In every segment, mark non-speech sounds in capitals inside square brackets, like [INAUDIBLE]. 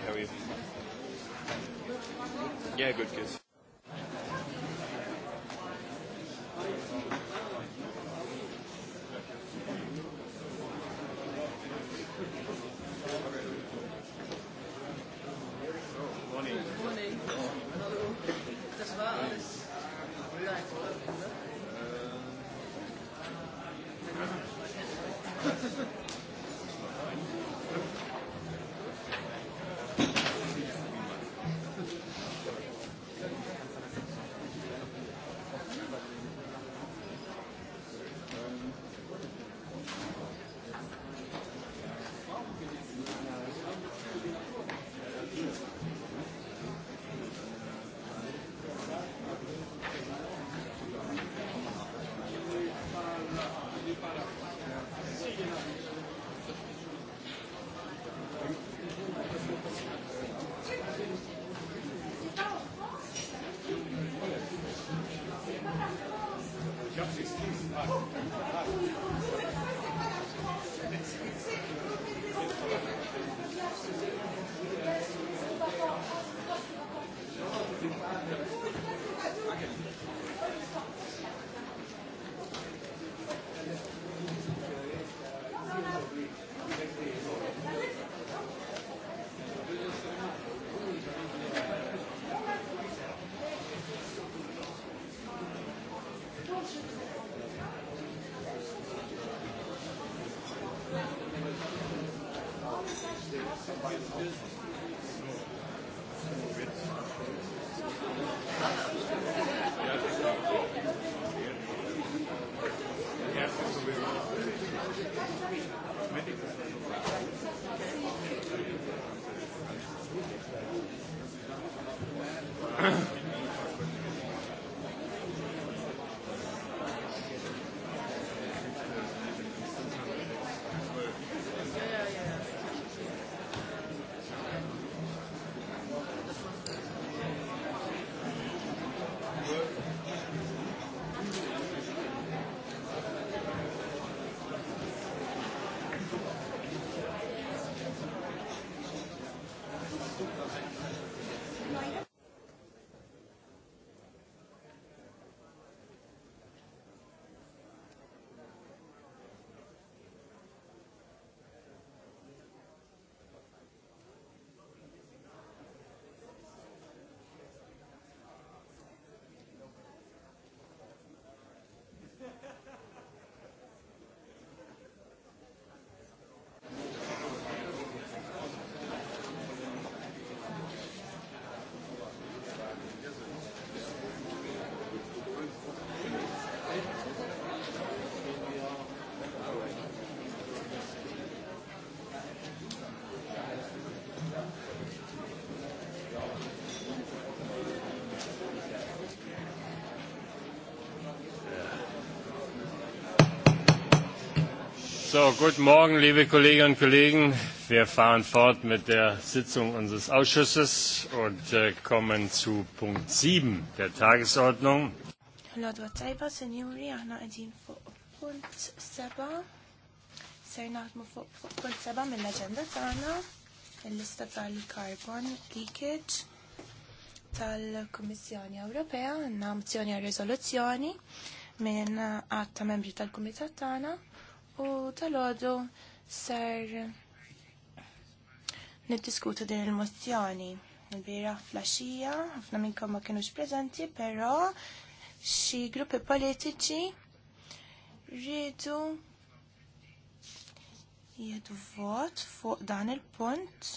how are you? Yeah, good, kids. So, guten Morgen, liebe Kolleginnen und Kollegen. Wir fahren fort mit der Sitzung unseres Ausschusses und äh, kommen zu Punkt 7 der Tagesordnung. l carbon leakage tal-Kummissjoni Ewropea, għandna mozzjoni għal riżoluzzjoni minn għatta membri tal-Kumitat tagħna u tal-ħodu ser niddiskuta din il-mozzjoni. Il-bira flasġija, ħafna minnkom ma kienux prezenti, pero xi gruppi politiċi rridu jedu vot fuq dan il-punt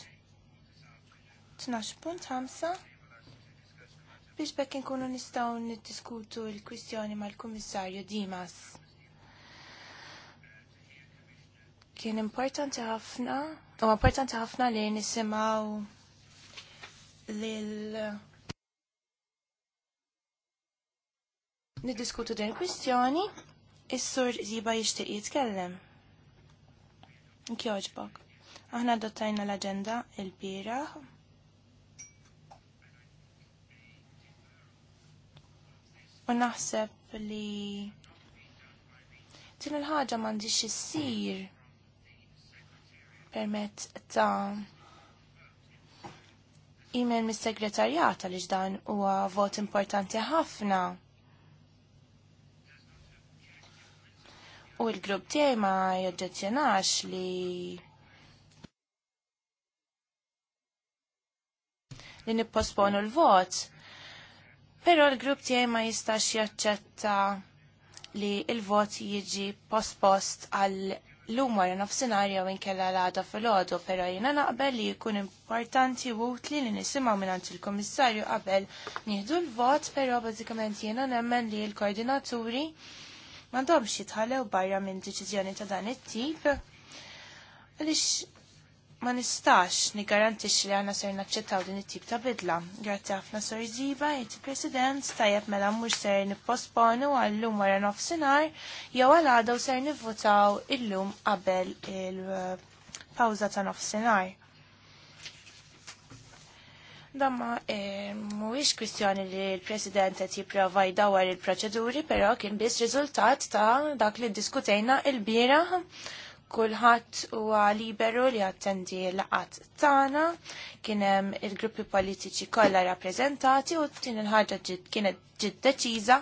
12.5 biex bekk inkunu nistgħu niddiskutu l-kwistjoni mal-Kummissarju Dimas. kien importanti ħafna, u importanti ħafna li nisimaw lil Nidiskutu din kwistjoni, is-sur ziba jixtieq jitkellem. Kjoġbok. Aħna dottajna l-aġenda il-biraħ. U naħseb li din il-ħaġa m'għandix issir permezz ta' email mis-segretarjat għaliex dan huwa vot importanti ħafna. U l-grupp tiegħi ma joġġezzjonax li li nipposponu l-vot. Però l-grupp tiegħi ma jistax jaċċetta li il-vot jiġi pospost għal l-lum wara nofsinarja u nkella l-għada fil-ħodu, pero jina naqbel li jkun importanti u li li nisimaw minnant il-komissarju qabel nieħdu l-vot, pero bazzikament jina nemmen li l-koordinaturi mandomx jitħallew barra minn deċizjoni ta' dan it-tip. Għalix ma nistax nigarantix li għanna ser naċċettaw din it-tip ta' bidla. Grazzi ħafna Sor Ziba, jt President, tajjeb mela mhux ser nipposponu għallum wara nofsinhar jew għal għada u ser nivvotaw illum qabel il-pawża ta' nofsinhar. Damma eh, mhuwiex kwistjoni li l-President qed jipprova jdawar il-proċeduri, però kien biss riżultat ta' dak li ddiskutejna il bira kulħadd huwa liberu li attendi l qatt tagħna, kien hemm il-gruppi politiċi kollha rappreżentati u t-tieni il-ħaġa kienet ġid deċiża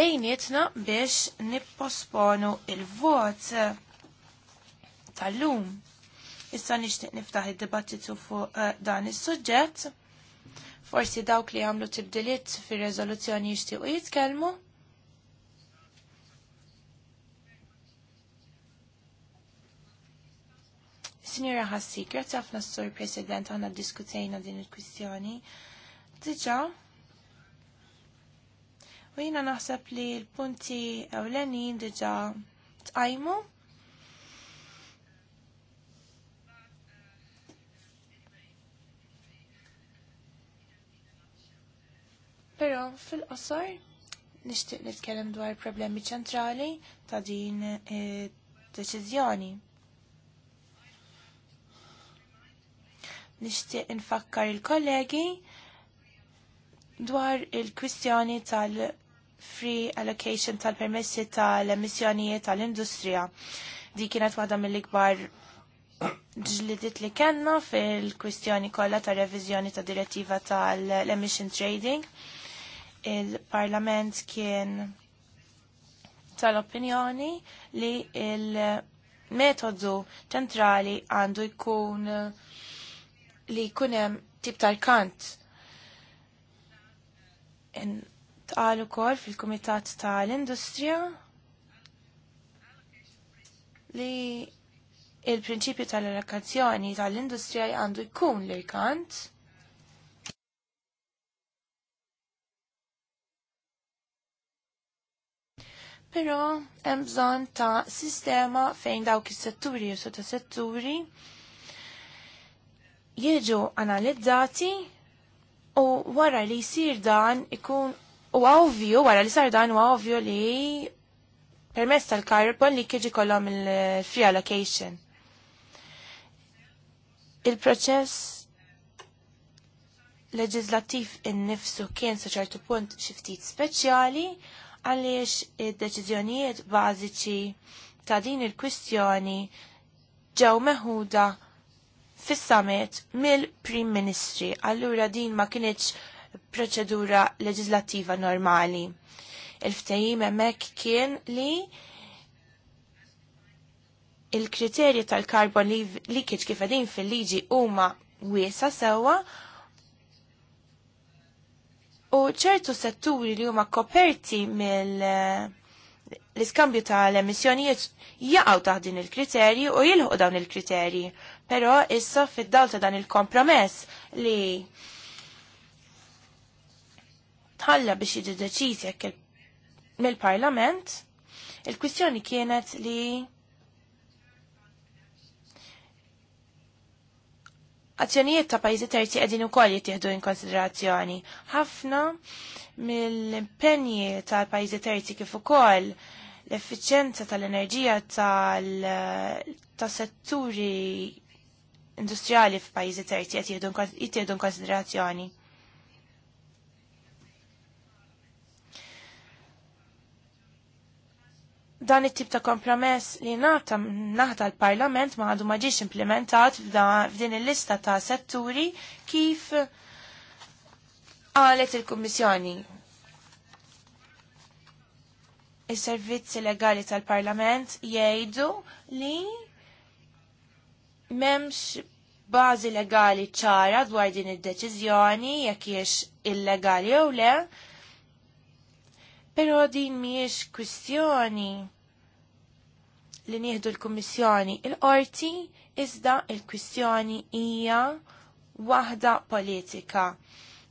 bejnietna biex nipposponu il-vot tal-lum. Issa nixtieq niftaħ id-dibattitu fuq eh, dan is-suġġett. Forsi dawk li għamlu tibdiliet fir-reżoluzzjoni jixtiequ jitkellmu. Signora Hassi, grazie ħafna Sur President għanna diskutejna din il-kwistjoni. Diġa, u jina naħseb li l-punti ewlenin diġa tajmu. Pero fil-qosor nixtieq nitkellem dwar problemi ċentrali ta' din deċizjoni. Eh, deċiżjoni nixtieq infakkar il-kollegi dwar il-kwistjoni tal-free allocation tal-permessi tal-emissjonijiet tal-industrija. Di kienet waħda mill-ikbar ġlidit li kellna fil-kwistjoni kollha ta' reviżjoni ta' direttiva tal-emission trading. Il-Parlament kien tal-opinjoni li il-metodu ċentrali għandu jkun uh, li kunem tip tal-kant tqal ukoll fil-Kumitat tal-Industrija li il-prinċipju tal-allokazzjoni tal-industrija għandu jkun li kant. Però hemm bżonn ta' sistema fejn dawk is-setturi u sottosetturi setturi jiġu analizzati u wara li jisir dan ikun u għawvju, wara li sar dan u għawvju li permess tal-carbon li kieġi kollom il-free allocation. Il-proċess in innifsu kien sa ċertu punt xiftit speċjali għaliex id-deċiżjonijiet bażiċi ta' din il-kwistjoni ġew meħuda fis-summit mill-Prim Ministri. Allura din ma kienieċ proċedura leġislattiva normali. Il-ftehim hemmhekk kien li il-kriterji tal li, li kieċ qegħdin fil-liġi huma wiesa sewwa u ċertu setturi li huma koperti mill eh, l-iskambju tal-emissjonijiet jaqgħu taħt din il-kriterji u jilħu dawn il-kriterji. Pero issa fid-dawl ta' dan il-kompromess li tħalla biex jiġi deċiż jekk mill-Parlament, il-kwistjoni kienet li azzjonijiet ta' pajjiżi terzi qegħdin ukoll jittieħdu in konsiderazzjoni. Ħafna mill-impenji tal-pajjiżi terzi kif ukoll l-effiċenza tal-enerġija tal-setturi industrijali f'pajjiżi terzi qed jittieħdu konsiderazzjoni. Dan it-tip ta' kompromess li nata naħta l-Parlament ma għadu ma ġiex implementat f'din il-lista ta' setturi kif għalet il-Kummissjoni. Is-servizzi legali tal-Parlament jgħidu li memx bażi legali ċara dwar din id-deċiżjoni jekk jiex illegali jew le, però din mhijiex kwistjoni li nieħdu l-Kummissjoni il-qorti iżda il-kwistjoni hija waħda politika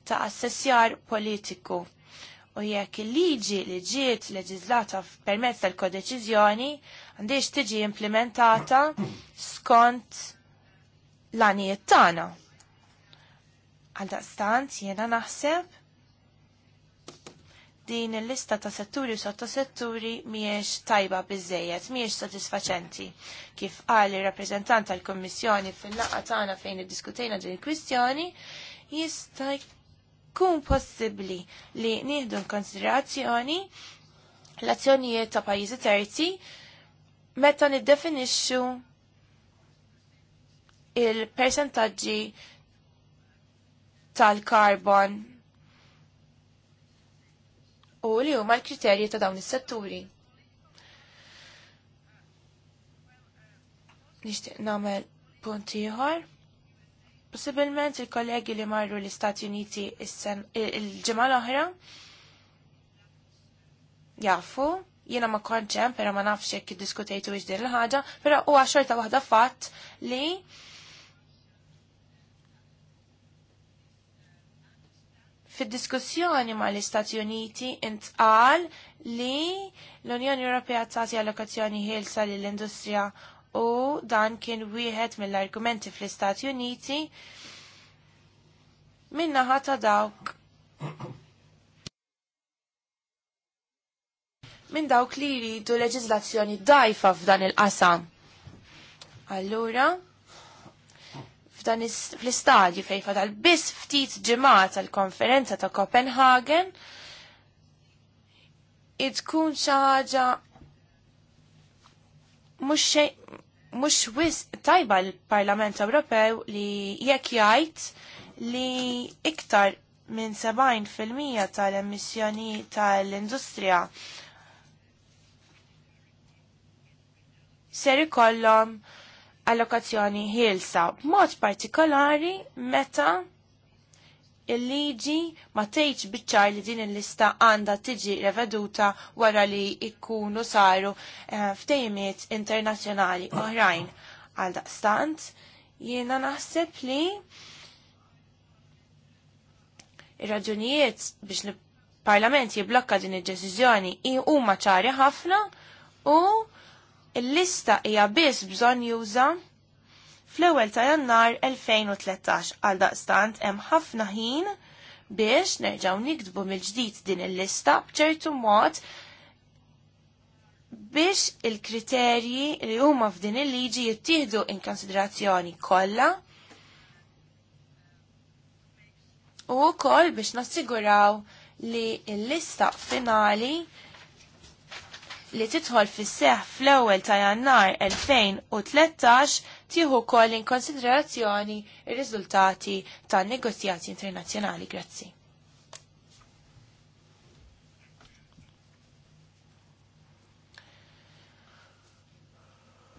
ta' assessjar politiku u jekk il-liġi li ġiet leġizlata permezz tal kodeċizjoni għandix tiġi implementata skont l-għanijiet tagħna. Għaldaqstant jiena naħseb din il-lista ta' setturi u sottosetturi miex tajba biżejjed, miex soddisfaċenti Kif qal il rappreżentant tal-Kommissjoni fil-laqgħa tagħna fejn iddiskutejna din il-kwistjoni, jista' ikun possibbli li nieħdu konsiderazzjoni l-azzjonijiet ta' pajjiżi terzi meta niddefinixxu il-persentaġġi tal-karbon u li huma l-kriterji ta' dawn is-setturi. Nixtieq nagħmel punt ieħor. Possibilment il-kollegi li marru l-Istati Uniti il-ġimgħa l-oħra jafu, jiena ma konċem, pera però ma nafx jekk diskutejtu iġ din il-ħaġa, però huwa xorta waħda fatt li fid-diskussjoni ma l-Istati Uniti intqal li l-Unjoni Ewropea tagħti allokazzjoni ħielsa lill-industrija u dan kien wieħed mill-argumenti fl-Istati Uniti minnaħa ta' dawk minn dawk li jridu leġizlazzjoni dajfa f'dan il-qasam. Allura, f'dan fl-istadju fejn fadal biss ftit ġimgħat tal-konferenza ta' Copenhagen, tkun xi ħaġa mhux xejn mhux wis tajba l-Parlament Ewropew li jekk jgħid li iktar minn 70% tal-emissjoni tal-industrija ser ikollhom allokazzjoni ħielsa b'mod partikolari meta il-liġi ma tgħidx biċċar li din il-lista għandha tiġi reveduta wara li jkunu saru eh, ftejmiet internazzjonali oħrajn. Għal daqstant, jiena naħseb li ir-raġunijiet biex il-Parlament jiblokka din id-deċiżjoni huma ċari ħafna u l-lista hija biss bżonn juża fl-ewwel ta' Jannar 2013 għal daqstant hemm ħafna ħin biex nerġgħu nikdbu mill-ġdid din il-lista b'ċertu mod biex il-kriterji li huma f'din il-liġi jittieħdu in konsiderazzjoni kollha u wkoll biex nassiguraw li l-lista finali li titħol fis seħ fl-ewwel ta' Jannar 2013 tieħu wkoll in konsiderazzjoni r-riżultati tan negozjati internazzjonali. Grazzi.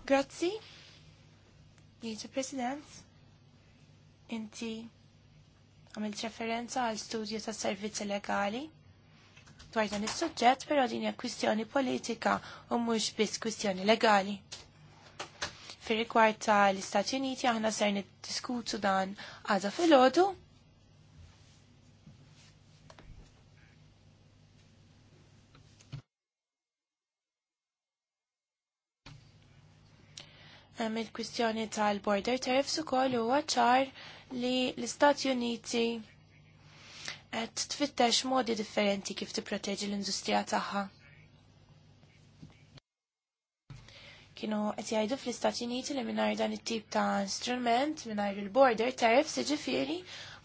Grazzi, Vice President, inti għamilt referenza għal studju ta' servizzi legali dwar dan is-suġġett, però din hija kwistjoni politika u mhux biss kwistjoni legali. Fir-rigward tal-Istati Uniti aħna ser niddiskutu dan għadha filgħodu. Hemm il-kwistjoni tal-border tariffs ukoll huwa ċar li l-Istati Uniti qed tfittex modi differenti kif tipproteġi l-industrija tagħha. Kienu qed jgħidu fl-Istati Uniti li mingħajr dan it-tip ta' instrument mingħajr il-border tariffs jiġifieri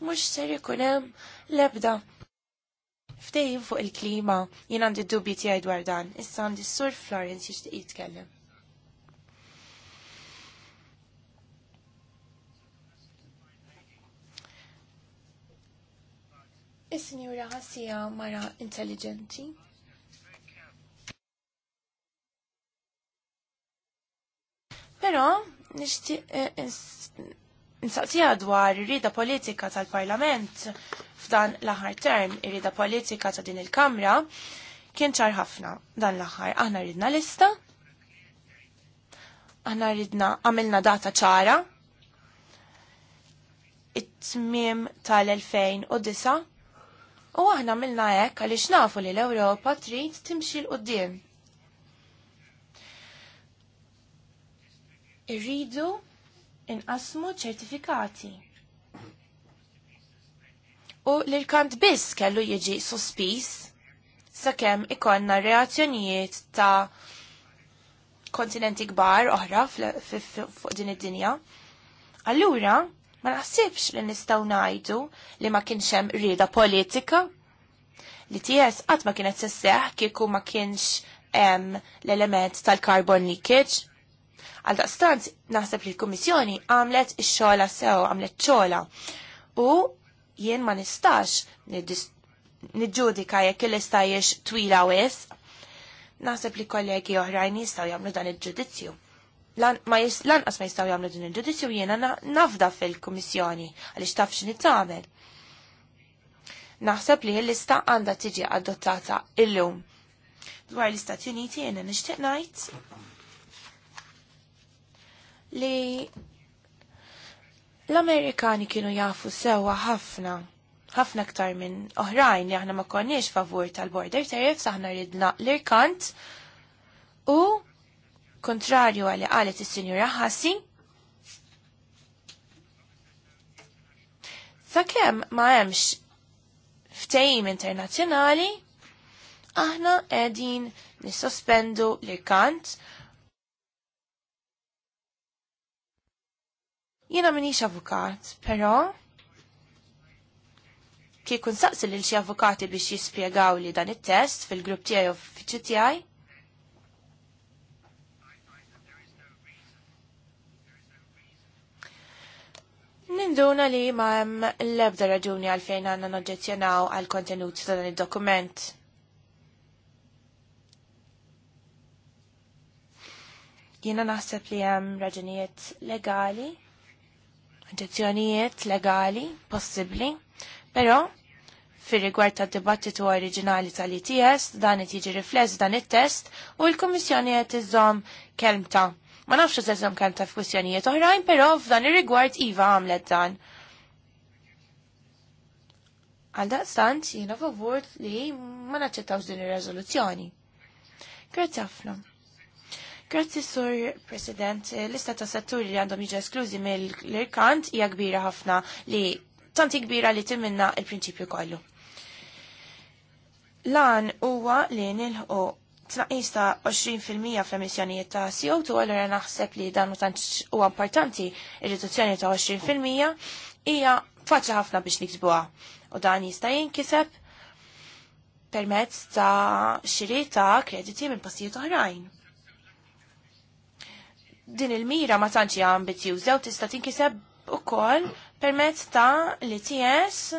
mhux ser ikun hemm l-ebda fuq il-klima jien għandi dubji tiegħi dwar dan. Issa għandi s-sur Florence jixtieq jitkellem. Is-sinjura ħassija mara intelligenti. Però nixtieq eh, nsaqsija dwar ir-rieda politika tal-Parlament f'dan l-aħħar term, ir-rieda politika ta' din il-Kamra kien ċar ħafna dan l-aħħar. Aħna ridna lista, aħna ridna għamilna data ċara, it-tmiem tal-2009 U aħna milna hekk għaliex nafu li l-Ewropa trid timxi l qudiem Irridu inqasmu ċertifikati. U l-irkant biss kellu jiġi suspis sakemm ikonna reazzjonijiet ta' kontinenti kbar oħra fuq din id-dinja. Allura, Ma naħsibx li nistaw najdu li ma kienx hemm rieda politika li ties qatt ma kienet sesseħ kieku ma kienx hemm l-element tal-carbon leakage. Għal daqstant naħseb li l-Kummissjoni għamlet ix-xogħla sew, għamlet xogħla. U jien ma nistax nidġudika jekk il-istajiex twila wisq, Naħseb li kollegi oħrajn jistgħu jagħmlu dan il-ġudizzju ma lanqas ma jistaw jagħmlu din il-ġudizzju jiena nafda fil-Kummissjoni għaliex taf x'inhi tagħmel. Naħseb li l-lista għandha tiġi adottata illum. Dwar l-Istati Uniti jiena nixtieq ngħid li l-Amerikani kienu jafu sewwa ħafna ħafna ktar minn oħrajn li aħna ma konniex favur tal-border tariffs aħna ridna l-irkant u kontrarju għalli għalet il-Sinjura ħassi. sakemm ma hemmx ftehim internazzjonali, aħna qegħdin nissospendu li kant Jiena minix avukat, però kieku saqsil lil xi avukati biex jispiegaw li dan it-test fil-grupp tiegħi u fiċċi tijaj. Induna li ma hemm l-ebda raġuni għalfejn għandna noġġezzjonaw għal kontenut ta' dan id-dokument. Jiena naħseb li hemm raġunijiet legali, oġġezzjonijiet legali possibbli, però fir-rigward tad-dibattitu oriġinali tal-ITS dan it jiġi rifless dan it-test u l-Kummissjoni qed iżżomm kelmta' Ma nafx eżazzam kan ta' f'kwistjonijiet oħrajn, però f'dan ir-rigward Iva għamlet dan. Għal daqstant jiena favur li ma naċċettawx din ir-reżoluzzjoni. Grazzi ħafna. Grazzi Sur President, l l-istat ta' setturi li għandhom jiġu esklużi mill-irkant hija kbira ħafna li tanti kbira li timminna il-prinċipju kollu. Lan huwa li nilħu tnaqis ta' 20% fl-emissjonijiet ta' CO2, allura naħseb li dan tantx huwa importanti ir-riduzzjoni ta' 20% hija faċli ħafna biex niksbuha. U dan jista' jinkiseb permezz ta' xiri ta' krediti minn postijiet oħrajn. Din il-mira ma tantx hija ambizjuża u tista' tinkiseb ukoll permezz ta' l-ITS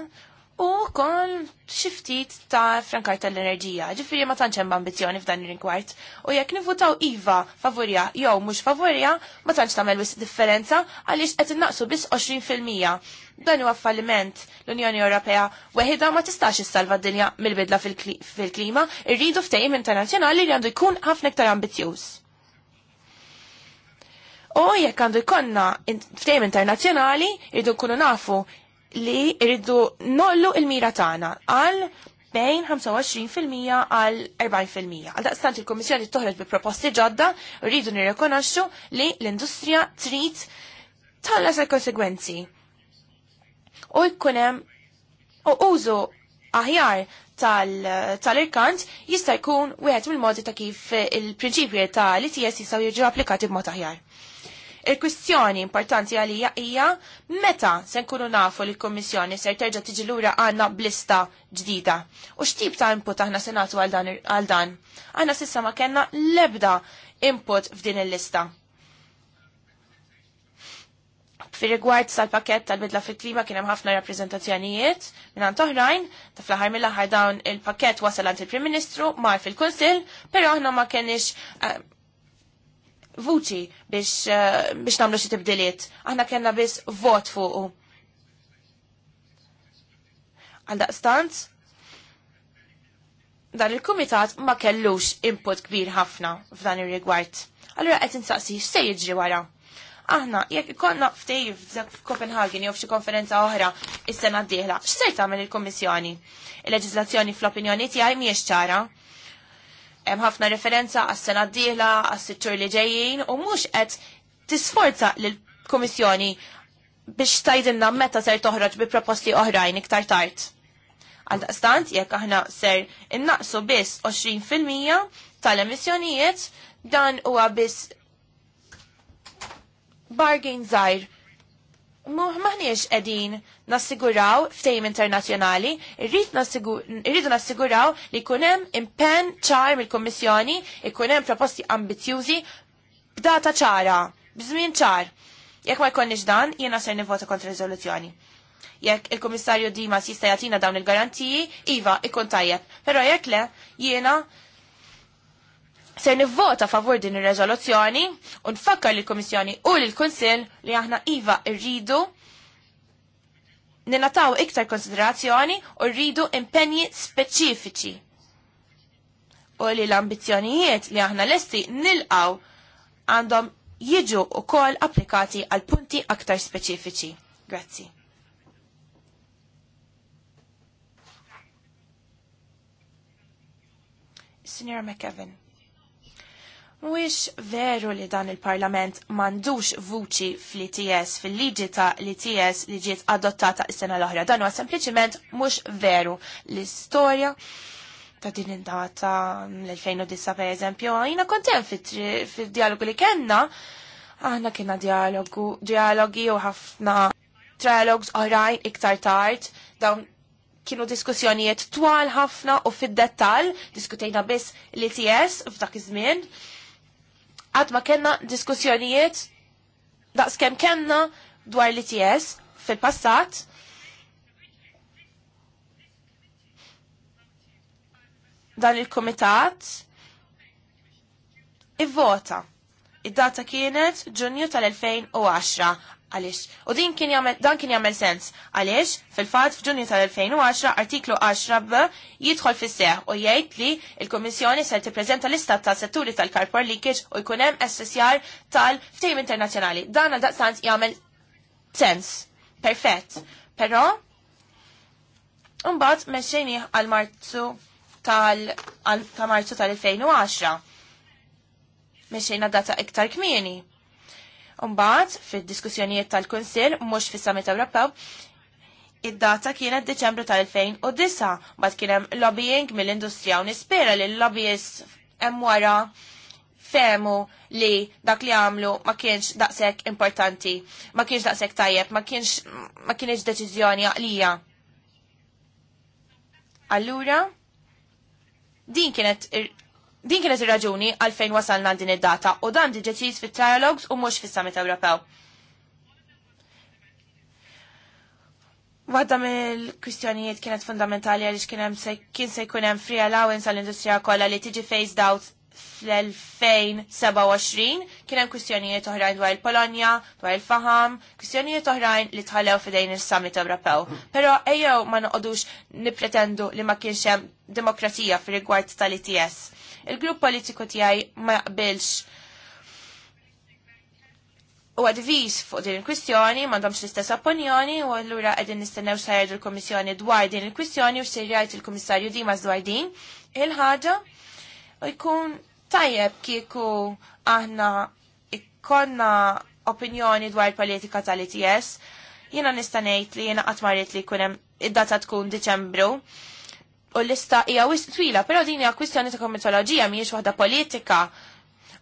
u kon xiftit ta' frankar tal-enerġija, ġifiri ma tantx hemm ambizzjoni f'dan ir rinkwart U jekk nivutaw iva favorja, jew mhux favorja, ma tantx tagħmel wis differenza għaliex qed innaqsu biss 20%. Dan huwa falliment l-Unjoni Ewropea weħida ma tistax issalva d-dinja mill-bidla fil-klima, irridu ftehim internazzjonali li għandu jkun ħafna iktar ambizzjuż. U jekk għandu jkollna ftehim internazzjonali, irridu kunu nafu li rridu nollu il-mira tagħna għal bejn 25% għal 40%. Għal daqstant il-Komissjoni toħroġ bi proposti ġodda, rridu nirrekonoxxu li l-industrija trid talla se konsegwenzi. U jkunem u użu aħjar tal-irkant jista' jkun wieħed mill-modi ta' kif il-prinċipji ta' li jistgħu jiġu applikati b'mod aħjar. Il-kwistjoni importanti għalija hija meta se nkunu nafu li l-Kommissjoni se terġa' tiġi lura għandna blista ġdida. U x'tip ta' input aħna se nagħtu għal dan? Aħna sissa ma kellna lebda input f'din il-lista. Fi rigward sal-pakett tal-bidla fil-klima kien hemm ħafna rappreżentazzjonijiet minn oħrajn, ta' fl-aħħar mill-aħħar dawn il-pakett wasal għand il-Prim Ministru mar fil-Kunsill, però aħna ma kenniex eh, vuċi biex, eh, biex namlu xie tibdiliet. Aħna kena biex vot fuqu. Għaldaq stanz, dan il-komitat ma kellux input kbir ħafna f'dan ir-rigward. Allura qed insaqsi x'se jiġri wara. Aħna jekk ikollna ftejf f'Kopenhagen jew f'xi konferenza oħra is-sena d-dieħla, x'se tagħmel il-Kummissjoni? Il-leġiżlazzjoni fl-opinjoni tiegħi mhijiex ċara hemm ħafna referenza għas-sena d-dieħla, għas-sittur li ġejjin u mhux qed tisforza lill-Kummissjoni biex tajdinna meta ser toħroġ bi proposti oħrajn iktar tard. Għaldaqstant, jekk aħna ser innaqsu biss 20% tal-emissjonijiet, dan huwa biss bargain zaħir maħniex edin nassiguraw ftejm internazjonali, irridu nassiguraw li kunem impen ċar mill-Kommissjoni, ikunem proposti ambizjużi b'data ċara, bizmin ċar. Jekk ma jkonniex dan, jiena ser nivota kontra riżoluzzjoni. Jekk il-Kummissarju Dimas jista' jagħtina dawn il-garantiji, iva ikun tajjeb, però jekk le, jiena Se nivvota favur din ir-reżoluzzjoni u nfakkar lill-Kummissjoni u lill-Kunsill li aħna iva rridu ninataw iktar konsiderazzjoni u rridu impenji speċifiċi. U li l-ambizjonijiet li aħna lesti nilqaw għandhom jiġu u kol applikati għal punti aktar speċifiċi. Grazzi. Signora McKevin. Mwix veru li dan il-parlament mandux vuċi fl-ITS, fil-liġi ta' l-ITS li ġiet adottata is-sena l-oħra. Dan huwa sempliċiment mhux veru l-istorja ta' din id-data l-2009 per eżempju. Għajna kontent fil-dialogu li kena, aħna kena dialogu, dialogi u ħafna trialogs oħrajn iktar tard, dawn kienu diskussjonijiet twal ħafna u fid-dettal, diskutejna biss l-ITS f'dak iż-żmien ma kena diskussjonijiet daqs kem kena dwar l-ITS fil-passat. Dan il-komitat i-vota. Id-data kienet ġunju tal-2010 Għaliex? U din kien jagħmel dan kien jagħmel sens. Għaliex? Fil-fatt f'Ġunju tal-2010 artiklu 10 b jidħol fis-seħ u jgħid li l-Kummissjoni se tippreżenta lista ta' setturi tal li kieċ u jkun hemm SSR tal-ftehim internazzjonali. Dan għal daqstant jagħmel sens. Perfett. Però Mbagħad mexxejni għal Marzu tal ta' Marzu tal-2010. Mexxejna data iktar kmieni Umbaħt, fil-diskussjonijiet tal-Konsil, mux fil-Summit Ewropew, id-data kienet Deċembru tal-2009, bat kienem lobbying mill-industrija u nispera li l-lobbyist emwara femu li dak li għamlu ma kienx daqsek importanti, ma kienx daqsek tajjeb, ma kienx ma kienx deċiżjoni għalija. Allura, din kienet Din kienet ir-raġuni għalfejn wasalna din id-data u dan diġeċiż fit-trialogs u mhux fis-Summit Ewropew. Waħda mill-kwistjonijiet kienet fundamentali għaliex kien hemm kien se jkun hemm free allowance għall-industrija kollha li tiġi phased out fl-2027 kien hemm kwistjonijiet oħrajn dwar il-Polonja, dwar il-faham, kwistjonijiet oħrajn li tħallew f'dejn is-Summit Ewropew. Però ejjew ma noqogħdux nippretendu li ma kienx hemm demokrazija fir-rigward tal-ITS Il-grupp politiku tiegħi ma jaqbilx u għadvis fuq din il-kwistjoni, mandomx l-istess opinjoni, u għallura għedin nistennew sajed il-Komissjoni dwar din il-kwistjoni u xirjajt il-Komissarju Dimas dwar din. Il-ħagġa u jkun tajjeb kieku aħna ikkonna opinjoni dwar il-politika tal-ITS, jena nistanejt li jena għatmarit li kunem id-data tkun Deċembru, u l-lista hija wisq twila, però din hija kwistjoni ta' komitoloġija mhijiex waħda politika.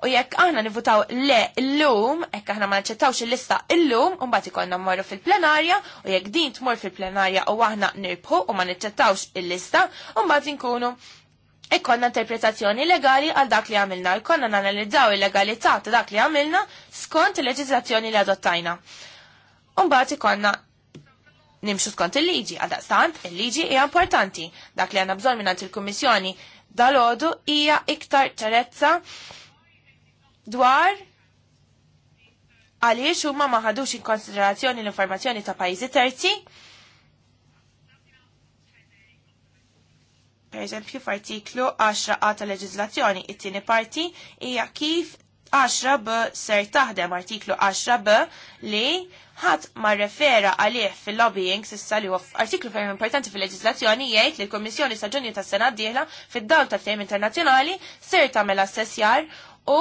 U jekk aħna nivutaw le l-lum, jekk aħna ma naċċettawx il-lista l-lum, un bat ikonna morru fil-plenarja, u jekk din tmur fil-plenarja u aħna nirbħu u ma naċċettawx il-lista, un bat inkunu konna interpretazzjoni legali għal dak li għamilna, ikkonna nanalizzaw il-legalità ta' dak li għamilna skont il-leġizzazzjoni li adottajna. Un bat ikonna nimxu skont il-liġi, għadaqstant il-liġi hija importanti. Dak li għanna bżon minnant il-Kummissjoni dal-ħodu hija iktar ċarezza dwar għaliex huma ma ħadux in konsiderazzjoni l-informazzjoni ta' pajjiżi terzi. Per eżempju, f'artiklu 10 a ta' leġiżlazzjoni, it-tieni parti hija kif 10 b ser taħdem artiklu 10 b li ħadd ma rrefera għalih fil-lobbying sissa li huwa artiklu ferm importanti fil-leġislazzjoni jgħid li l-Kummissjoni sa' Ġunju tas-sena d-dieħla fid-dawl tal-fejm internazzjonali ser tagħmel assessjar u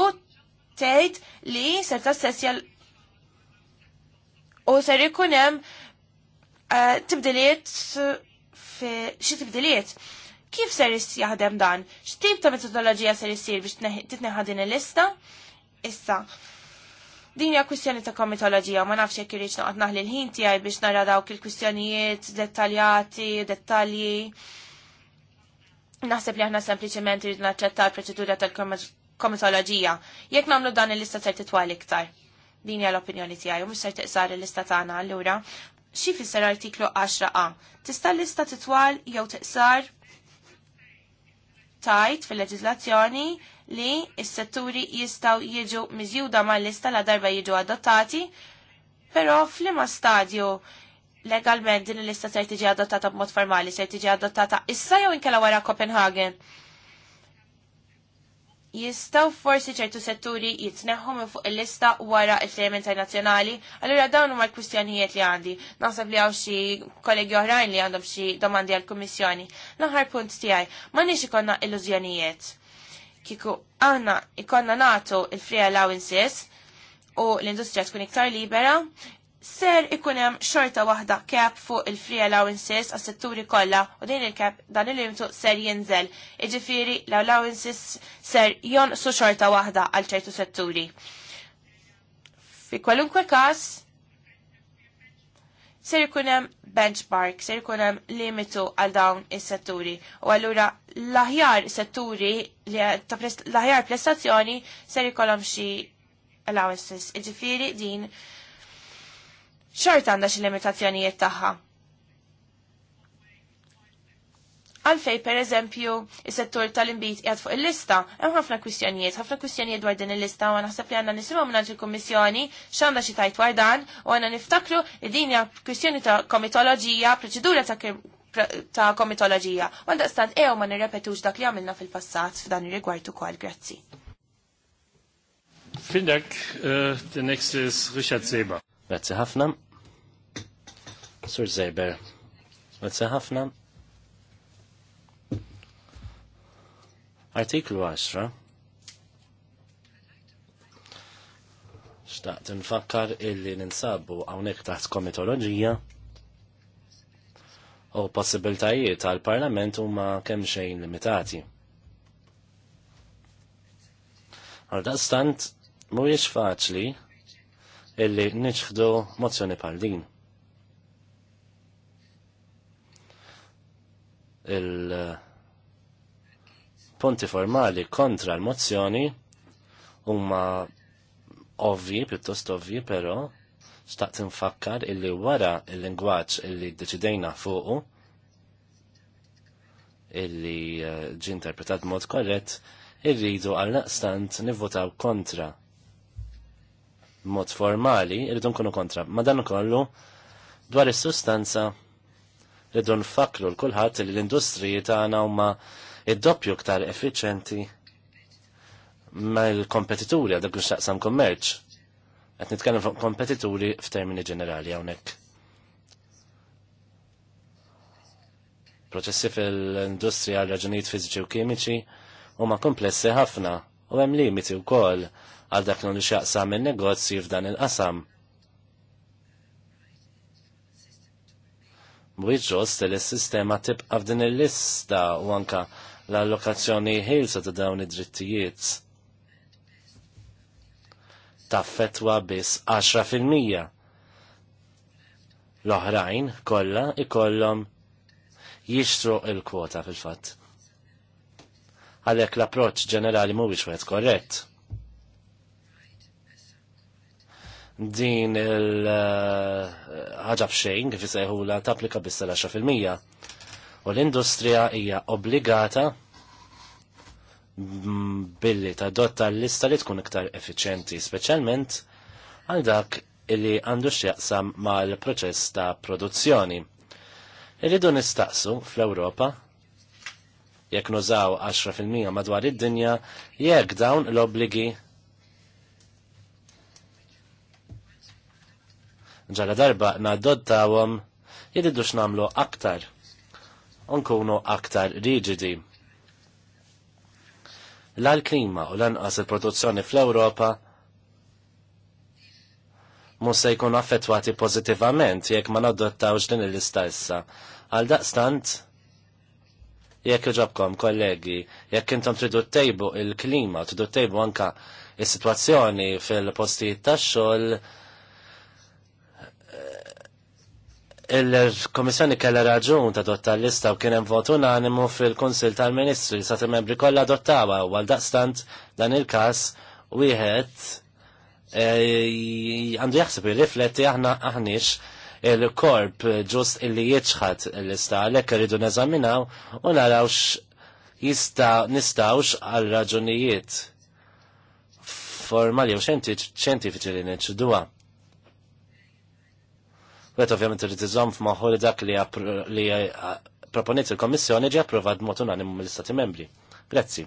tgħid li ser tassessja u ser ikun hemm eh, tibdiliet fi xi tibdiliet. Kif ser jaħdem dan? X'tip ta' metodoloġija ser issir biex titneħħa din il-lista? Issa, Din hija kwistjoni ta' komitoloġija, ma nafx jekk irid noqgħod naħli l-ħin tiegħi biex nara dawk il-kwistjonijiet dettaljati, dettalji. Naħseb li aħna sempliċement irid naċċettaw il-proċedura tal-komitoloġija. Jekk nagħmlu dan il-lista ser titwal iktar. Din hija l-opinjoni tiegħi u mhux ser tiqsar il-lista tagħna allura. Xi fisser artiklu 10a? Tista' l-lista titwal jew tiqsar tajt fil-leġiżlazzjoni li s-setturi jistaw jiġu miżjuda mal-lista la darba jiġu adottati, però fl-ima stadju legalment din il-lista ser tiġi adottata b'mod formali, ser tiġi adottata issa jew inkella wara Copenhagen. Jistaw forsi ċertu setturi jitneħħu minn fuq il-lista wara il-frame internazzjonali, allura dawn huma l-kwistjonijiet li għandi. Naħseb li hawn xi kollegi oħrajn li għandhom xi domandi għall-Kummissjoni. L-aħħar punt tiegħi, ma nix ikonna illużjonijiet kiku aħna ikonna natu il-free allowances u l-industrija tkun iktar libera, ser ikun hemm xorta waħda kep fuq il-free allowances għas setturi kollha u din il-kep dan il limtu ser jinżel. Iġifieri l-allowances ser su xorta waħda għal ċertu setturi. Fi kwalunkwe każ ser ikunem benchmark, ser ikunem limitu għal dawn is-setturi. U allura l-aħjar setturi li l-aħjar prestazzjoni ser ikolhom xi allowances. Iġifieri din xort għandha xi limitazzjonijiet tagħha. Għalfej, per eżempju, il-settur tal-imbit jgħad fuq il-lista, hemm ħafna kwistjonijiet, ħafna kwistjonijiet dwar din il-lista, u naħseb li għanna nisimgħu minn il-Kummissjoni x'għandha xi tajt dwar dan, u għanna niftakru li din hija kwistjoni ta' komitoloġija, proċedura ta' ta' komitoloġija. Għandha stant ew ma nirrepetux dak li għamilna fil-passat f'dan ir-rigward ukoll, grazzi. Vielen Dank. Äh, der nächste ist Richard Seber. Grazie ħafna. Sur Seber. Grazie ħafna. Artiklu 10. Xtaqt nfakkar illi ninsabu hawnhekk taħt komitoloġija u possibiltajiet tal parlament huma kemm xejn limitati. Għaldaqstant, mhuwiex faċli illi niċħdu mozzjoni bħal din. il- uh, punti formali kontra l-mozzjoni huma ovvi, pjuttost ovvi, però staqt infakkar illi wara il-lingwaġġ illi deċidejna fuqu illi eh, ġi interpretat mod korrett, irridu għal-naqstant nivvotaw kontra. Mod formali, irridu nkunu kontra. Ma dan kollu, dwar is-sustanza, irridu nfakru l-kulħadd li l-industriji tagħna huma id-doppju ktar effiċenti ma' l-kompetituri għadak xaqsam kommerċ. Għet nitkellem fuq kompetituri f'termini ġenerali hawnhekk. Proċessi fil-industrija għal raġunijiet fiżiċi u kimiċi huma komplessi ħafna u hemm limiti wkoll għal dak li xaqsam in-negozji f'dan il-qasam. Mhuwiex ġost li s-sistema tibqa' f'din il-lista u anka l-allokazzjoni ħilsa ta' dawn id-drittijiet fetwa biss 10%. L-oħrajn kollha ikollhom jixtru il-kwota fil-fatt. Għalhekk l-approċċ ġenerali mhuwiex wieħed korrett. Din il-ħaġa eh, b'xejn kif isejħula tapplika biss tal 10 u l-industrija hija obbligata billi dotta l-lista li tkun iktar effiċenti, speċjalment għal dak illi għandu x'jaqsam mal-proċess ta' produzzjoni. Irridu nistaqsu fl-Ewropa jekk nużaw 10% madwar id-dinja jekk dawn l-obbligi ġala darba nadottawhom jididux namlu aktar nkunu aktar riġidi. L-klima u lanqas il-produzzjoni fl-Ewropa mhux se jkunu affettwati pożittivament jekk ma nadottawx din l-istessa. Għal daqstant, jekk iġobkom kollegi, jekk intom tridu tejbu il-klima, tridu tejbu anka il sitwazzjoni fil-postijiet tax-xogħol, il-Komissjoni kella raġun ta' dotta l-lista u kienem vot unanimu fil-Konsil tal-Ministri sa' sati membri kollha dottawa u għal daqstant dan il-kas wieħed e, għandu il-rifletti aħna aħniex il-korp ġust illi jieċħat l-lista għalhekk rridu neżaminaw u narawx jista nistawx għal raġunijiet formali u xentifiċi li neċduwa. Għet ovvjament irrid iżomm f'moħħu li dak li eh, proponiet il-Kommissjoni ġi approvat mod unanimu mill-Istati membri. Grazzi.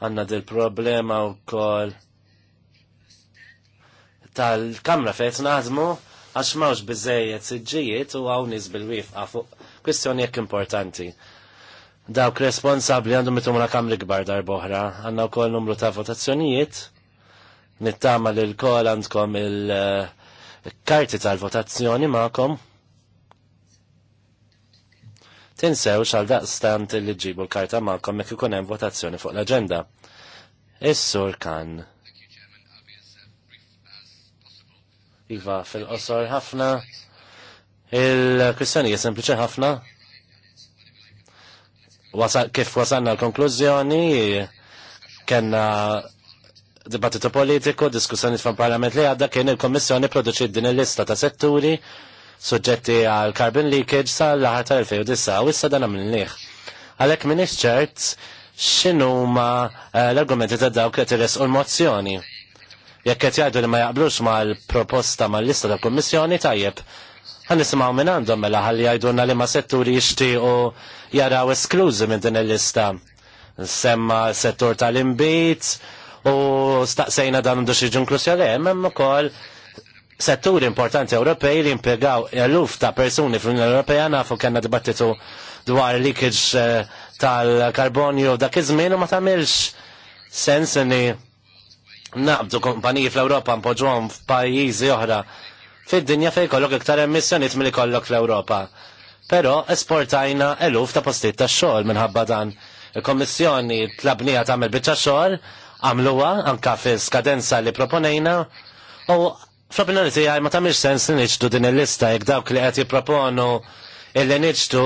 Għanna del problema u kol tal-kamra fejt naħdmu għax mawx bizzejiet siġġijiet u għawnis bil wif fuq kwestjoni jek importanti dawk responsabli għandhom mitum la kamri gbar darboħra. Għanna u koll numru ta' votazzjonijiet. Nittama li l-koll għandkom il-karti eh, tal-votazzjoni ma'kom. Tinsew xal daqstant li ġibu l-karta ma'kom jekk ikun hemm votazzjoni fuq l-aġenda. Is-sur kan. Iva, fil-qosor ħafna. Il-kwistjoni sempliċi ħafna kif wasanna l-konklużjoni kena dibattitu politiku, diskussjoni fan parlament li għadda kien il komissjoni produċi din il-lista ta' setturi suġġetti għal carbon leakage sa' l-ħar tal-2009 u issa dan għamil liħ. Għalek minn ċert x'inhuma eh, l-argumenti ta' dawk li t-res u l-mozzjoni. Jekk qed jgħidu li ma jaqblux mal-proposta mal-lista tal-Kummissjoni tajjeb Għan nismaw minn għandhom mela ħalli għajdunna li ma setturi u jaraw esklużi minn din il-lista. Semma settur tal-imbit u staqsejna dan għandu xieġun kruċjali, hemm ukoll setturi importanti Ewropej li impiegaw eluf ta' persuni fl-Unjoni Ewropea nafu kellna dibattitu dwar leakage eh, tal-karbonju dak iż-żmien u ma tagħmilx sens li naqbdu kompaniji fl-Ewropa mpoġġuhom f'pajjiżi oħra fid-dinja fej kollok iktar emissjoniet mill kollok l-Ewropa. Pero esportajna eluf ta' postiet ta' xogħol minħabba dan. Il-Kommissjoni tlabnija tagħmel biċċa xogħol, għamluha anka fi skadenza li proponejna u fl-opinjoni tiegħi ma tagħmilx sens li niġdu din il-lista jekk dawk li qed jipproponu illi niġdu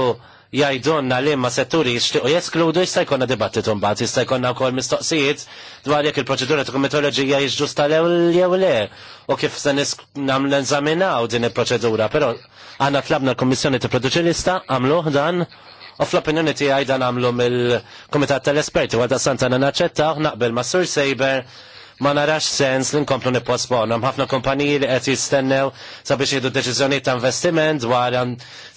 jajdonna li ma setturi jishtiqu jeskludu jista' jkollna dibattitu mbagħad, jista' jkollna wkoll mistoqsijiet dwar jekk il-proċedura ta' komitoloġija jiġġusta jew le u kif se nagħmlu eżaminaw din il-proċedura, però għanna tlabna l-Kummissjoni ta' produċilista, għamluh dan u fl-opinjoni ti dan għamlu mill-Kumitat tal-Esperti għadda santa naċċettaw naqbel ma' Sur Saber ma narax sens li nkomplu nipposponu. ħafna kumpaniji li qed jistennew sabiex jiddu deċiżjonijiet ta' investiment dwar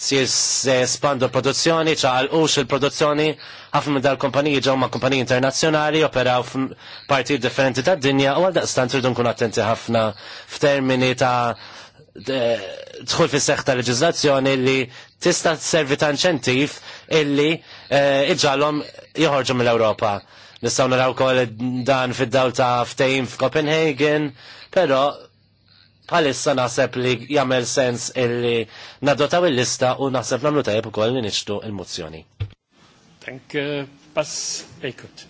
si jespandu l-produzzjoni, ux il-produzzjoni, ħafna minn dal-kumpaniji ġew ma' kumpaniji internazzjonali operaw f'partijiet differenti tad-dinja u għal daqstant irdu nkun attenti ħafna f'termini ta' tħul fis seħħ ta' leġizlazzjoni li tista' servi ta' inċentiv illi eh, iġalhom joħorġu mill-Ewropa. Nistgħu naraw kol dan fid-dawl ta' ftejn f'Copenhagen, però bħalissa naħseb li jagħmel sens illi nadotaw il-lista u naħseb nagħmlu tajjeb ukoll li nixtu il-mozzjoni. Thank you, pass Eikut.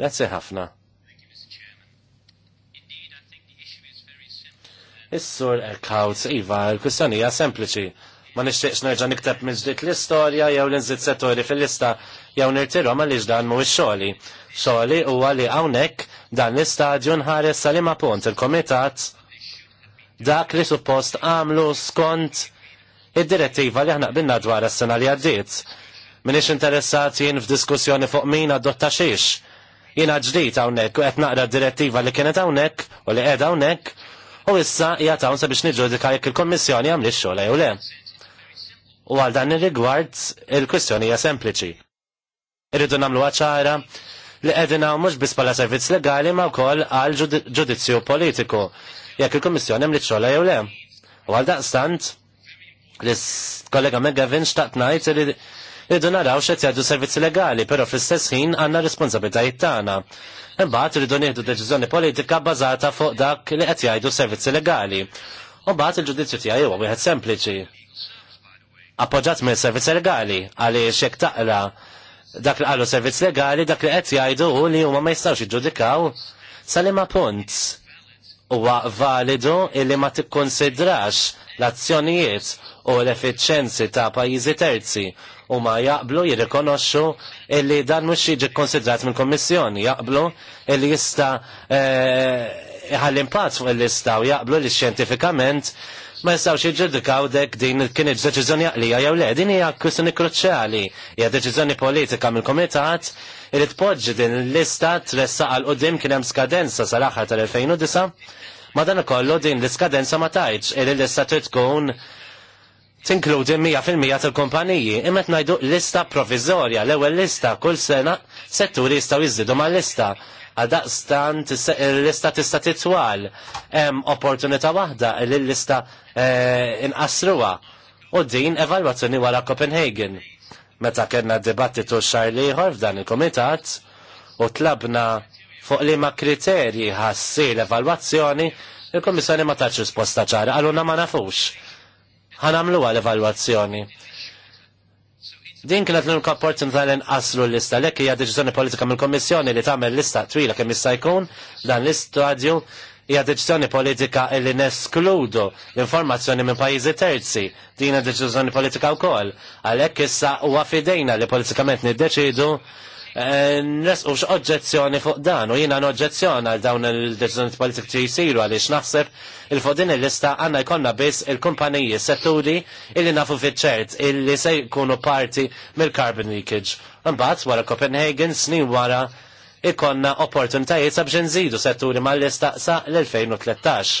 Grazie ħafna. Is-sur Ekhaut, Iva, l hija sempliċi ma nixtieqx nerġa' nikteb minn ġdid l-istorja jew l-inżid settori fil-lista jew nirtirhom għaliex dan mhuwiex xogħli. Xogħli huwa li hawnhekk dan l-istadju nħares salima punt il-komitat dak li suppost għamlu skont id-direttiva li aħna qbilna dwar is-sena li għaddiet. Minix interessat jien f'diskussjoni fuq min adotta xiex. Jiena ġdid hawnhekk u qed naqra d-direttiva li kienet hawnhekk u li qiegħda hawnhekk u issa hawn sabiex niġġudika jekk il-Kommissjoni għamli x-xogħol le. U għal dan ir-rigward il-kwistjoni hija sempliċi. Irridu namlu għacħara li għedina mux bis pala servizz legali ma wkoll għal ġudizzju politiku. Jekk il komissjoni mli ċola jew le. U għal daqstant, l-kollega Megavin xtaqt najt li rridu naraw xed jgħaddu servizzi legali, pero fl-istess ħin għandna responsabilitajiet tagħna. Imbagħad irridu nieħdu deċiżjoni politika bbażata fuq dak li qed jgħidu servizzi legali. U mbagħad il-ġudizzju tiegħi huwa wieħed sempliċi. Appoġġat mill servizzi legali għaliex jekk taqra dak li qalu servizz legali dak li qed jgħidu hu li huma ma jistgħux jiġġudikaw salima punt huwa validu illi ma tikkonsidrax l-azzjonijiet u l efficienzi ta' pajjiżi terzi u ma jaqblu jirrikonoxxu illi dan mhux jiġi konsidrat mill-Kommissjoni, jaqblu illi jista' eh, ħalli impatt fuq il-lista u jaqblu li xjentifikament ma jistawx jiġġudikaw dek din kienet deċiżjoni għalija jew le, din hija kwistjoni kruċjali, hija deċiżjoni politika mill-Kumitat irid tpoġġi din l-lista tressa għal qudiem kien hemm skadenza sal-aħħar tal-2009. Ma dan ikollu din l-iskadenza ma tajġ li l-lista trid tkun tinkludi 100% tal-kumpaniji, imma ngħidu lista provizorja, l-ewwel lista kull sena setturi jistgħu jiżidu mal-lista. Għadaqstan l-lista tista titwal. Hemm opportunità waħda li l-lista eh, inqasruha. U din evalwazzjoni wara Copenhagen. Meta kellna dibattitu xar liħor f'dan il-komitat u tlabna fuq li ma kriterji ħassi l-evalwazzjoni, il-Komissjoni ma taċ risposta ċara, għaluna ma nafux. Ħanamlu għal-evalwazzjoni. Din kienet l-unika imtalen li l-lista. Lek hija deċiżjoni politika mill-Kommissjoni li tagħmel lista twila kemm jista' jkun dan l-istadju hija deċiżjoni politika li neskludu l-informazzjoni minn pajjiżi terzi. Din hija deċiżjoni politika wkoll. Għalhekk issa huwa fidejna li politikament niddeċidu Eh, nesqux oġġezzjoni fuq dan u jiena noġġezzjoni għal dawn il-deċiżjoni ġi jisiru għaliex naħseb il fuq din il-lista għandna jkollna biss il-kumpaniji setturi illi nafu fitċert ċert illi se jkunu parti mill-carbon leakage. Mbagħad wara Copenhagen snin wara ikonna opportunitajiet sabiex nżidu setturi mal-lista sa l-2013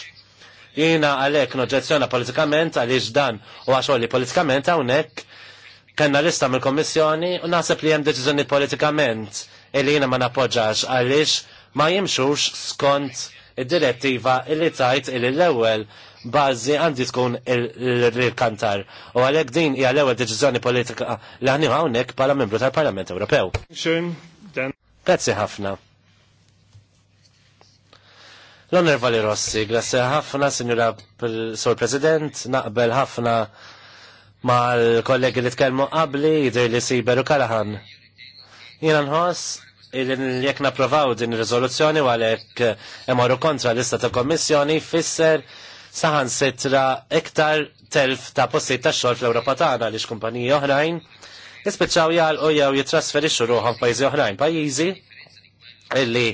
jina għalek n-oġġezzjoni politikament għaliex dan u għaxolli politikament għawnek kanna lista mill kommissjoni u naħseb li hemm deċiżjoni politikament illi jiena ma napoġax għaliex ma jimxux skont id-direttiva illi tajt illi l-ewwel bażi għandi tkun il-kantar. U għalhekk din hija l-ewwel deċiżjoni politika li għani hawnhekk bħala membru tal-Parlament Ewropew. Grazzi ħafna. l onervali Rossi, grazzi ħafna, Signora Sur President, naqbel ħafna mal-kollegi li tkellmu qabli jidri li Siber u Kalahan. Jiena nħoss jekk napprovaw din ir-riżoluzzjoni u għalhekk imorru eh, kontra l-lista ta' kommissjoni fisser saħan sitra iktar telf ta' posti ta' xogħol fl-Ewropa tagħna għaliex kumpaniji oħrajn jispiċċaw jgħalqu jew jitrasferixxu ruħhom pajjiżi oħrajn, pajjiżi illi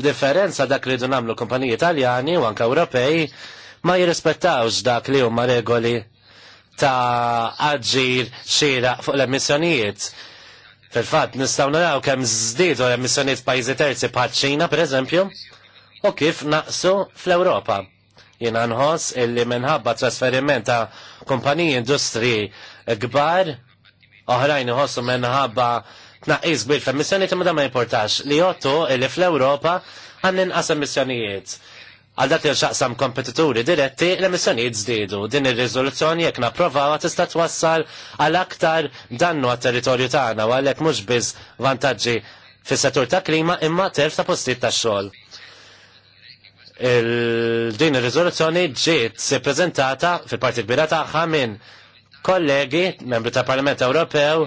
b'differenza dak li dun kumpaniji Italjani u anke Ewropej ma jirrispettawx dak li huma regoli ta' aġir xira fuq l-emissjonijiet. Fil-fat, nistaw naraw kemm żdiedu l-emissjonijiet pajjiżi terzi paċċina, ċina pereżempju, u kif naqsu fl-Ewropa. Jena nħoss illi minħabba trasferiment ta' kumpaniji industri kbar, oħrajn iħossu minħabba tnaqqis kbir fl-emissjonijiet imma ma importax li jottu illi fl-Ewropa għandin qas emissjonijiet għal dak il-xaqsam kompetituri diretti l-emissjonijiet żdiedu. Din ir-riżoluzzjoni jekk napprovaw tista' twassal għal aktar dannu għat-territorju tagħna u għalhekk mhux biss vantaġġi fis-settur ta' klima imma terf ta' postijiet tax-xogħol. Din ir-riżoluzzjoni ġiet ippreżentata fil-parti kbira tagħha minn kollegi, membri tal Parlament Ewropew,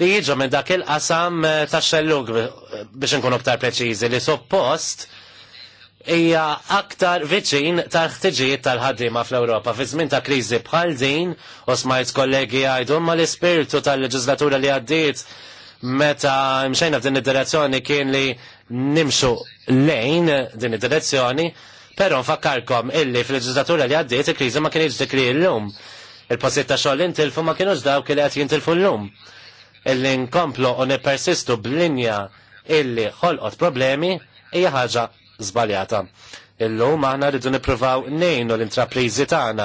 li jiġu minn dak il-qasam eh, tax-xellug eh, biex inkunu aktar preċiżi li suppost so hija aktar viċin tal-ħtiġijiet tal-ħaddiema fl-Ewropa. Fi żmien ta' kriżi bħal din, u smajt kollegi għajdu ma l-ispirtu tal-leġislatura li għaddiet meta mxejna f'din id-direzzjoni kien li nimxu lejn din id-direzzjoni, però nfakkarkom illi fil-leġislatura li għaddiet il-kriżi ma kienx dikri l-lum. il posit ta' xogħol intilfu ma kienux dawk li qed jintilfu l-lum. Illi nkomplu u nippersistu b'linja illi ħolqot problemi hija ħaġa żbaljata. Illum aħna rridu nippruvaw nejnu l-intrapriżi tagħna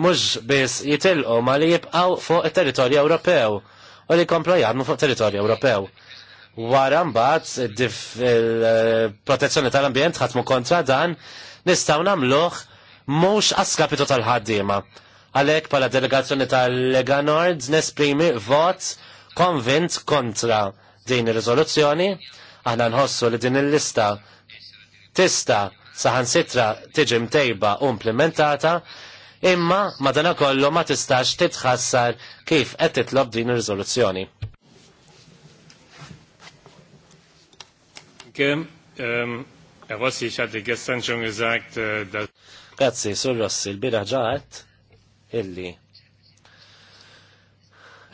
mhux biss jitilqu ma li jibqgħu fuq it-territorju Ewropew u li jkomplu jaħdmu fuq territorju Ewropew. Wara mbagħad il-protezzjoni tal-ambjent ħatmu kontra dan nistgħu nagħmluh mhux għaskapitu tal-ħaddiema. Għalhekk bħala delegazzjoni tal-Lega Nord nesprimi vot konvint kontra din ir-riżoluzzjoni aħna nħossu li din il-lista tista saħan sitra tiġi mtejba u implementata imma madanakollu ma tistax titħassar kif qed titlob din ir-riżoluzzjoni. Um, uh, uh, Grazzi, sur Rossi, il-bira ġaħet illi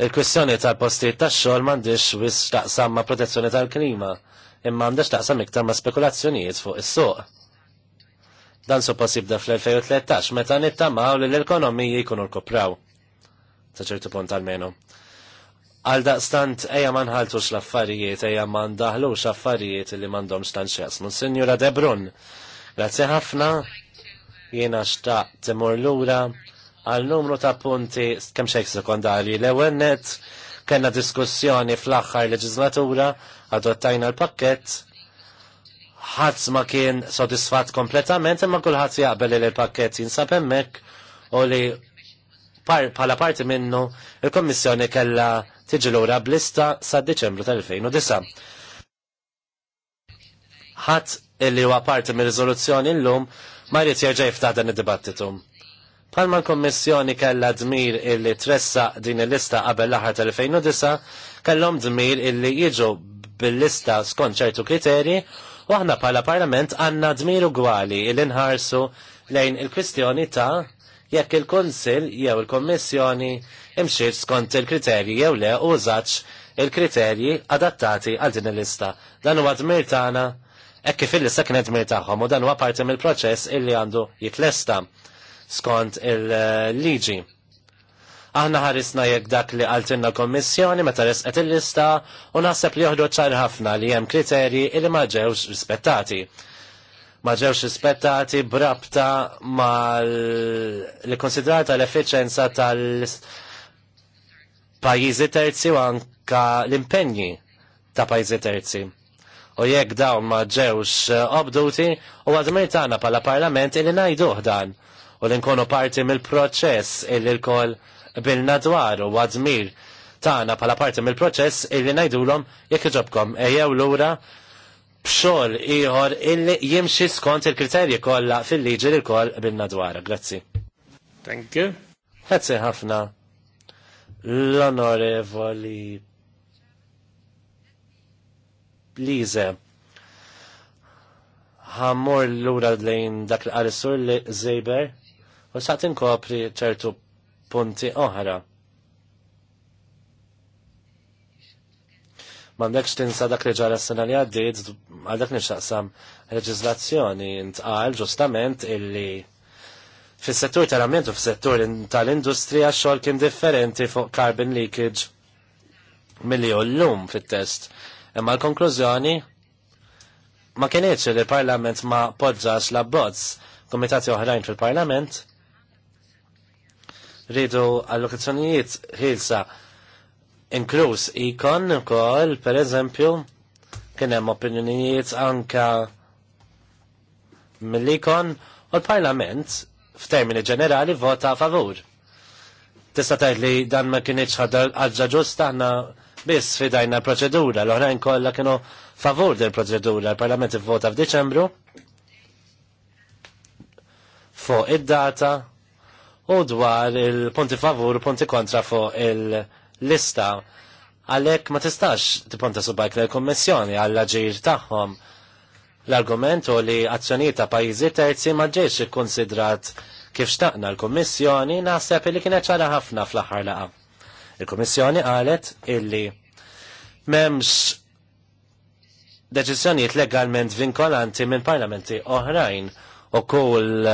il-kwestjoni tal-postijiet tax-xogħol m'għandix wis taqsam ma' protezzjoni tal-klima imma għandax taqsam iktar ma' spekulazzjonijiet fuq is-suq. Dan suppost jibda fl-2013 meta nittamaw li l-ekonomiji jkunu rkupraw Ta' ċertu punt almenu. Għal daqstant eja ma nħaltux l-affarijiet, eja ma ndaħlux affarijiet li mandom stan xesmu. Sinjura Debrun, grazie ħafna, jiena xtaq timur lura għal numru ta' punti kemm xejk sekondarji l-ewennet, kena diskussjoni fl-axħar leġislatura adottajna l-pakket ħadd ma kien sodisfatt kompletament imma kulħadd jaqbel li l-pakket jinsab hemmhekk u li bħala parti minnu il-Kommissjoni kellha tiġi lura blista sa' Deċembru tal-2009. Ħadd illi huwa parti mir-riżoluzzjoni llum ma jrid jerġa' jiftaħ dan id-dibattitu. Palma l-Kommissjoni kella dmir illi tressa din il-lista qabel l-aħħar tal-2009, kellhom dmir illi jiġu bil-lista skont ċertu kriteri u aħna bħala parlament għanna dmiru gwali il-inħarsu lejn il-kwistjoni ta' jekk il-Konsil jew il-Kommissjoni imxiet skont il-kriterji jew le użax il-kriterji adattati għal din il-lista. Dan huwa dmir tagħna hekk kif il-lista kienet dmir tagħhom u dan huwa parti mill-proċess illi għandu jitlesta skont il-liġi. Aħna ħarisna jekk dak li għaltinna kommissjoni meta resqet il-lista u naħseb li joħdu ċar ħafna li hemm kriterji li ma ġewx rispettati. Ma ġewx rispettati brabta mal li konsidrata l-effiċenza tal-pajjiżi terzi u anka l-impenji ta' pajjiżi terzi. U jekk dawn ma ġewx eh, obduti u għadmirtana tagħna bħala parlament il ngħiduh dan u li nkunu parti mill-proċess illi l-koll il bilna dwaru u għadmir tagħna bħala parti mill-proċess illi ngħidulhom jekk iġobkom ejjew lura b'xogħol ieħor illi jimxi skont il-kriterji kollha fil-liġi li kol bilna dwar. Grazzi. Thank you. Grazzi ħafna. L-onorevoli Lize. l-ura lura lejn dak li qal li Zejber u saqt inkopri ċertu punti oħra. Mandekx tinsa dak li ġara s-sena li għaddit, għadak nixaqsam reġizlazzjoni, intqal ġustament illi fis-settur tal ammentu u fis-settur tal-industrija xogħol kien differenti fuq carbon leakage milli llum fit-test. Imma l-konklużjoni ma kienieċ li l-Parlament ma poġġax la bozz komitati oħrajn fil-Parlament rridu allokazzjonijiet ħilsa inkluż ikon ukoll pereżempju kien hemm opinjonijiet anka mill-ikon u l-Parlament f'termini ġenerali vota favur. Tista' tgħid li dan ma kienx ħaġa ġusta aħna biss fidajna proċedura, l-oħrajn kollha kienu favur din proċedura, l-Parlament ivvota f'Diċembru fuq id-data u dwar il-ponti favur u ponti kontra fuq il-lista għalek ma tistax tiponta subajk l-kommissjoni għall-ġir taħħom l-argumentu li azzjoniet ta' pajizi terzi ma ġiex ikkonsidrat kif xtaqna l-kommissjoni naħseb li kienet ċara ħafna fl-aħħar laqa. Il-kommissjoni qalet illi memx deċiżjonijiet legalment vinkolanti minn parlamenti oħrajn u kull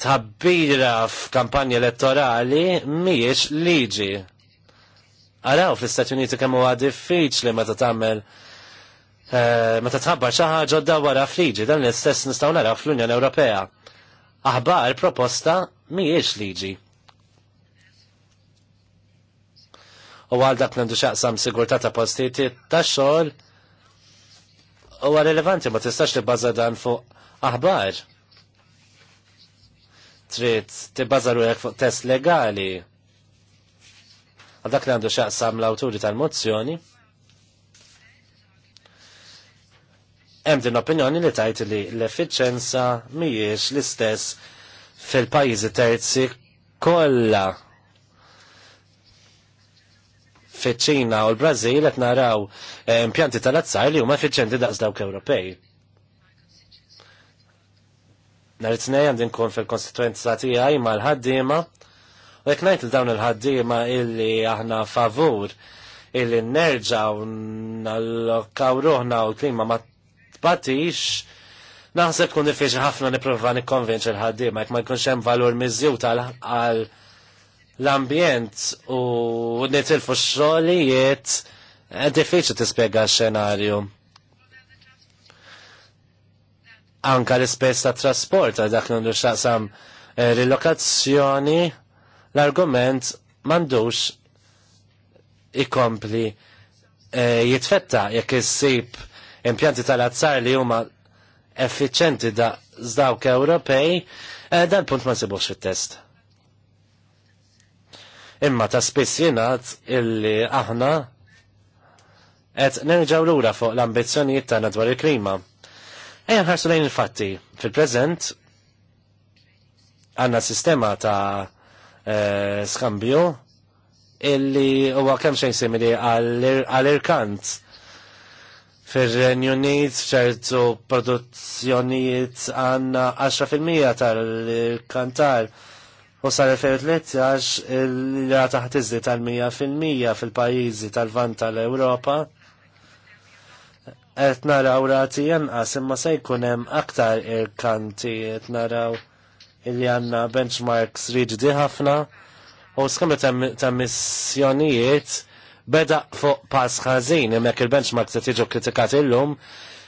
Tabbira f'kampanja elettorali miex liġi. Araw fl-Istati Uniti kemm huwa diffiċli meta tagħmel eh, meta tħabbar xi ħaġa wara f'liġi dan l-istess nistgħu naraw fl-Unjoni Ewropea. Aħbar proposta mhijiex liġi. U għal dak nandu xaqsam sigurtà ta' postijiet tax-xogħol huwa rilevanti ma tistax tibbaża dan fuq aħbar trid tibbażaru hekk fuq test legali Għal dak li għandu xaqsam l-awturi tal-mozzjoni. Hemm din opinjoni li tajt li l-effiċenza mhijiex l-istess fil-pajjiżi terzi kollha fiċ-Ċina u l-Brażil qed naraw eh, impjanti tal-azzar li huma effiċenti daqs dawk Ewropej. Nar it-tnej għandin kun fil-konstituenza tiegħi mal-ħaddiema u jekk ngħid il-dawn il-ħaddiema illi aħna favur illi nerġaw nallokaw ruħna u l-klima ma tbatix naħseb kun diffiċli ħafna nipprova nikkonvinċ l-ħaddiema jekk ma jkunx hemm valur miżjut għal l-ambjent u nitilfu x-xogħlijiet diffiċli tispjega x-xenarju anka l-ispess ta' trasport għal dak nandu xaqsam eh, rilokazzjoni l-argument mandux ikompli eh, jitfetta jekk issib impjanti tal-azzar li huma effiċenti da' zdawk Ewropej, eh, dan punt ma nsibux fit-test. Imma ta' spiss jingħad illi aħna qed nerġgħu lura fuq l-ambizzjonijiet tagħna dwar il-klima. Ejja ħarsu lejn il-fatti. Fil-preżent għandna sistema ta' eh, skambju illi huwa kemm xejn simili għall-irkant fir-Renju Unit f'ċertu produzzjonijiet għandna 10% tal-irkantar u sar għax il-rata ħtiżdi tal-100% fil-pajjiżi tal-vant tal-Ewropa. tal vant tal ewropa tal tal ewropa qed naraw rati jenqas imma se jkun hemm aktar kanti etnaraw naraw illi għandna benchmarks riġdi ħafna u skemmi ta' missjonijiet beda fuq pass ħażin hemmhekk il-benchmarks qed jiġu kritikat illum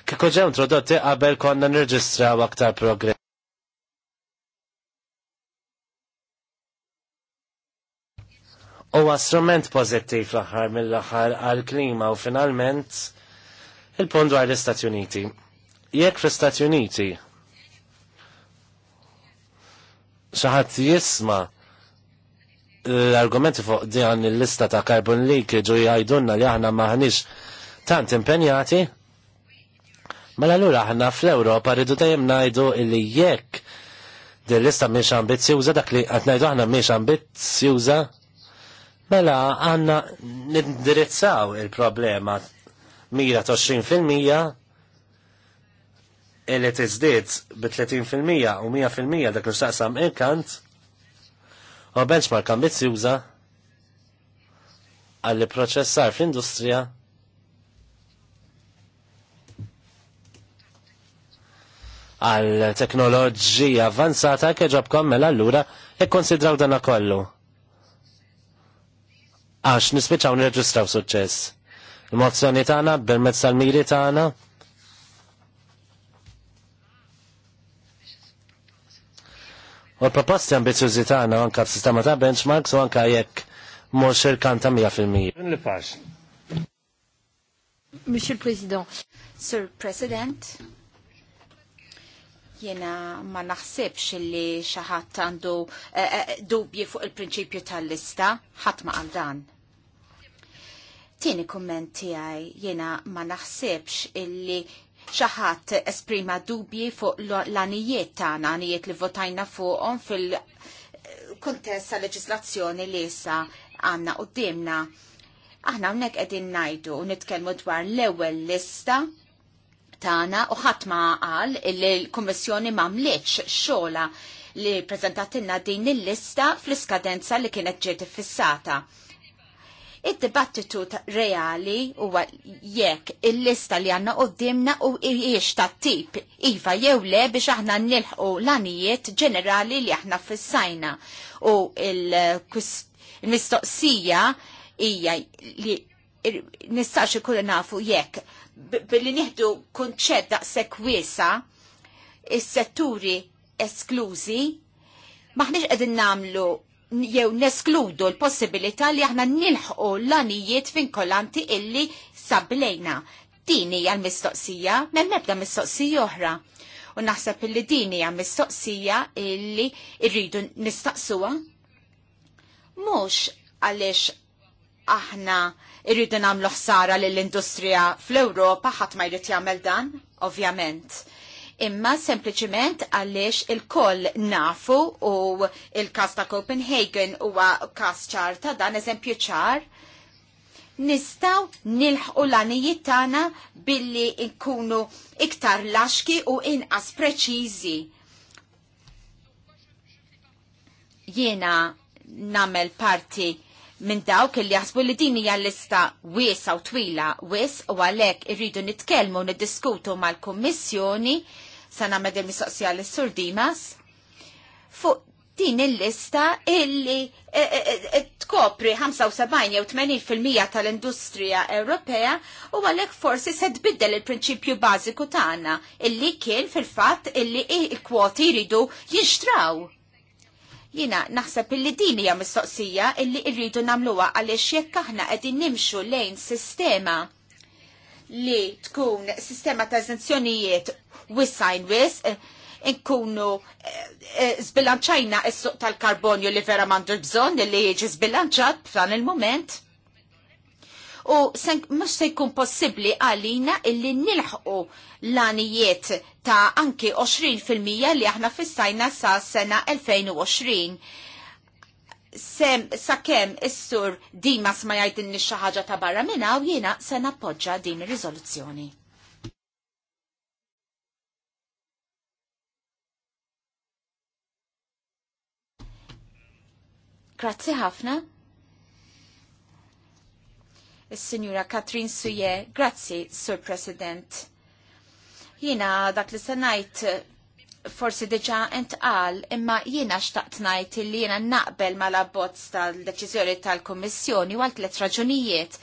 kieku ġew introdotti qabel konna nirreġistraw aktar progress. Huwa strument pożittiv l-aħħar mill-aħħar għall-klima u finalment il pont dwar l-Istati Uniti. Jekk fl-Istati Uniti xaħat jisma l-argumenti fuq dan il-lista ta' carbon leakage u jgħidunna li aħna maħniex tant impenjati, mela l aħna fl-Ewropa rridu dejjem ngħidu li jekk din lista mhix ambizzjuża dak li qed ngħidu aħna mhix ambizzjuża, mela għandna nindirizzaw il-problema mira ta' 20% illi tiżdied bi 30% u 100% dak li staqsam il-kant u benchmark ambizzjuża għalli proċessar fl-industrija għal teknoloġija avanzata keġab kommel allura konsidraw dana kollu. Għax nispiċaw nirreġistraw suċċess l mozzjoni tagħna permezz tal-miri tagħna. U l-proposti ambizjużi tagħna anke sistema ta' benchmarks u anke jekk mhux il mija fil 100%. Monsieur le Président, Sir President, jena ma naħsibx li xaħat għandu eh, eh, dubji fuq il-prinċipju tal-lista, ħadd ma għal dan. Tieni kumment tiegħi jiena ma naħsibx illi xaħat esprima dubji fuq l-anijiet tagħna, anijiet li votajna fuqhom fil-kuntest ta' leġislazzjoni li għanna għandna dimna. Aħna hawnhekk qegħdin ngħidu u nitkellmu dwar l-ewwel lista tagħna u ħadd ma qal li l-Kummissjoni m'għamlitx xola li prezentatilna din il-lista fl-iskadenza li kienet ġiet iffissata. fissata Id-dibattitu reali huwa jekk il-lista li għanna dimna u jiex ta' tip iva jew le biex aħna nilħu l-anijiet ġenerali li aħna fissajna u il-mistoqsija ija li nistax ikun nafu jekk billi nieħdu kunċett daqshekk wiesa is-setturi esklużi maħniex qegħdin namlu jew neskludu l-possibilità li aħna nilħqu l-anijiet vinkolanti illi sablejna. Dini hija l-mistoqsija, minn mebda mistoqsija oħra. U naħseb illi dini hija mistoqsija illi rridu nistaqsuha. Mhux għaliex aħna irridu nagħmlu ħsara lill-industrija fl-Ewropa ħadd ma jrid jagħmel dan, ovvjament imma sempliciment għaliex il-koll nafu u il-kas ta' Copenhagen huwa kas ċar ta' dan eżempju ċar nistaw nilħu l-għanijiet tagħna billi nkunu iktar laxki u inqas preċiżi. Jiena namel parti minn dawk li jasbu li din hija lista wiesa u twila wis u għalhekk irridu nitkellmu niddiskutu mal-Kummissjoni sa nagħmel il-mistoqsija l sur Dimas fuq din il-lista illi e, e, e, tkopri 75 jew 80% tal-industrija Ewropea u għalhekk forsi se tbiddel il-prinċipju bażiku tagħna illi kien fil-fatt illi il-kwoti jridu jinxtraw. Jina naħseb illi din hija mistoqsija illi rridu nagħmluha għaliex jekk aħna qegħdin nimxu lejn sistema li tkun sistema ta' eżenzjonijiet wissajn wis inkunu eh, eh, eh, zbilanċajna s-suq tal-karbonju li vera mandur bżon li jieġi zbilanċat f'dan il-moment. U mux se jkun possibli għalina illi nilħqu l-anijiet ta' anki 20% li aħna fissajna sa' sena 2020. Sem, sa' kem is-sur Dimas ma jajtin xi ħaġa ta' barra minna u jiena se poġġa din ir-riżoluzzjoni. Grazzi ħafna. Is-Sinjura Katrin Suje, grazzi, Sur President. Jina dak li se ngħid forsi diġa entqal, imma jiena xtaqt najt li jiena naqbel ma bozz abbozz tal-deċizjoni tal-Kommissjoni għal tliet raġunijiet.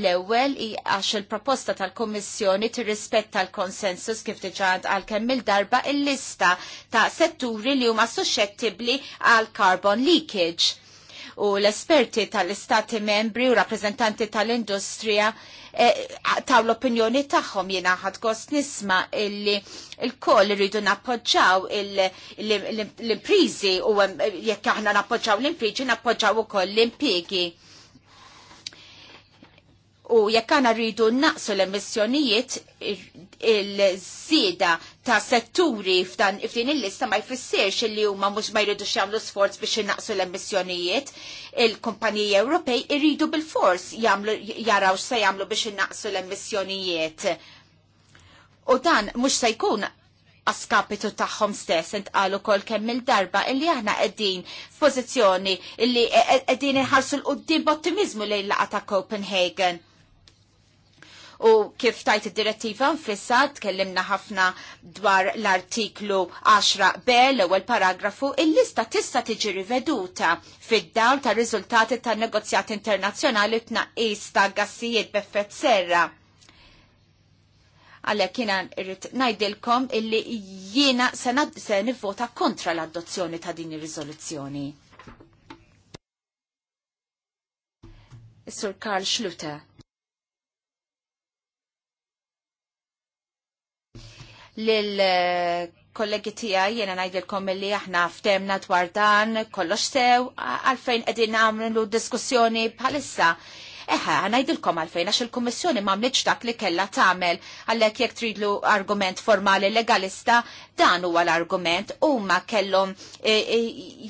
L-ewwel għax il-proposta tal-Kommissjoni tirrispetta l-konsensus kif diġa għal kemm il-darba il-lista ta' setturi li huma suscettibli għal carbon leakage u l-esperti tal-istati membri u rappresentanti tal-industrija eh, taw l-opinjoni tagħhom jiena ħad gost nisma illi il-koll rridu nappoġġaw l-imprizi u eh, jekk aħna nappoġġaw l-imprizi nappoġġaw ukoll l-impjegi. U jekk għana rridu naqsu l-emissjonijiet, il-żieda ta' setturi f'dan f'din il-lista ma jfissirx li huma mhux ma jridux jagħmlu sforz biex innaqsu l-emissjonijiet. Il-kumpaniji Ewropej irridu bil-fors jaraw se jagħmlu biex innaqsu l-emissjonijiet. U dan mhux se jkun askapitu taħħom stess intqalu kol kemm il-darba illi aħna qegħdin f'pożizzjoni illi e- e- qegħdin inħarsu l-qudiem b'ottimizmu lejn laqa ta' Copenhagen u kif tajt id-direttiva nfissa tkellimna ħafna dwar l-artiklu 10 u l-ewwel paragrafu il-lista tista' tiġi riveduta fid-dawl ta' riżultati ta' negozjat internazzjonali tnaqqis ta' gassijiet b'effett serra. Għalhekk jiena irrid ngħidilkom illi jiena se nivvota kontra l-adozzjoni ta' din ir-riżoluzzjoni. Sur Karl Schluter. lil kollegi tijaj jena najdilkom li aħna ftemna dwar dan kollox sew għalfejn edin għamlu diskussjoni bħalissa. Eħe, għanajdilkom għalfejn għax il-Kommissjoni ma mliċ dak li kella tamel għallek jek tridlu argument formali legalista dan huwa l-argument u ma kellhom e, e,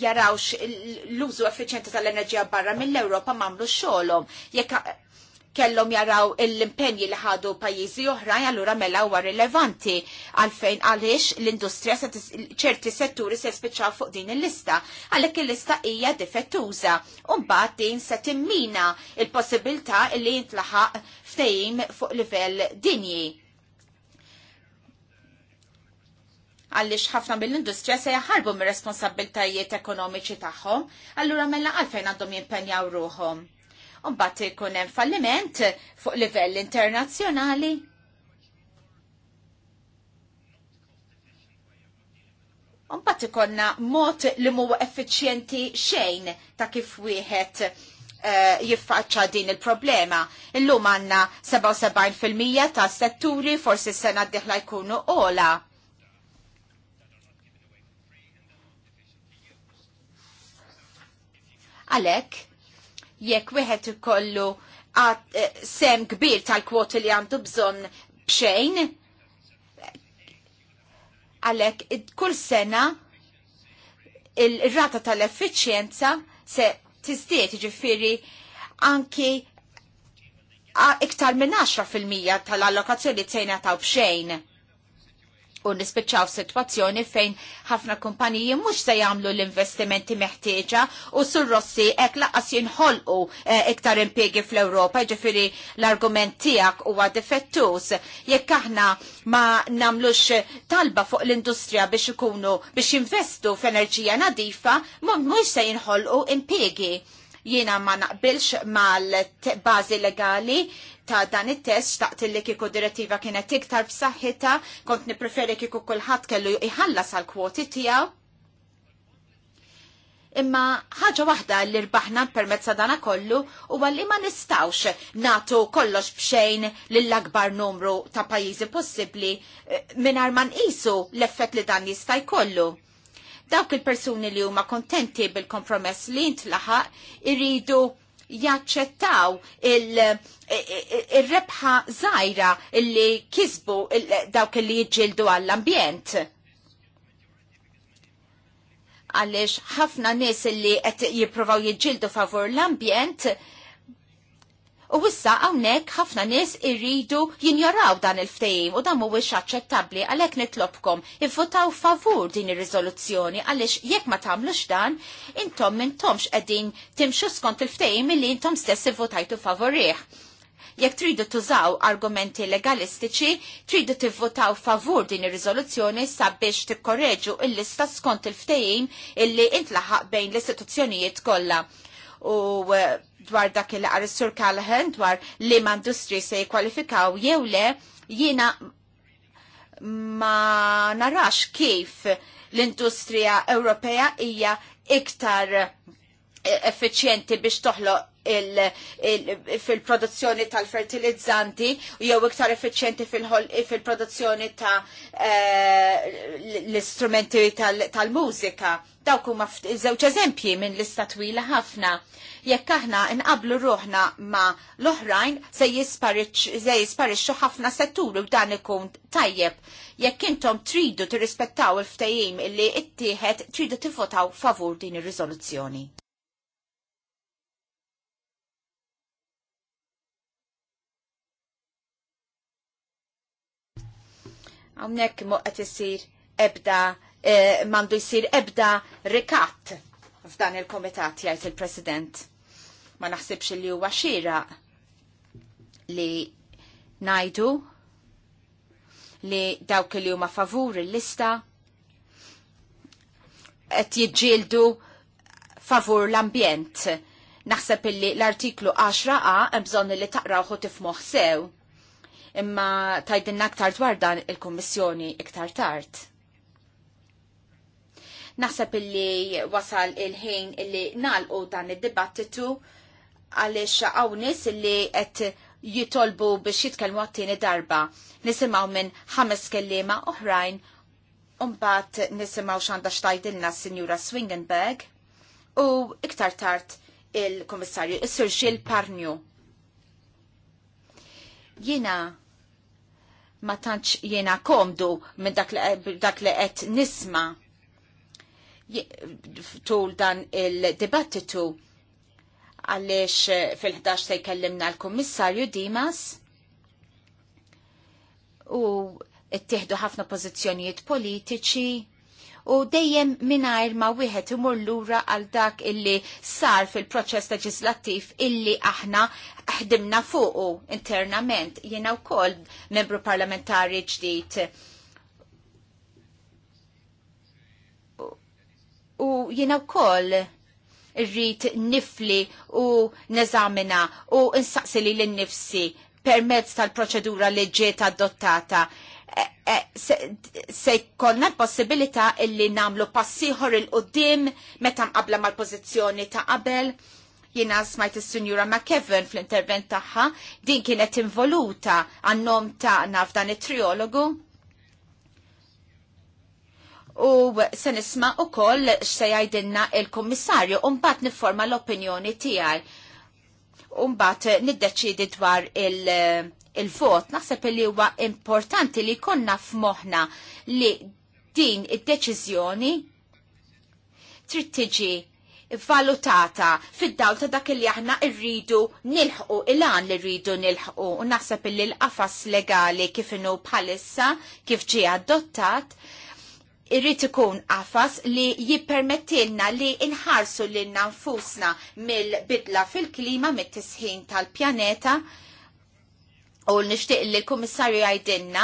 jarawx l-użu effiċenti tal-enerġija barra mill-Ewropa mlu xolom. Jek kellhom jaraw l-impenji li ħadu pajjiżi oħra allura mela huwa rilevanti għalfejn għaliex l-industrija ċerti setturi se spiċċaw fuq din il-lista għalhekk il-lista hija difettuża u mbagħad din se timmina il-possibilità li jintlaħaq ftehim fuq livell dinji. għalli ħafna mill-industrija se jaħarbu mir responsabiltajiet ekonomiċi tagħhom, allura mela għalfejn għandhom jimpenjaw ruhom? Umbat ikun hemm falliment fuq livell internazzjonali. Umbat ikonna mod li mu effiċjenti xejn ta' kif wieħed eh, jiffaċċa din il-problema. Illum għandna 77% ta' setturi forsi s-sena d jkunu ola. Għalek, jekk wieħed ikollu eh, sem kbir tal-kwoti li għandu bżonn bxejn, għalek kull sena il-rata tal-effiċjenza se tizdiet ġifiri anki iktar minn 10% tal-allokazzjoni tsejna taw bxejn u nispiċċaw situazzjoni fejn ħafna kumpaniji mhux se jagħmlu l-investimenti meħtieġa u sur Rossi hekk laqas jinħolqu eh, iktar impjegi fl-Ewropa, ġifiri l-argument tiegħek huwa defettus. Jekk aħna ma nagħmlux talba fuq l-industrija biex ikunu biex jinvestu f'enerġija nadifa, mhux se jinħolqu impiegi jiena ma naqbilx mal-bazi legali ta' dan it-test xtaqt li kiku direttiva kienet iktar b'saħħita, kont nipreferi kiku kulħadd kellu iħallas għal kwoti tiegħu. Imma ħaġa waħda li rbaħna permezza dana kollu u li ma nistawx natu kollox bxejn lill-akbar numru ta' pajjiżi possibbli eh, mingħajr ma nqisu l-effett li dan jista' jkollu dawk il-persuni li huma kontenti bil-kompromess li intlaħaq irridu jaċċettaw il-rebħa zaħira li kisbu dawk li jġildu għall-ambjent għalix ħafna nis li jiprofaw jippruvaw jiġġieldu favur l-ambjent U issa hawnhekk ħafna nies irridu jinjoraw dan il-ftehim u dan mhuwiex aċċettabbli għalhekk nitlobkom ivvotaw favur din ir-riżoluzzjoni għaliex jekk ma tagħmlux dan intom m'intomx qegħdin timxu skont il-ftehim milli intom stess ivvotajtu favorih. Jekk tridu tużaw argumenti legalistiċi, tridu tivvotaw favur din ir-riżoluzzjoni sabiex tikkorreġu il-lista skont il-ftehim illi intlaħaq bejn l-istituzzjonijiet kollha u e, dwar dak il għar sur Callahan dwar li ma' industri se jikwalifikaw jew le jiena ma narax kif l-industrija Ewropea hija iktar effiċjenti biex toħloq fil-produzzjoni tal-fertilizzanti u jew iktar effiċjenti fil-produzzjoni ta' eh, l-istrumenti tal-mużika. Dawk huma żewġ eżempji minn lista twila ħafna. Jekk aħna inqablu ruħna ma' l-oħrajn se jisparixxu ħafna setturi u dan ikun tajjeb. Jekk intom tridu tirrispettaw il-ftajim illi ittieħed tridu tivvotaw favur din ir-riżoluzzjoni. Għamnek mu għet jisir ebda, eh, mandu jisir ebda rikat f'dan il-komitat jajt il-president. Ma naħsibx li huwa xira li najdu li dawk li huma favur il-lista qed jiġġieldu favur l-ambjent. Naħseb li l-artiklu 10a hemm bżonn li taqra uħu tifmuħ sew imma tajdinna aktar dwar dan il-Kommissjoni iktar tard. Naħseb illi wasal il-ħin illi nalqu dan id-dibattitu għaliex għawnis illi qed jitolbu biex jitkellmu għattini darba. Nisimgħu minn ħames kelliema oħrajn Umbat nisimaw xanda xtajdilna Signora Swingenberg u iktar tard il-Komissarju, il-Sir Gilles Parnju. Jina ma tantx jiena komdu minn dak li qed nisma tul dan il-dibattitu għaliex eh, fil-11 se jkellimna l-Kummissarju Dimas u ttieħdu ħafna pożizzjonijiet politiċi u dejjem mingħajr ma wieħed imur lura għal dak illi sar fil-proċess leġislattiv illi aħna ħdimna fuqu internament jiena wkoll membru parlamentari ġdid. U jiena wkoll irrid nifli u neżamina u nsaqsi li l-nifsi permezz tal-proċedura li ġiet adottata. Eh, eh, se jkollna l-possibilità illi namlu passiħor il-qoddim meta mqabla mal-pożizzjoni ta' qabel jina smajt il-Sinjura McKevin fl-intervent tagħha, din kienet involuta għannom naf f'dan it-triologu. U se nisma ukoll x'se xse l il u mbagħad nifforma l-opinjoni tiegħi. U mbagħad niddeċidi dwar il- il-vot, naħseb li huwa importanti li konna f'moħna li din id-deċiżjoni trid tiġi valutata fid-dawl ta' dak li aħna rridu nilħqu il-għan li rridu nilħqu u naħseb li l-qafas legali kif inhu bħalissa kif ġie adottat irrid ikun qafas li jippermettilna li inħarsu lilna nfusna mill-bidla fil-klima mit-tisħin tal-pjaneta U nishtiq li l-Kummissarju għajdinna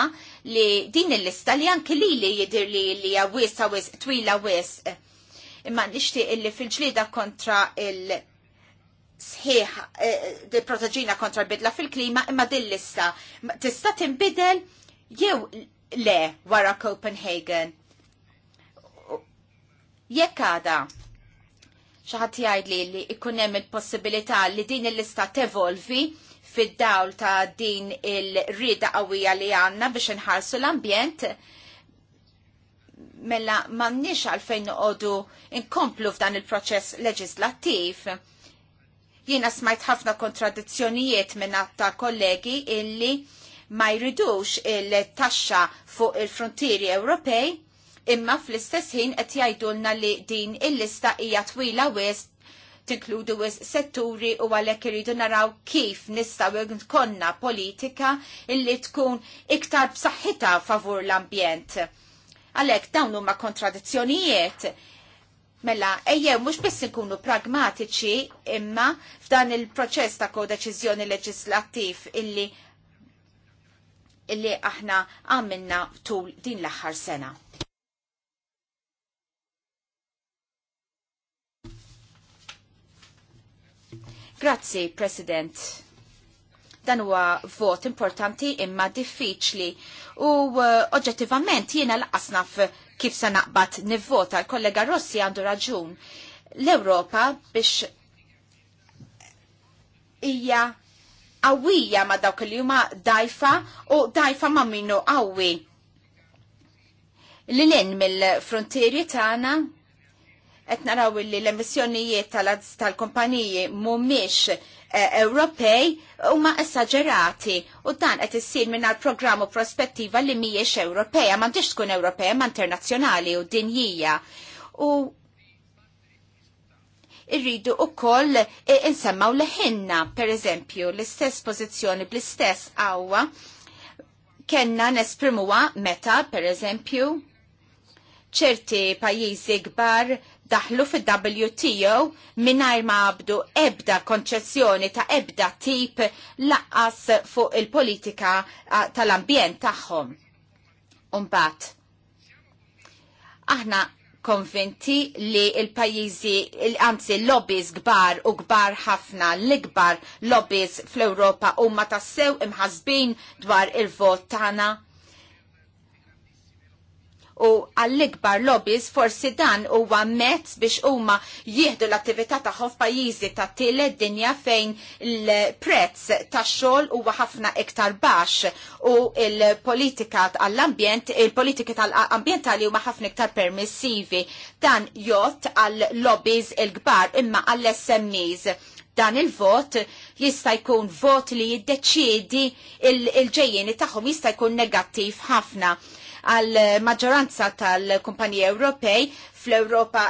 li din il-lista li anki li li jidir li li għawis għawis twila għawis. Imma nishtiq li fil-ġlida kontra il- sħiħ di eh, protaġina kontra bidla fil-klima imma din lista tista timbidel jew le wara Copenhagen. Jekk għada xaħat jgħid li li ikunem hemm il-possibilità li din il-lista tevolvi, fid-dawl ta' din il-rida qawwija li għanna biex nħarsu l-ambjent, mela mannix għalfejn noqogħdu inkomplu f'dan il-proċess leġislattiv. Jiena smajt ħafna kontradizzjonijiet minn ta' kollegi illi ma jridux il-taxxa fuq il-frontieri Ewropej imma fl-istess ħin qed jgħidulna li din il-lista hija twila wisq tinkludu setturi u għalhekk iridu naraw kif nistgħu konna politika illi tkun iktar b'saħħitha favur l-ambjent. Għalhekk dawn huma kontradizzjonijiet Mela, ejjew mhux biss inkunu pragmatiċi imma f'dan il-proċess ta' kodeċiżjoni leġislattiv illi illi aħna għamilna tul din l-aħħar sena. Grazzi, President. Dan huwa vot importanti imma diffiċli u eh, oġġettivament jiena laqas naf kif se naqbad nivvota. l kollega Rossi għandu raġun. L-Ewropa biex hija qawwija ma dawk li huma dajfa u dajfa ma minnu qawwi. Lilin mill-frontieri tagħna qed naraw li l-emissjonijiet tal-kumpaniji mhumiex eh, Ewropej huma esagerati u dan qed issir mingħajr programm u prospettiva li mhijiex Ewropea, m'għandix tkun Ewropea ma' internazzjonali u dinjija. U irridu u koll eh, insemmaw leħinna, per eżempju, l-istess pożizzjoni bl-istess għawa kena nesprimuwa meta, per eżempju, ċerti pajjiżi kbar daħlu fil-WTO minnajr ma għabdu ebda konċessjoni ta' ebda tip laqqas fuq il-politika tal-ambjent tagħhom. Umbat, aħna konvinti li il-pajizi, anzi lobbies gbar u gbar ħafna, l-gbar lobbies fl-Europa u ma tassew imħazbin dwar il-vot tana u għall-ikbar lobbies forsi dan huwa mezz biex huma jieħdu l-attività tagħhom pajizi ta' tielet dinja fejn il-prezz tax-xogħol huwa ħafna iktar baxx u il-politika tal-ambjent, il-politika tal-ambjentali huma ħafna iktar permissivi. Dan jott għall-lobbies il-kbar imma għall-SMEs dan il-vot jista' jkun vot li jiddeċiedi il-ġejjeni tagħhom jista' jkun negattiv ħafna għal maġġoranza tal-kumpaniji Ewropej fl-Europa,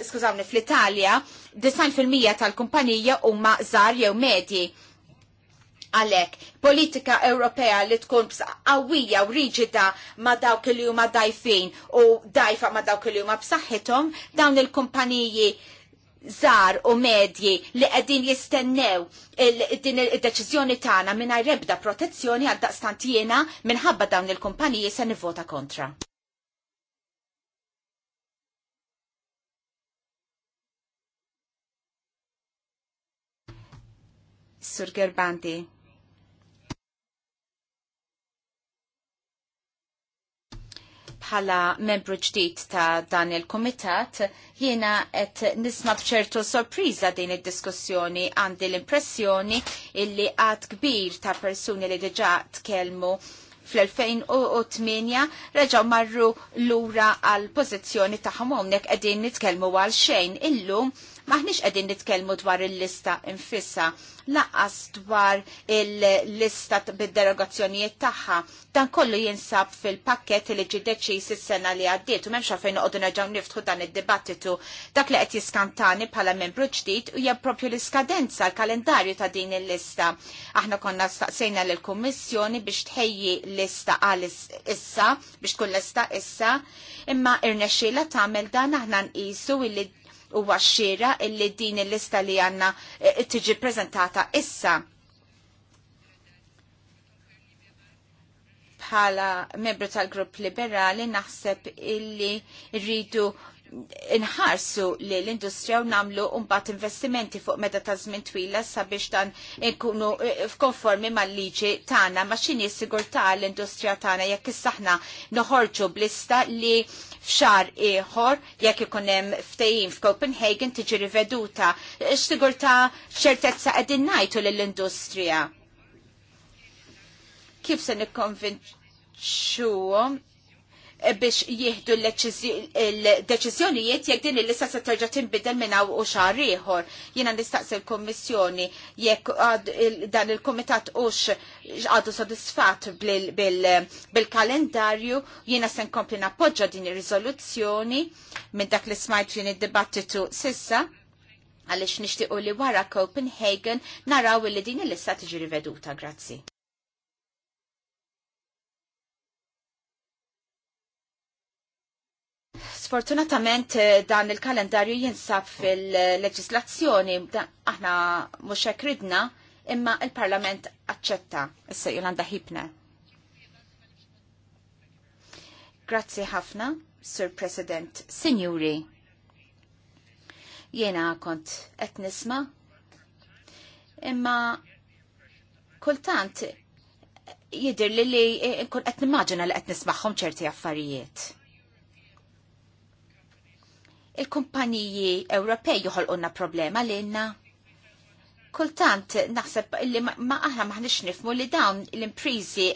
skużawni, fl-Italja, 90% tal-kumpanija huma żgħar jew medji. Għalek, politika Ewropea li tkun qawwija u riġida ma dawk li huma dajfin u dajfa ma dawk li huma b'saħħithom, dawn il-kumpaniji zar u medji li qegħdin jistennew din id-deċiżjoni tagħna mingħajr ebda protezzjoni għal daqstant jiena minħabba dawn il-kumpaniji se nivvota kontra. Sur Gerbandi, bħala membru ġdid ta' dan il-komitat, jiena qed nisma bċertu sorpriża din id-diskussjoni għandi l-impressjoni illi għad kbir ta' persuni li diġa' tkellmu fl-2008 reġaw marru lura għal pożizzjoni tagħhom hawnhekk qegħdin nitkellmu għal xejn illum Maħniex qegħdin nitkellmu dwar il-lista infissa, laqas dwar il-lista bid-derogazzjonijiet tagħha. Dan kollu jinsab fil-pakket li ġi deċis is-sena li għaddiet u m'hemmx fejn noqogħdu nerġgħu niftħu dan id-dibattitu. Dak li qed jiskantani bħala membru ġdid u proprju l-iskadenza l-kalendarju ta' din il-lista. Aħna konna staqsejna lill-Kummissjoni biex tħejji lista għal issa biex tkun lista issa imma irnexxiela tagħmel dan aħna nqisu illi u għaxxira illi din il-lista li għanna eh, tiġi prezentata issa. Bħala membru tal-grupp liberali naħseb illi rridu inħarsu li l-industrija u namlu umbat investimenti fuq meta ta' żmien twila sabiex dan ikunu eh, f'konformi mal-liġi tagħna ma' x'inhi s l-industrija tagħna jekk issaħna noħorġu blista li f'xar ieħor jekk ikun hemm ftehim f'Copenhagen tiġi riveduta x'sigurtà ċertezza qegħdin ngħidu lill-industrija. Kif se nikkonvinċuhom Eh, biex jieħdu l-deċizjonijiet jekk din il-lista se terġa' tinbidel minn u xahar ieħor. Jiena nistaqsi l-Kummissjoni jekk dan il-Kumitat hux għadu sodisfatt bil-kalendarju jiena se nkompli nappoġġa din ir-riżoluzzjoni minn dak li smajt fien id-dibattitu sissa għalix nixtiequ li wara Copenhagen naraw li din il-lista tiġi riveduta, grazzi. Sfortunatament eh, dan il-kalendarju jinsab fil-leġislazzjoni, aħna mux ridna, imma il-Parlament accetta. Issa Jolanda Hipne. Grazzi ħafna, Sir President, Signori. Jena kont etnisma, imma kultant jidir li li nkun qed nimmaġina li qed nismagħhom ċerti affarijiet il-kumpaniji Ewropej joħolqunna problema l-inna. Kultant naħseb li ma aħna maħnix nifmu li dawn l-imprizi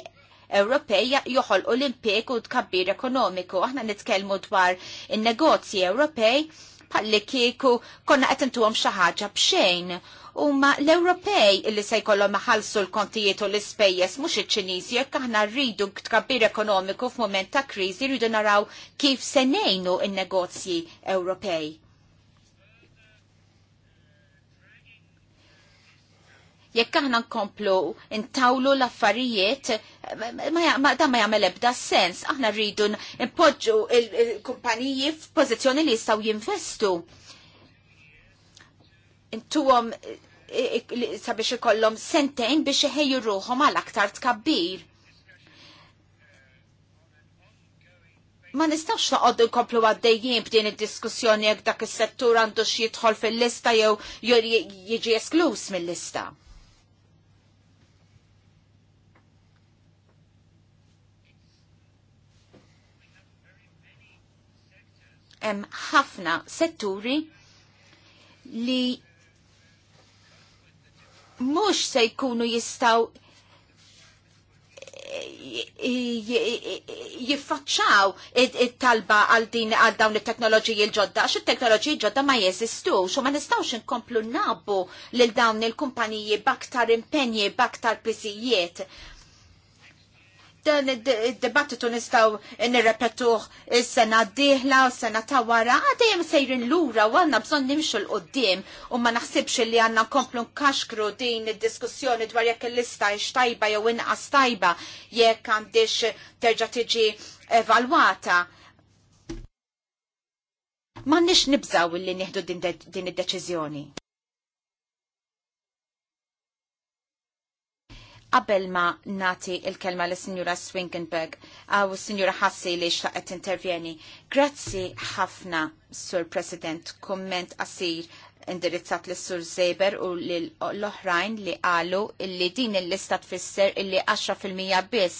Ewropej joħol olimpik u tkabbir ekonomiku. Aħna nitkellmu dwar in-negozji Ewropej palli kieku konna qed għom xi ħaġa b'xejn huma l-Ewropej illi se jkollhom iħallsu l-kontijiet u l-ispejjeż mhux iċ-Ċiniżi jekk aħna rridu tkabbir ekonomiku f'mument ta' kriżi rridu naraw kif se ngħinu n-negozji Ewropej. jekk aħna nkomplu ntawlu l-affarijiet, dan da ma jagħmel ebda sens, aħna rridu npoġġu il-kumpaniji f'pożizzjoni li jistgħu jinvestu intuhom sabiex ikollhom sentejn biex iħejju ruhom għal aktar tkabbir. Ma nistax noqogħdu nkomplu għaddejjin b'din id-diskussjoni jekk dak is-settur għandu xi jidħol fil-lista jew jiġi esklus mill-lista. Hemm ħafna setturi li mux se jkunu jistaw eh, jiffaċċaw it-talba għal din għal dawn it-teknoloġiji l-ġodda, għax it-teknoloġiji ġodda ma jeżistux u ma nistawx inkomplu nabu lil dawn il-kumpaniji baktar impenji, baktar pisijiet dan id-debattitu nistaw nirrepetuħ il-sena diħla u sena ta' wara, għadajem ah, sejrin l-ura u għanna bżon nimxu l-qoddim u ma naħsibx li għanna komplu nkaxkru din id-diskussjoni dwar jekk il-lista tajba jew inqas tajba jekk għandix terġa tiġi evalwata. Ma nix nibżaw li nieħdu din id-deċiżjoni. Qabel ma nati il-kelma l sinjura Swinkenberg u sinjura Hassi li xtaqet intervjeni. Grazzi ħafna, Sur President, komment qasir indirizzat l sur Zeber u l-oħrajn li għalu illi din il-lista tfisser illi 10% biss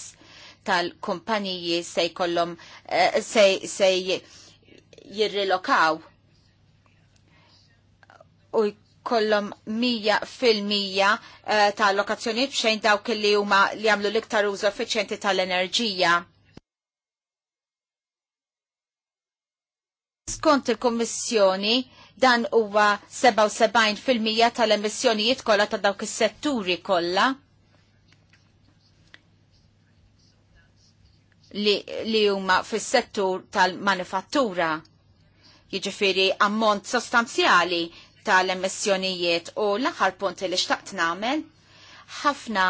tal-kumpaniji se jkollhom eh, se jirrilokaw u kollom 100% eh, ta' lokazzjoni bxejn dawk li huma li jagħmlu l-iktar użu effiċjenti tal-enerġija. Skont il-Kommissjoni dan huwa 77% tal-emissjonijiet kollha ta' dawk is-setturi kollha. li huma fis-settur tal-manifattura jiġifieri ammont sostanzjali tal-emissjonijiet u l-aħħar punti li xtaqt nagħmel ħafna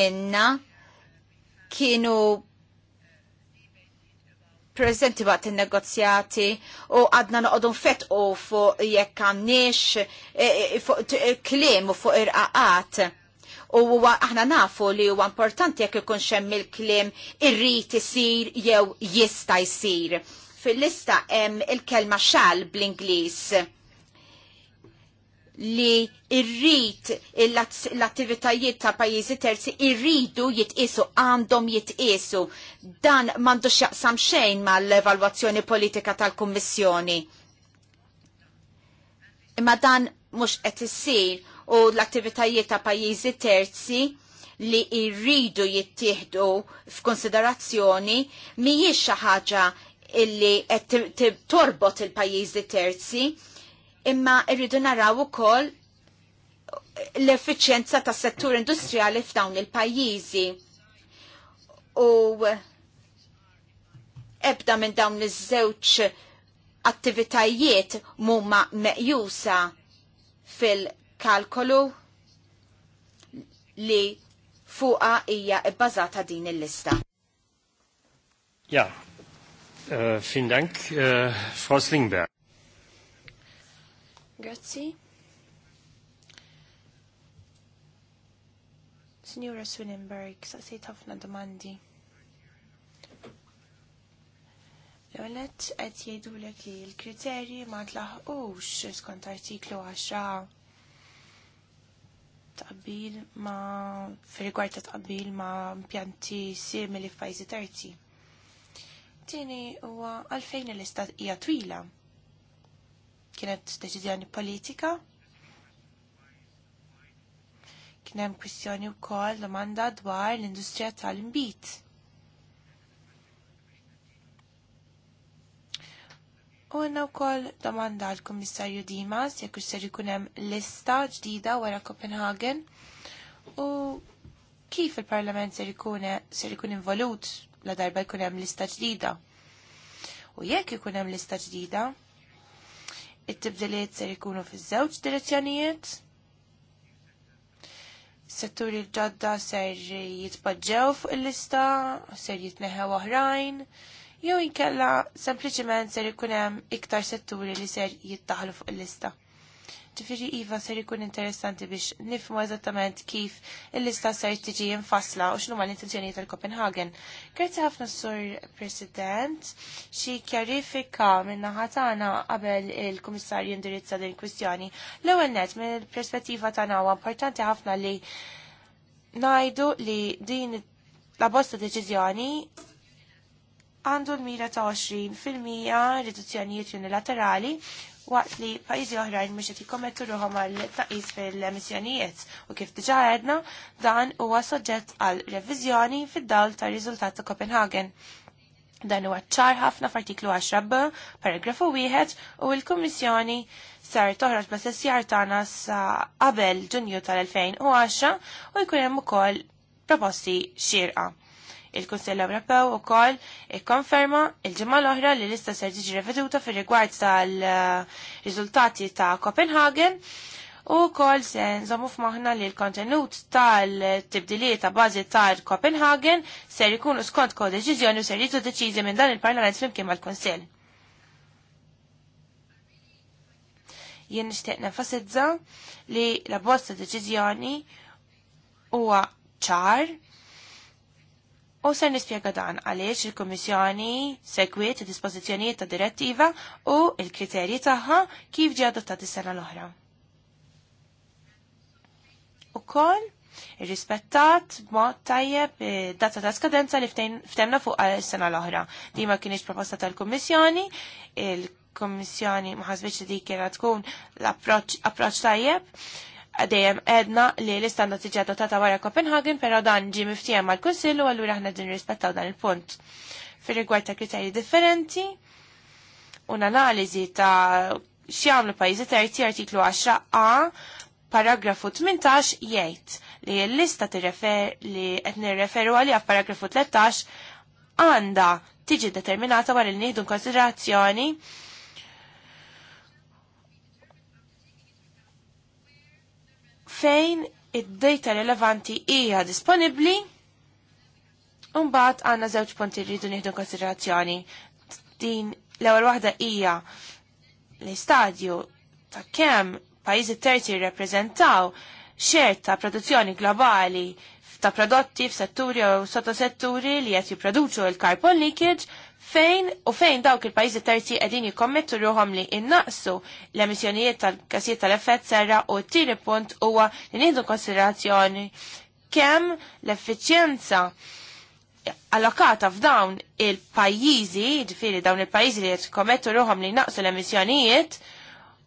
minna kienu prezenti waqt il-negozjati u għadna noqogħdu fett u fuq jekk għamniex klim e, e, e, kliem u fuq irqaqat. U aħna nafu li huwa importanti jekk ikun xemm il-kliem irrid isir jew jista' jsir. Fil-lista hemm il-kelma xal bl-Ingliż li irrit l-attivitajiet ta' pajjiżi terzi irridu jitqisu għandhom jitqisu. Dan mandu xaqsam xejn mal-evalwazzjoni politika tal-Kummissjoni. Imma dan mhux qed issir u l-attivitajiet ta' pajjiżi terzi li irridu jittieħdu f'konsiderazzjoni mhijiex xi ħaġa illi torbot il-pajjiżi terzi, imma irridu naraw ukoll l-effiċjenza tas settur industrijali f'dawn il-pajjiżi. U ebda minn dawn iż-żewġ attivitajiet mumma meqjusa fil-kalkolu li fuqa hija bbażata din il-lista. Ja, uh, fin dank, uh, Frau Slingberg. Grazzi. Signora Swinenberg, saqsejt ħafna domandi. L-għonet għed jgħidu li l-kriterji ma tlaħqux skont artiklu 10 taqbil ma fil-rigward ta' taqbil ma impjanti simili f'pajzi terzi. Tieni huwa għalfejn l-istat hija twila kienet deċiżjoni politika. Kien hemm kwistjoni wkoll domanda dwar l-industrija tal-imbit. U għanna wkoll domanda għal kummissarju Dimas jekk ser ikun hemm lista ġdida wara Copenhagen u kif il-Parlament ser ikun involut la darba jkun hemm lista ġdida. U jekk ikun hemm lista ġdida, it-tibdiliet ser ikunu fiż-żewġ direzzjonijiet. Setturi l-ġodda ser jitpoġġew fuq il-lista, ser jitneħew oħrajn, jew inkella sempliċiment ser ikun hemm iktar setturi li ser jittaħlu fuq il-lista. Ġifiri Iva ser ikun interessanti biex nifmu eżattament kif il-lista ser tiġi infasla u x'numa l-intenzjoni tal-Kopenhagen. Grazzi ħafna sur President, xi kjarifika minna ħatana qabel il-Kummissarju indirizza din kwistjoni. L-ewwel net mill-perspettiva tagħna huwa importanti ħafna li ngħidu li din la bosta deċiżjoni għandu l-mira ta' 20% riduzzjonijiet unilaterali waqt li pajjiżi oħrajn mhux qed jikkommettu ruħhom għal taqis fil-emissjonijiet u kif diġà għedna dan huwa soġġett għal reviżjoni fid-dawl tar riżultat ta' Copenhagen. Dan huwa ċar ħafna f'artiklu 10b, paragrafu 1 u l-Kummissjoni sar toħroġ bla sessjar tagħna sa qabel Ġunju tal-2010 u jkun hemm ukoll proposti xirqa. Il-Kunsell Ewropew ukoll ikkonferma il-ġimgħa l-oħra li lista ser tiġi reveduta fir-rigward tal-riżultati ta' Copenhagen u kol se zamu f'maħna li l-kontenut tal-tibdiliet ta' bazi tal-Copenhagen ser ikunu skont ko deċizjoni u ser jitu deċiżi minn dan il-Parlament flimkien mal-Konsil. Jien nixtieq nefasidza li la bosta deċiżjoni huwa ċar U ser nispjega dan għaliex il-Kummissjoni segwiet id-dispożizzjonijiet ta' direttiva u il-kriterji tagħha kif ġie adottati sena l-oħra. Ukoll irrispettat b'mod tajjeb eh, data ta' skadenza li ftemna fuq sena l-oħra. Di ma kienx proposta tal-Kummissjoni, il-Kummissjoni ma li dik kienet tkun l-approċċ tajjeb dejjem edna li l istanda tiġi adottata wara Copenhagen, però dan ġi miftijem mal kunsillu u allura aħna din rispettaw dan il-punt. Fir-rigward ta' kriterji differenti, un analiżi ta' x'jagħmlu pajjiżi terzi artiklu 10a paragrafu 18 jgħid li l-lista tirrefer li qed nirreferu għalija f'paragrafu 13 għandha tiġi determinata wara li nieħdu konsiderazzjoni fejn id-data rilevanti hija disponibbli mbagħad għanna zewċ punti rridu nieħdu konsiderazzjoni. Din l-ewwel waħda hija l-istadju ta' kemm pajjiżi terzi jirrappreżentaw xer ta' produzzjoni globali ta' prodotti f'setturi u sottosetturi li qed jipproduċu l-carbon leakage fejn u fejn dawk il-pajjiżi terzi qegħdin jikkommettu ruhom li innaqsu l-emissjonijiet tal-gassijiet tal-effett serra u t-tieni punt huwa li nieħdu konsiderazzjoni kemm l-effiċjenza allokata f'dawn il-pajjiżi, ġifieri dawn il-pajjiżi li qed jkommettu ruhom li naqsu l-emissjonijiet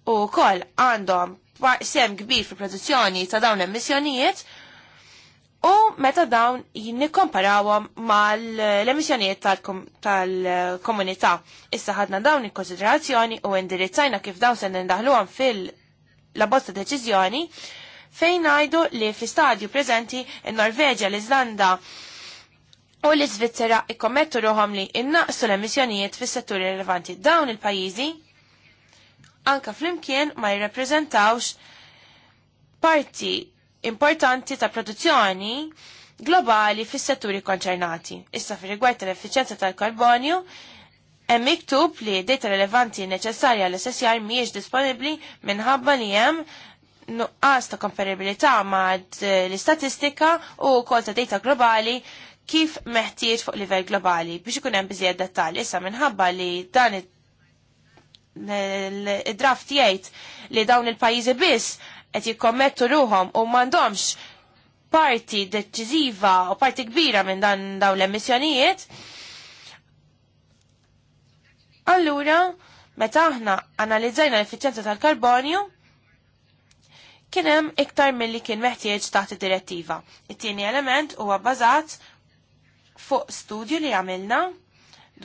u wkoll għandhom sem kbir fil-produzzjoni ta' dawn l-emissjonijiet u meta dawn nikkomparawhom mal emissjoniet tal-komunità. Issa ħadna dawn il-konsiderazzjoni u indirizzajna kif dawn se nindaħluhom fil-labosta deċiżjoni fejn ngħidu li fi stadju preżenti in-Norveġja, l izlanda U l-Svizzera ikkommettu ruħom li innaqsu l-emissjonijiet fis setturi rilevanti dawn il-pajizi, anka fl-imkien ma jirrepreżentawx parti importanti ta' produzzjoni globali fis setturi konċernati. Issa fi rigward tal-effiċenza tal-karbonju, hemm miktub li data rilevanti neċessarja għall ssr mhijiex disponibbli minħabba li hemm nuqqas ta' komparabilità ma' l-istatistika u kol ta' data globali kif meħtieġ fuq livell globali biex ikun hemm biżjed dettalji. Issa minħabba li dan id-draft jgħid li dawn il-pajjiżi biss qed jikkommettu ruhom u m'għandhomx parti deċiżiva u parti kbira minn dan dawn l-emissjonijiet, allura meta aħna analizzajna l effiċenza tal-karbonju, kien hemm iktar milli kien meħtieġ taħt id-direttiva. It-tieni element huwa bbażat fuq studju li għamilna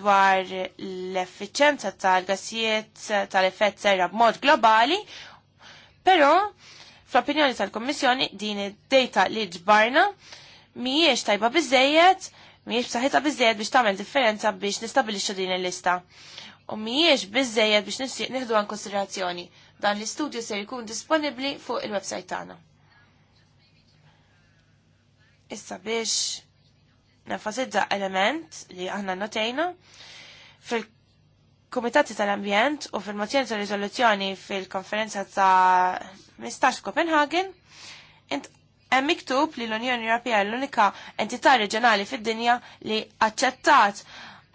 dwar l-effiċenza tal-gassijiet tal-effett serra b'mod globali, però Fl-opinjoni tal-Kommissjoni din id-data li ġbarna mhijiex tajba biżejjed, mhijiex b'saħħitha biżejjed biex tagħmel differenza biex nistabilixxu din il-lista. U mhijiex biżejjed biex nieħdu għan konsiderazzjoni. Dan l-istudju se jkun disponibbli fuq il-website tagħna. Issa biex nefasizza element li aħna notejna fil Kumitati tal-Ambjent u fil-mozzjoni tal rizoluzzjoni fil-konferenza ta' Mistax Copenhagen, int hemm miktub li l-Unjoni Ewropea l-unika entità reġjonali fid-dinja li aċċettat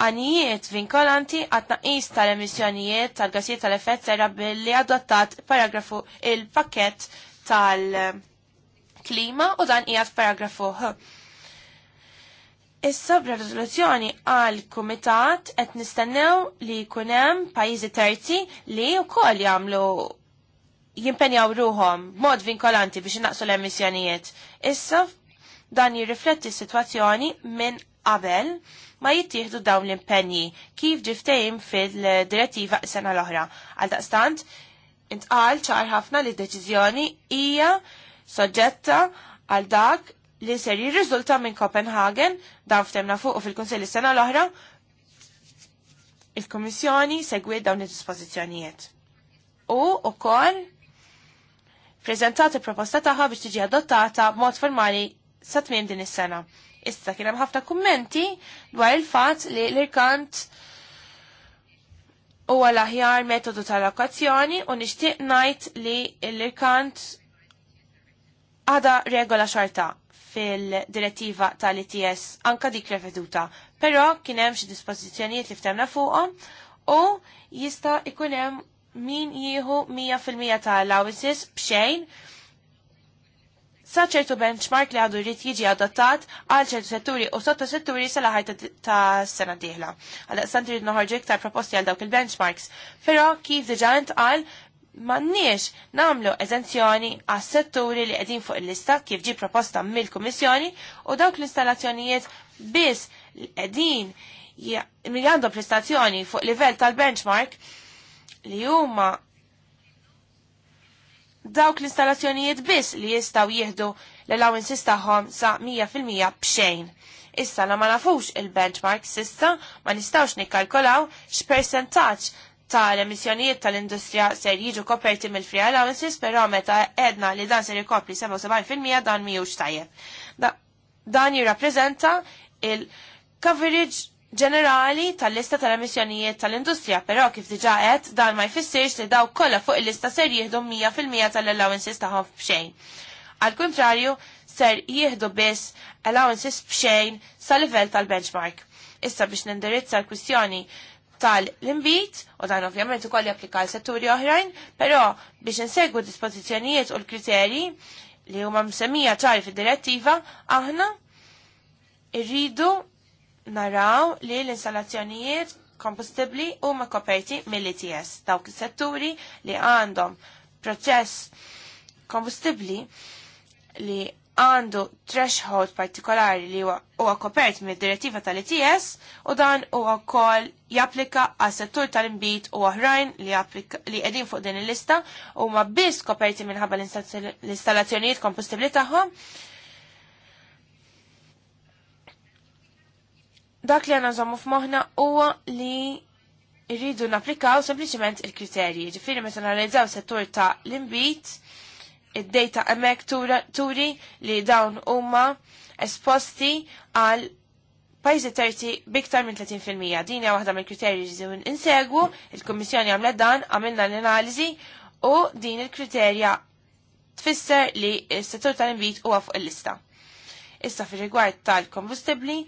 għanijiet vinkolanti għat naqis tal-emissjonijiet tal-gassijiet tal-effett serra billi adottat paragrafu il-pakket tal-klima u dan qiegħed paragrafu H. Issa b'rezoluzzjoni għal kumitat qed nistennew li jkun hemm pajjiżi terzi li wkoll jagħmlu jimpenjaw ruhom mod vinkolanti biex naqsu l-emissjonijiet. Issa dan jirrifletti s-sitwazzjoni minn qabel ma jittieħdu dawn l-impenji kif ġiftejn fil-direttiva sena l-oħra. Għal daqstant, intqal ċar ħafna li d-deċiżjoni hija soġġetta għal dak li ser jirriżulta minn Copenhagen dan ftemna fuq fil is sena l-oħra il-Komissjoni segwiet dawn id-dispożizzjonijiet. U ukoll prezentat il-proposta taħħa biex tiġi adottata b'mod formali sa tmiem din is-sena. Issa kien hemm ħafna kummenti dwar il-fatt li l-irkant huwa l-aħjar metodu tal-lokazzjoni u nixtieq ngħid li l-irkant għada regola xarta fil-direttiva tal-ITS anka dik reveduta, però kien hemm xi dispożizzjonijiet li ftemna fuqhom u jista' ikun hemm min jieħu 100% ta' allowances bxejn sa' ċertu benchmark li għadu jrid jiġi adattat għal ċertu setturi u sotta setturi sa' laħajt ta' sena diħla. Għadda sant rrid noħarġu iktar proposti għal dawk il-benchmarks. Però kif diġa għal mannix namlu eżenzjoni għas setturi li qegħdin fuq il-lista kif ġi proposta mill-Kummissjoni u dawk l-installazzjonijiet biss qegħdin li għandu prestazzjoni fuq livell tal-benchmark li huma dawk l-installazzjonijiet biss li jistaw jieħdu l-allowances tagħhom sa 100% bxejn. Issa la ma nafux il-benchmark sissa ma nistawx nikkalkolaw x'percentaġġ l emissjonijiet tal-industrija ser jiġu koperti mill-free allowances, però meta edna li dan ser jkopri 77% dan mhijiex tajjeb. Da, dan jirrappreżenta il-coverage ġenerali tal-lista tal-emissjonijiet tal-industrija, però kif diġa qed dan ma jfissirx li daw kollha fuq il-lista ser jieħdu 100% tal-allowances tagħhom b'xejn. Al kontrarju, ser jieħdu biss allowances b'xejn sa livell tal-benchmark. Issa biex nindirizza l-kwistjoni tal-imbit, u dan ovvjament ukoll japplika l setturi oħrajn, però biex insegwu dispożizzjonijiet u l-kriterji li huma msemmija ċari fid-direttiva, aħna irridu naraw li l-installazzjonijiet kompostibli u ma koperti mill-ITS. Dawk is-setturi li għandhom proċess kompostibli li għandu threshold partikolari li huwa kopert mid direttiva tal-ITS u dan huwa wkoll japplika għas settur tal-imbit u oħrajn li qegħdin fuq din il-lista u ma biss koperti minħabba l-installazzjonijiet kompostibli tagħhom. Ta dak li għanna zommu f'moħna huwa li rridu naplikaw sempliciment il-kriterji. Ġifiri meta analizzaw settur ta' l-imbit, id-data emek turi li dawn huma esposti għal pajzi terzi biktar minn 30%. Din hija waħda mill-kriterji li insegwu, il-Kummissjoni għamlet dan, għamilna l-analiżi u din il-kriterja tfisser li s-settur tal-imbit huwa fuq il-lista. Issa fir rigward tal-kombustibli,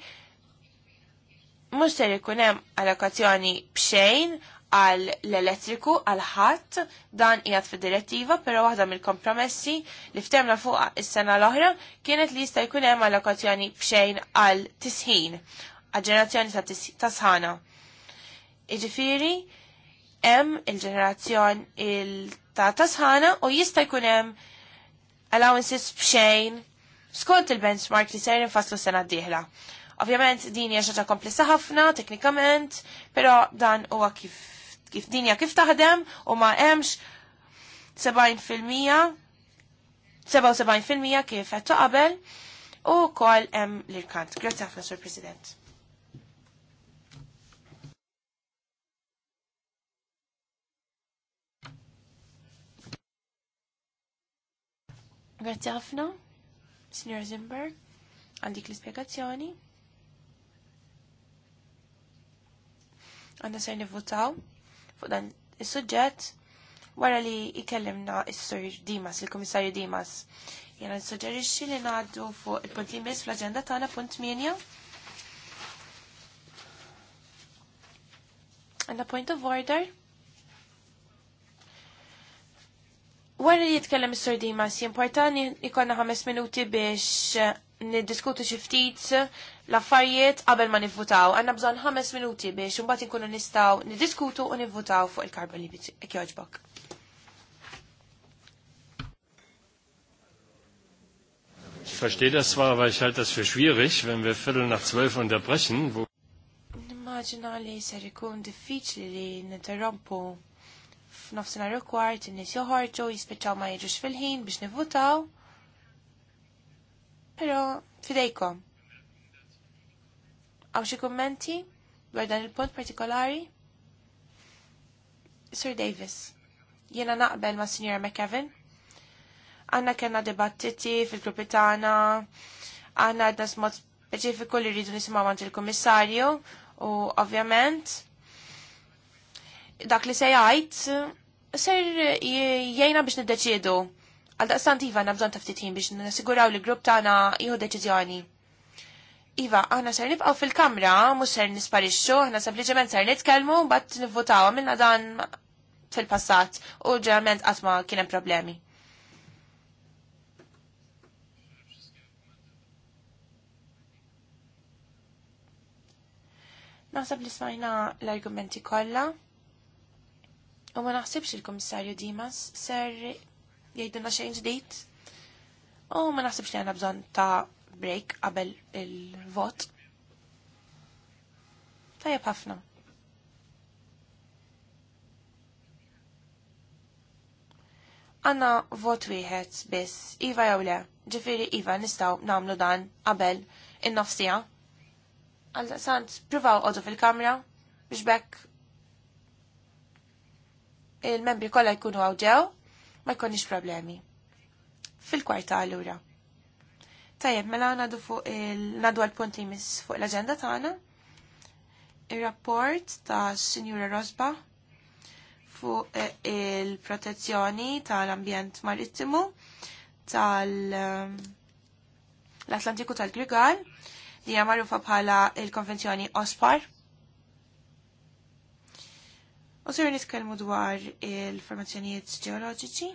mux ser ikun hemm allokazzjoni bxejn għal l-elettriku għal ħadd dan qiegħed fid-direttiva, però waħda mill-kompromessi li ftemna fuq is-sena l-oħra kienet li jista' jkun hemm allokazzjoni bxejn għal tisħin għal ġenerazzjoni ta' sħana. Iġifiri, hemm il-ġenerazzjon il ta' tasħana u jista' jkun hemm allowances bxejn skont il-benchmark li ser infaslu sena d-dieħla. Ovvjament din hija xaġa komplessa ħafna teknikament, però dan huwa kif kif dinja kif taħdem u ma hemmx 77% kif qed qabel u wkoll hemm l-irkant. Grazzi ħafna Sur President. Grazzi ħafna, Signor Zimberg, għandik l-ispiegazzjoni. għanna ser nivvutaw fuq dan is-suġġett wara li ikellimna il sur Dimas, il-Kummissarju Dimas. Jena nissuġġerixxi li ngħaddu fuq il-punt li miss fl-aġenda tagħna punt minja. Għandna point of order. Wara li jitkellem is-sur Dimas, jimportani ikonna ħames minuti biex niddiskutu xi ftit l-affarijiet qabel ma nivvutaw. Għanna bżon ħames minuti biex imbagħad ikunu nistgħu niddiskutu u nivvutaw fuq il-karba li jogħġbok. Ich verstehe das zwar, aber ich halte das für schwierig, wenn wir Viertel nach zwölf unterbrechen. Wo li diffiċli li ninterrompu f'nofsinhar u kwart in-nies joħorġu jispiċċaw ma jiġux fil-ħin biex nivvutaw. Pero fidejkom. Għaw xie kommenti dwar dan il-punt partikolari? Sir Davis, jena naqbel ma' Sinjora McKevin. Għanna kena dibattiti fil-gruppi tagħna, għanna għadna smot speċifiku li rridu nisimgħu għant il-Kummissarju u ovvjament dak li se jgħid jena biex niddeċiedu Għal daqstant Iva għanna bżon taftitin biex nasiguraw li grupp tagħna jieħu deċiżjoni. Iva, aħna ser nibqgħu fil-kamra, mhux ser nisparixxu, aħna sempliċement ser nitkellmu mbagħad nivvutaw minna dan fil-passat u ġerament qatt ma kien hemm problemi. Naħseb li smajna l-argumenti kollha u ma naħsibx il-Kummissarju Dimas ser jgħidilna xejn ġdijt. U ma naħsibx li għandna bżonn ta' break qabel il-vot. Tajjeb ħafna. Għanna vot wieħed biss, Iva jew le, ġifiri Iva nistaw namlu dan qabel in-nofsija. Għal sant, provaw għodu fil-kamra biex bekk il-membri kollha jkunu għawġew ma jkonniex problemi. Fil-kwarta allura. Tajjeb, mela nadu fuq il-nadu għal-punt li mis fuq l-agenda tagħna. Ir-rapport ta' Sinjura Rosba fuq eh, il-protezzjoni tal-ambjent marittimu tal-Atlantiku eh, tal-Grigal li hija magħrufa bħala il-Konvenzjoni OSPAR U ser nitkellmu dwar il-formazzjonijiet ġeoloġiċi.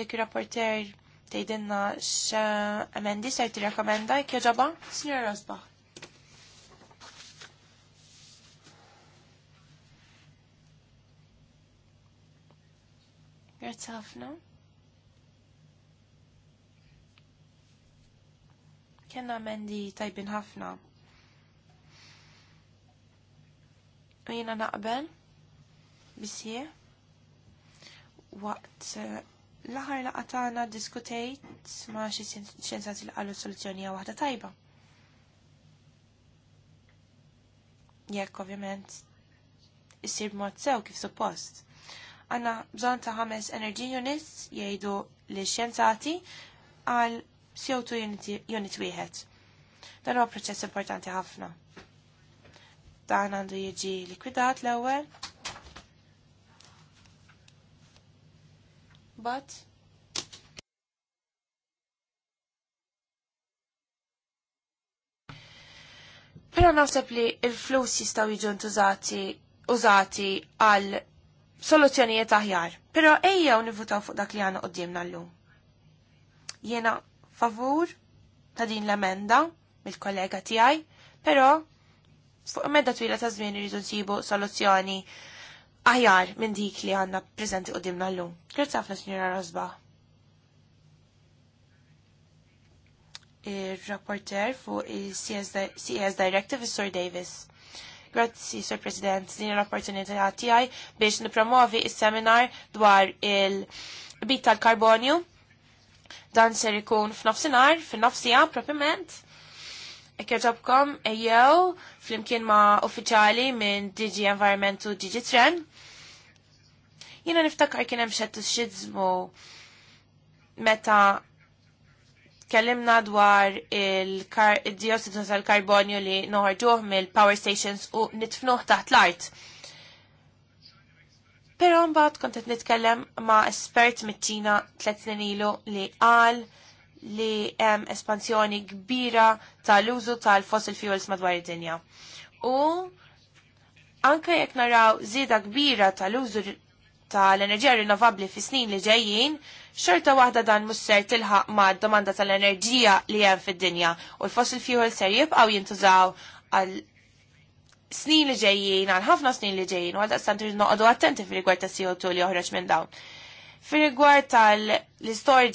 Jekk rapporter tgħidilna x'emendi ser rekomenda, jekk jaġaba, Sinjor Rosba. Grazie a No? kena mendi tajbin ħafna. U jina naqbel bisie, waqt eh, l laqatana diskutejt ma xi xjenzati li qalu soluzzjoni waħda tajba. Jekk ovvjament issir mod sew kif suppost. Għanna bżon ta' ħames energy units jgħidu li xjenzati għal CO2 unit wieħed. Dan huwa proċess importanti ħafna. Dan għandu jiġi likwidat l-ewwel. But Pero naħseb li il-flus jistaw jiġu ntużati użati għal soluzzjonijiet aħjar. Pero ejja nivutaw fuq dak li għana qoddimna l-lum. Jena favur ta' din l-emenda mill-kollega tiegħi, però fuq medda twila ta' żmien iridu nsibu soluzzjoni aħjar minn dik li għandna preżenti qudiemna llum. Grazzi ħafna Sinjora Rosba. Ir-rapporter fuq il-CS Directive is-Sur Davis. Grazzi, Sir President, din l-opportunità tiegħi biex nipromovi is-seminar dwar il-bit tal-karbonju Dan ser ikun f'nofsinhar, f'nofsija nofsija propjament. Ek jaġobkom ejjew flimkien ma' uffiċjali minn Digi Environment u Digi Trend. Jiena niftakar kien hemm xidżmu meta kellimna dwar il-dioxidu tal-karbonju li noħarġuħ mill-power stations u nitfnuh taħt l-art Pero mbagħad kont qed nitkellem ma' espert mit-Ċina tliet snin ilu li qal li hemm espansjoni kbira tal-użu tal-fossil fuels madwar id-dinja. U anke jekk naraw żieda kbira tal-użu tal-enerġija rinnovabbli fi snin li ġejjin, xorta waħda dan mhux ser tilħaq mad domanda tal-enerġija li hemm fid-dinja u l-fossil fuels ser jibqgħu jintużaw snin li ġejjin, għal ħafna snin li ġejjin, u għal daqstant noqogħdu attenti fir-rigward ta' CO2 li joħroġ minn dawn. Fir-rigward tal-istorji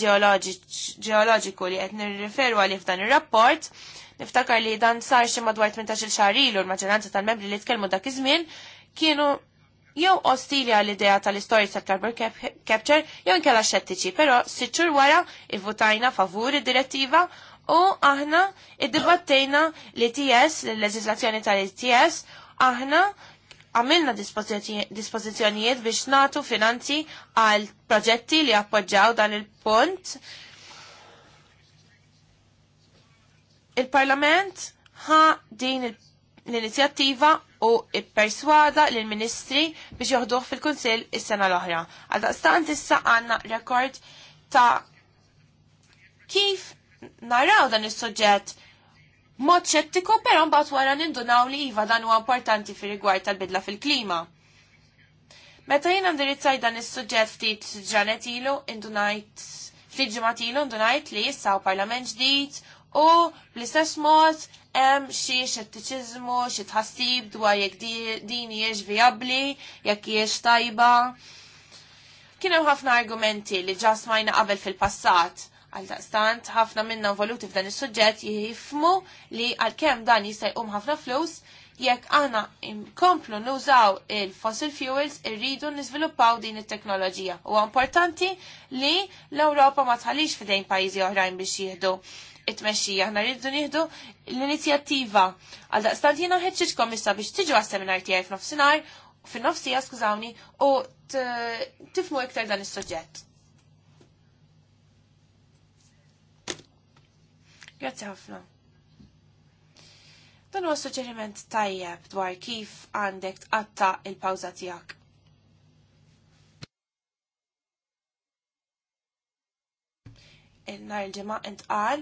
ġeoloġiku li qed nirriferu għalih f'dan ir-rapport, niftakar li dan sar xi madwar 18-il xahar ilu l-maġġoranza tal-membri li tkellmu dak iż-żmien kienu jew ostili għall idea tal-istorji tal-carbon capture jew inkella xettiċi, però siċċur wara ivvutajna favur id-direttiva u aħna id-dibattejna l-ITS, l-leġislazzjoni tal-ITS, aħna għamilna dispozizjonijiet biex natu finanzi għal proġetti li appoġġaw dan il-punt. Il-Parlament ħa din l-inizjattiva u ipperswada l-Ministri biex joħduh fil-Kunsil is-sena l-oħra. Għal daqstant issa għanna rekord ta' kif naraw dan is-suġġett mod xettiku però mbagħad wara nindunaw li iva dan huwa importanti fir rigward tal-bidla fil-klima. Meta jiena ndirizzaj dan is-suġġett ftit ġranet ilu indunajt ftit ġimgħat ilu ndunajt li issa parlament ġdid u bl-istess mod hemm xi xettiċiżmu, xi tħassib dwar jekk din hijiex vijabbli, jekk hijiex tajba. Kien hemm ħafna argumenti li ġasmajna smajna qabel fil-passat Għaldaqstant ħafna minna involuti f'dan is-suġġett jifmu li għalkemm dan jista' um ħafna flus, jekk aħna komplu nużaw il-fossil fuels irridu niżviluppaw din it-teknoloġija. Huwa importanti li l-Ewropa ma tħallix f'dejn pajjiżi oħrajn biex jieħdu it-tmexxija, aħna rridu nieħdu l-inizjattiva. Għaldaqstant jiena ħeġġiġkom issa biex tiġu għas-seminar tiegħi f'nofsinhar fin-nofsija skużawni u tifmu iktar dan is-suġġett. Grazzi ħafna. Dan huwa suġġeriment tajjeb dwar kif għandek tqatta il-pawża tiegħek. Il-nar il-ġimgħa intqal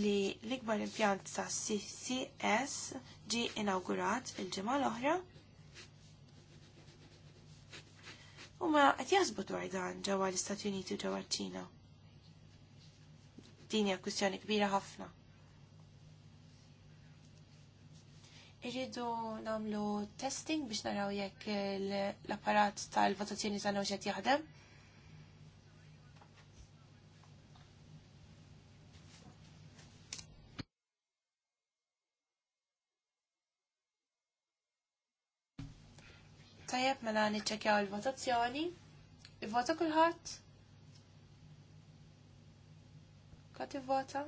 li l-ikbar impjant ta' CCS ġi inaugurat il-ġimgħa l-oħra. U ma qed jaħsbu dwar dan ġewwa l-Istati Uniti u ġewwa ċ-Ċina. Din hija kwistjoni kbira ħafna. Irridu namlu testing biex naraw jekk l-apparat tal-votazzjoni tagħna xed jaħdem. Tajab, mela niċċekjaw il-votazzjoni. Ivvota kulħadd? Kulħadd ivvota?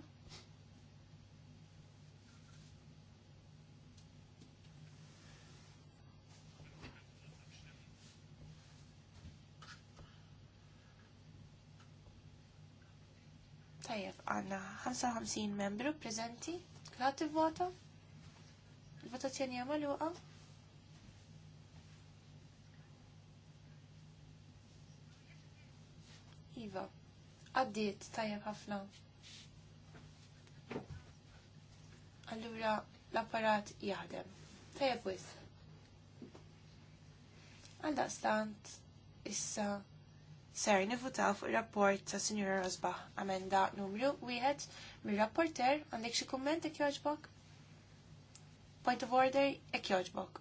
Tajjeb, għanna 55 membru prezenti. Kħat il-vota? Il-votazzjoni għamma Iva, għaddiet tajjeb ħafna. Allura l-apparat jaħdem. Tajab wis. Għalda stant issa ser nifutaw fuq il-rapport ta' Signora Rosbach amenda numru wieħed mir-rapporter għandek xi kumment ek joġbok? Point of order ek joġbok.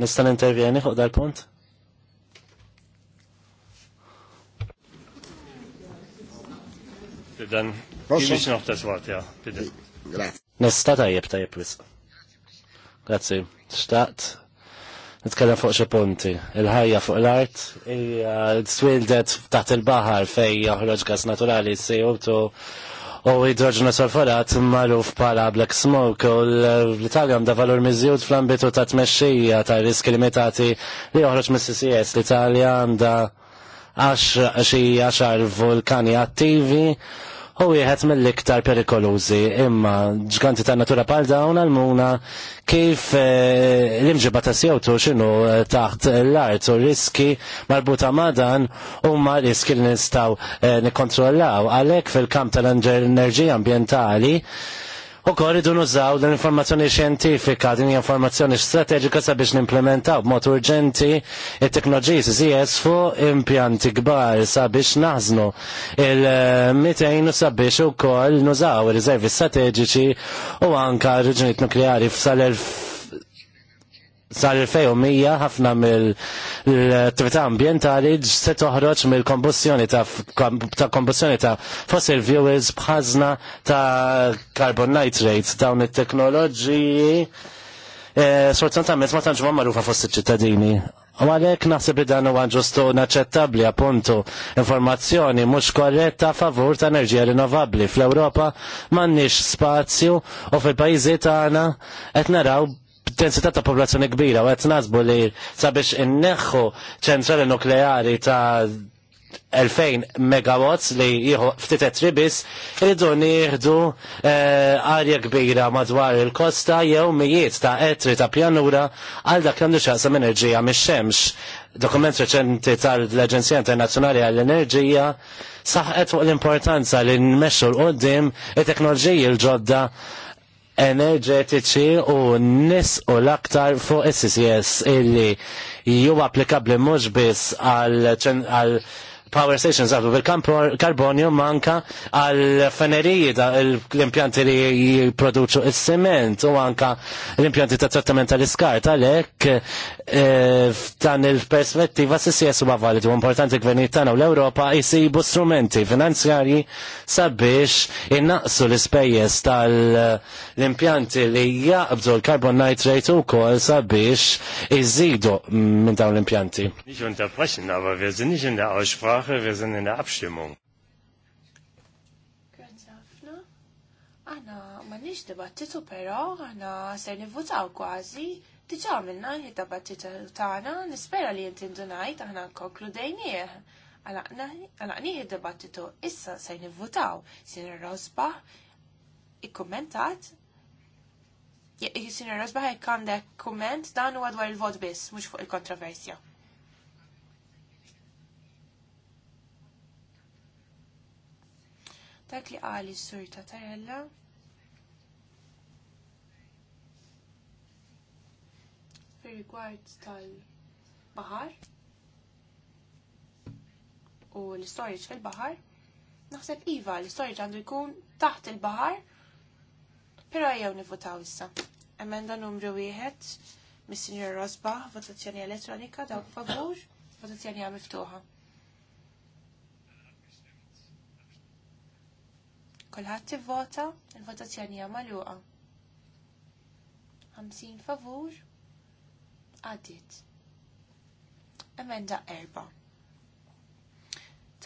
Nista' intervjeni fuq dal-punt? dann gebe ich noch das ja, bitte. Nista tajjeb tajjeb wis. Grazzi. Xtaqt. Nitkellem fuq xi punti. Il-ħajja fuq l-art hija swildet taħt il-baħar fejn joħroġ gas naturali si 2 u idroġna solforat magħruf bħala black smoke u l-Italja għandha valur miżjud fl-ambitu ta' tmexxija ta' risk limitati li joħroġ mis-CCS. L-Italja għandha għaxar vulkani attivi u jħet mill-iktar perikolużi imma ġganti ta' natura pal dawn għall-muna, kif eh, l imġibba ta' sjawtu xinu eh, taħt l-art u riski marbuta ma' dan u ma' riski li nistaw eh, nikontrollaw għalek fil-kamp tal-enerġija ambientali U korridu nużaw din informazzjoni xjentifika, din informazzjoni strateġika sabiex nimplementaw b'mod urġenti it-teknoloġiji ZS fu impjanti kbar sabiex naħznu il-200 u sabiex ukoll nużaw il riservi strateġiċi u anka rġunit nukleari fsal sal mija ħafna mill-attività ambientali se toħroġ mill kombustjoni ta' ta' fossil fuels bħazna ta' carbon nitrate dawn it-teknoloġiji eh, sortantament ma tantx ma magħrufa fost iċ-ċittadini. U Għalek naħseb li dan huwa ġustu naċċettabbli appuntu informazzjoni mhux korretta favur ta' enerġija rinnovabbli. Fl-Ewropa m'għandniex spazju u fil-pajjiżi tagħna qed naraw densità ta' popolazzjoni kbira, u għet nasbu li sabiex inneħħu ċentrali nukleari ta' 2000 megawatts li jieħu ftit tribis irridu nieħdu eh, arja kbira madwar il-kosta jew mijiet ta' etri ta' pjanura għal dak għandu xaqsam enerġija mix-xemx. Dokument reċenti tal-Aġenzija Internazzjonali għall-Enerġija saħqet fuq l-importanza li nmexxu l-qoddim it-teknoloġiji l-ġodda enerġetiċi u nis u l-aktar fuq SCCS illi ju applikabli mux bis għal power stations għadu bil-karbonju manka għal fenerijiet l-impjanti li jiproduċu il-siment u anka l-impjanti ta' trattament tal-iskart għalek eh, f'dan il-perspettiva s-sessu għavalidu importanti gvernijiet tagħna u l-Ewropa jisibu strumenti finanzjarji sabiex innaqsu l-ispejjeż tal-impjanti li jaqbdu l-carbon nitrate u kol sabiex iżidu minn dawn l-impjanti. Nicht ta' aber wir sind nicht in Sache, wir sind in der Abstimmung. Aħna ma nix dibattitu però, aħna se nivvutaw kważi, diġa minna jħi dibattitu tana nispera li jinti ndunajt aħna konkludejnieh. Għalaqni jħi dibattitu issa se nivutaw. sin Rosbach ikkommentat Sinjor komment dan u għadwar il-vot mux fuq il-kontroversja. dak li għali s-sur ta' tarella fir rigward tal-bahar u l-storage fil-bahar naħseb iva l-storage għandu jkun taħt il-bahar pero jew nivvotaw issa emenda numru wieħed mis-Sinjor Rosba, votazzjoni elettronika, dawk favur, votazzjoni miftuħa. Kolħat vota il-votazzjoni hija magħluqa. 50 favur għaddit. Emenda erba.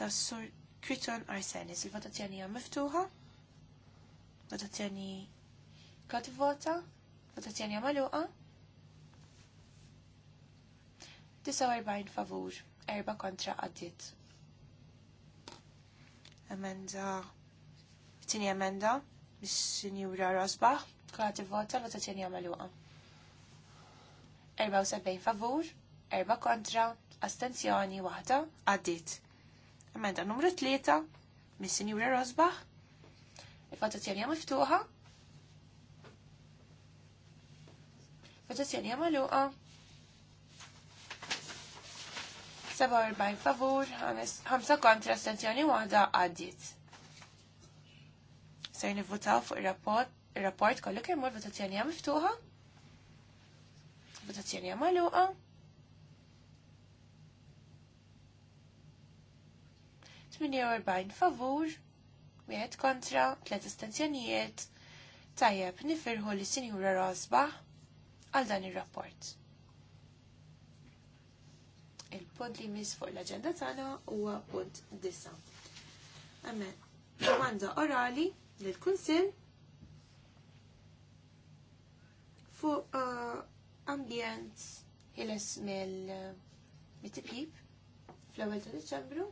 Ta' Sur Kriton Arsenis, il-votazzjoni hija miftuħa. Votazzjoni kolħat vota votazzjoni hija magħluqa. 49 favur, 4 kontra għaddit. Emenda Tini emenda, mis-Sinjura Rosbach, kħati vota tini għamaluqa. 74 favur, 4 kontra, astenzjoni waħda, għaddit. Emenda numru 3, mis-Sinjura Rosbach, il għamiftuħa, miftuħa. tini għamaluqa. 47 favur, 5 kontra, astenzjoni waħda, għaddit. Ser nivvotaw fuq ir-rapport il-rapport kollu kemm mur votazzjoni għam miftuħa. Votazzjoni għam għaluqa. favur, wieħed kontra, tliet estenzjonijiet. Tajjeb, nifirħu li sinjura rozba għal dan ir-rapport. Il-punt li mis fuq l-aġenda tagħna huwa punt disa. Amen. Domanda orali lill-Kunsill fuq uh, ambjent ħiles mill-tipjib fl-ewwel ta' Diċembru.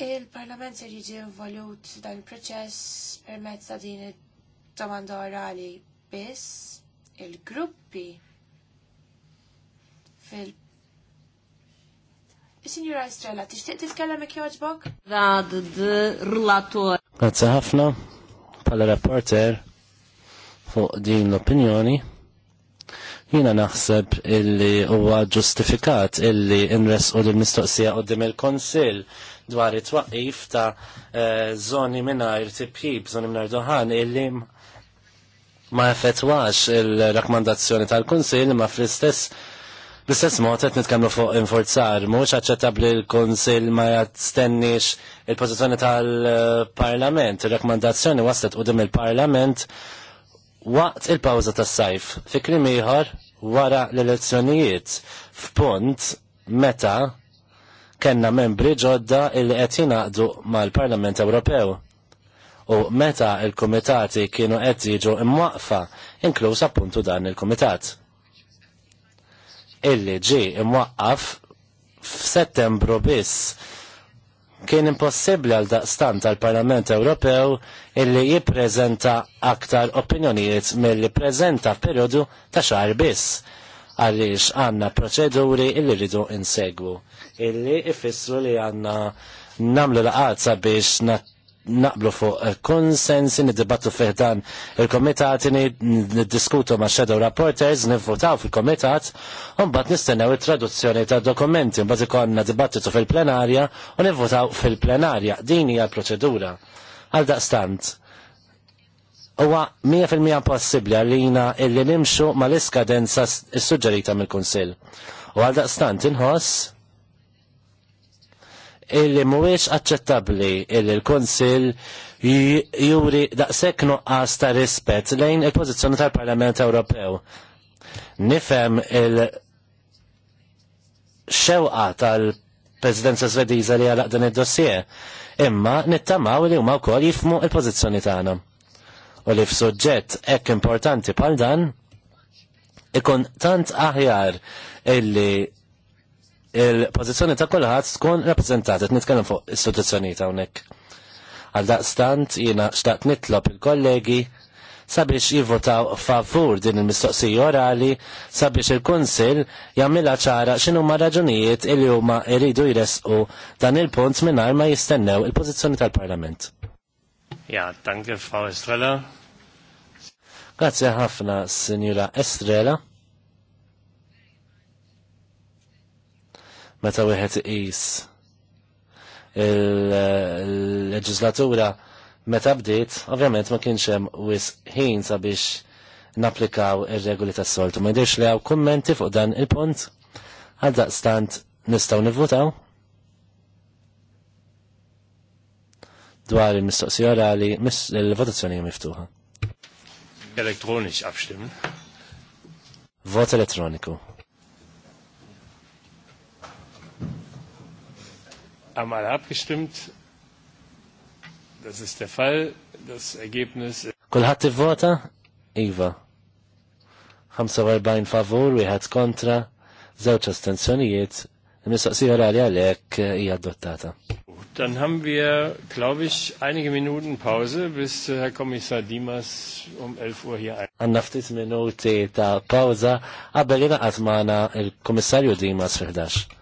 Il-Parlament se jiġi involut dan il-proċess permezz ta' din id-domanda orali biss il-gruppi fil- Signora Estrella, tixtieq titkellem jekk jogħġbok? Rad relator. Grazzi ħafna bħala reporter fuq din l-opinjoni. Jiena naħseb illi huwa ġustifikat illi nresqu l-mistoqsija qudiem il-Konsill dwar it-twaqif ta' eh, zoni minar tibħib, zoni minar doħan, illi ma' effettwax il-rakmandazzjoni tal konsil ma' fl-istess mod qed nitkellmu fuq inforzar, mhux aċċettabbli l-Kunsill ma jastennix il-pożizzjoni tal-Parlament. Ir-rakkomandazzjoni waslet qudiem il-Parlament waqt il-pawża tas-sajf. Fikri ieħor wara l-elezzjonijiet f'punt meta kenna membri ġodda illi qed jingħaqdu mal-Parlament Ewropew. U meta il kumitati kienu qed jiġu imwaqfa, inkluż appuntu dan il kumitat Illi ġi imwaqqaf f'Settembru biss kien impossibbli għal daqstan tal-Parlament Ewropew illi jippreżenta aktar opinjonijiet milli preżenta f'perjodu ta' xahar biss għaliex għanna proċeduri illi rridu insegwu illi ifissru li għanna namlu laqazza biex naqblu fuq konsens nid-dibattu fiħdan il komitat nid-diskutu ma' shadow reporters, nivvotaw fil-komitat, un-bat nistennew il-traduzzjoni ta' dokumenti, un-bat ikonna dibattitu fil-plenarja, un nivvotaw fil-plenarja, din hija l-proċedura. Għal daqstant, huwa 100% possibbli għalina illi nimxu ma l-iskadenza s-suġġerita mill-Kunsill. U għal daqstant inħoss illi mhuwiex aċċettabbli illi l-Kunsill juri daqshekk nuqqas ta' rispett lejn il-pożizzjoni tal-Parlament Ewropew. Nifhem il- xewqa tal-Presidenza Svediża li għalaq dan id-dossier, imma nittamaw li huma wkoll jifmu il-pożizzjoni tagħna u li f'suġġett hekk importanti bħal dan ikun tant aħjar illi il-pozizjoni ta' kulħadd tkun rappreżentata qed nitkellem fuq istituzzjonijiet hawnhekk. Għal stant jiena xtaqt nitlob il-kollegi sabiex jivvotaw favur din il-mistoqsija orali sabiex il-Kunsil jagħmilha ċara xinu ma raġunijiet illi huma jridu jresqu dan il-punt mingħajr ma jistennew il-pożizzjoni tal-Parlament. Ja, danke, Frau Estrella. Grazie ħafna, Signora Estrella. Meta wieħed is il-leġislatura meta bdiet, ovvjament ma kienx hemm wis ħin sabiex napplikaw ir-regoli tas-soltu. Ma jdirx li hawn kummenti fuq dan il-punt għal daqstant nistgħu nivvutaw. dwar il-mistoqsija orali, il-votazzjoni miftuħa. Elektronik abstimmen. Vot elettroniku. Am abgestimmt? Das ist der Fall. Das Ergebnis Kulħadd ivvota? Iva. 45 favur, wieħed kontra, żewġ astenzjonijiet, il-mistoqsija orali għalhekk hija adottata. Dann haben wir, glaube ich, einige Minuten Pause, bis äh, Herr Kommissar Dimas um 11 Uhr hier ein. Għanna ftit minuti ta' pauza, għabbelina għazmana il-Kommissarju Dimas fil-11.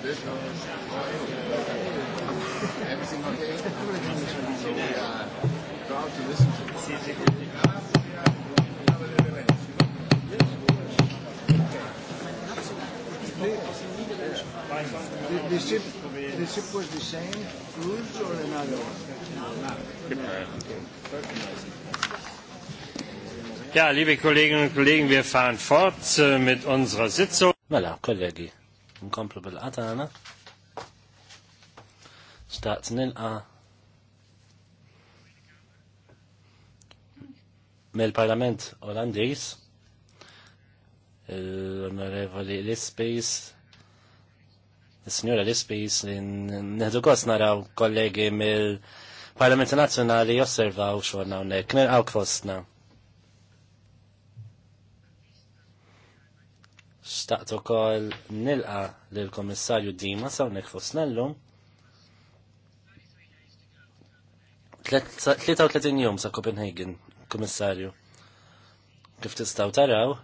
The ship, the ship was the same, cruise or another one? Ja, liebe Kolleginnen und Kollegen, wir fahren fort äh, mit unserer Sitzung. Mela, kollegi, nkomplu bil-qatana. Staqt nilqa mill-Parlament Olandiż l-Onorevoli Lispis il-Sinjura Lispis li nħedu kost naraw kollegi mill parlament nazjonali josservaw xorna unnek, nirqaw kfostna. Xtaqt ukoll nilqa lill komissarju Dima sawnek fosnellum. 33 jum sa' Copenhagen, komissarju. Kif tistaw taraw,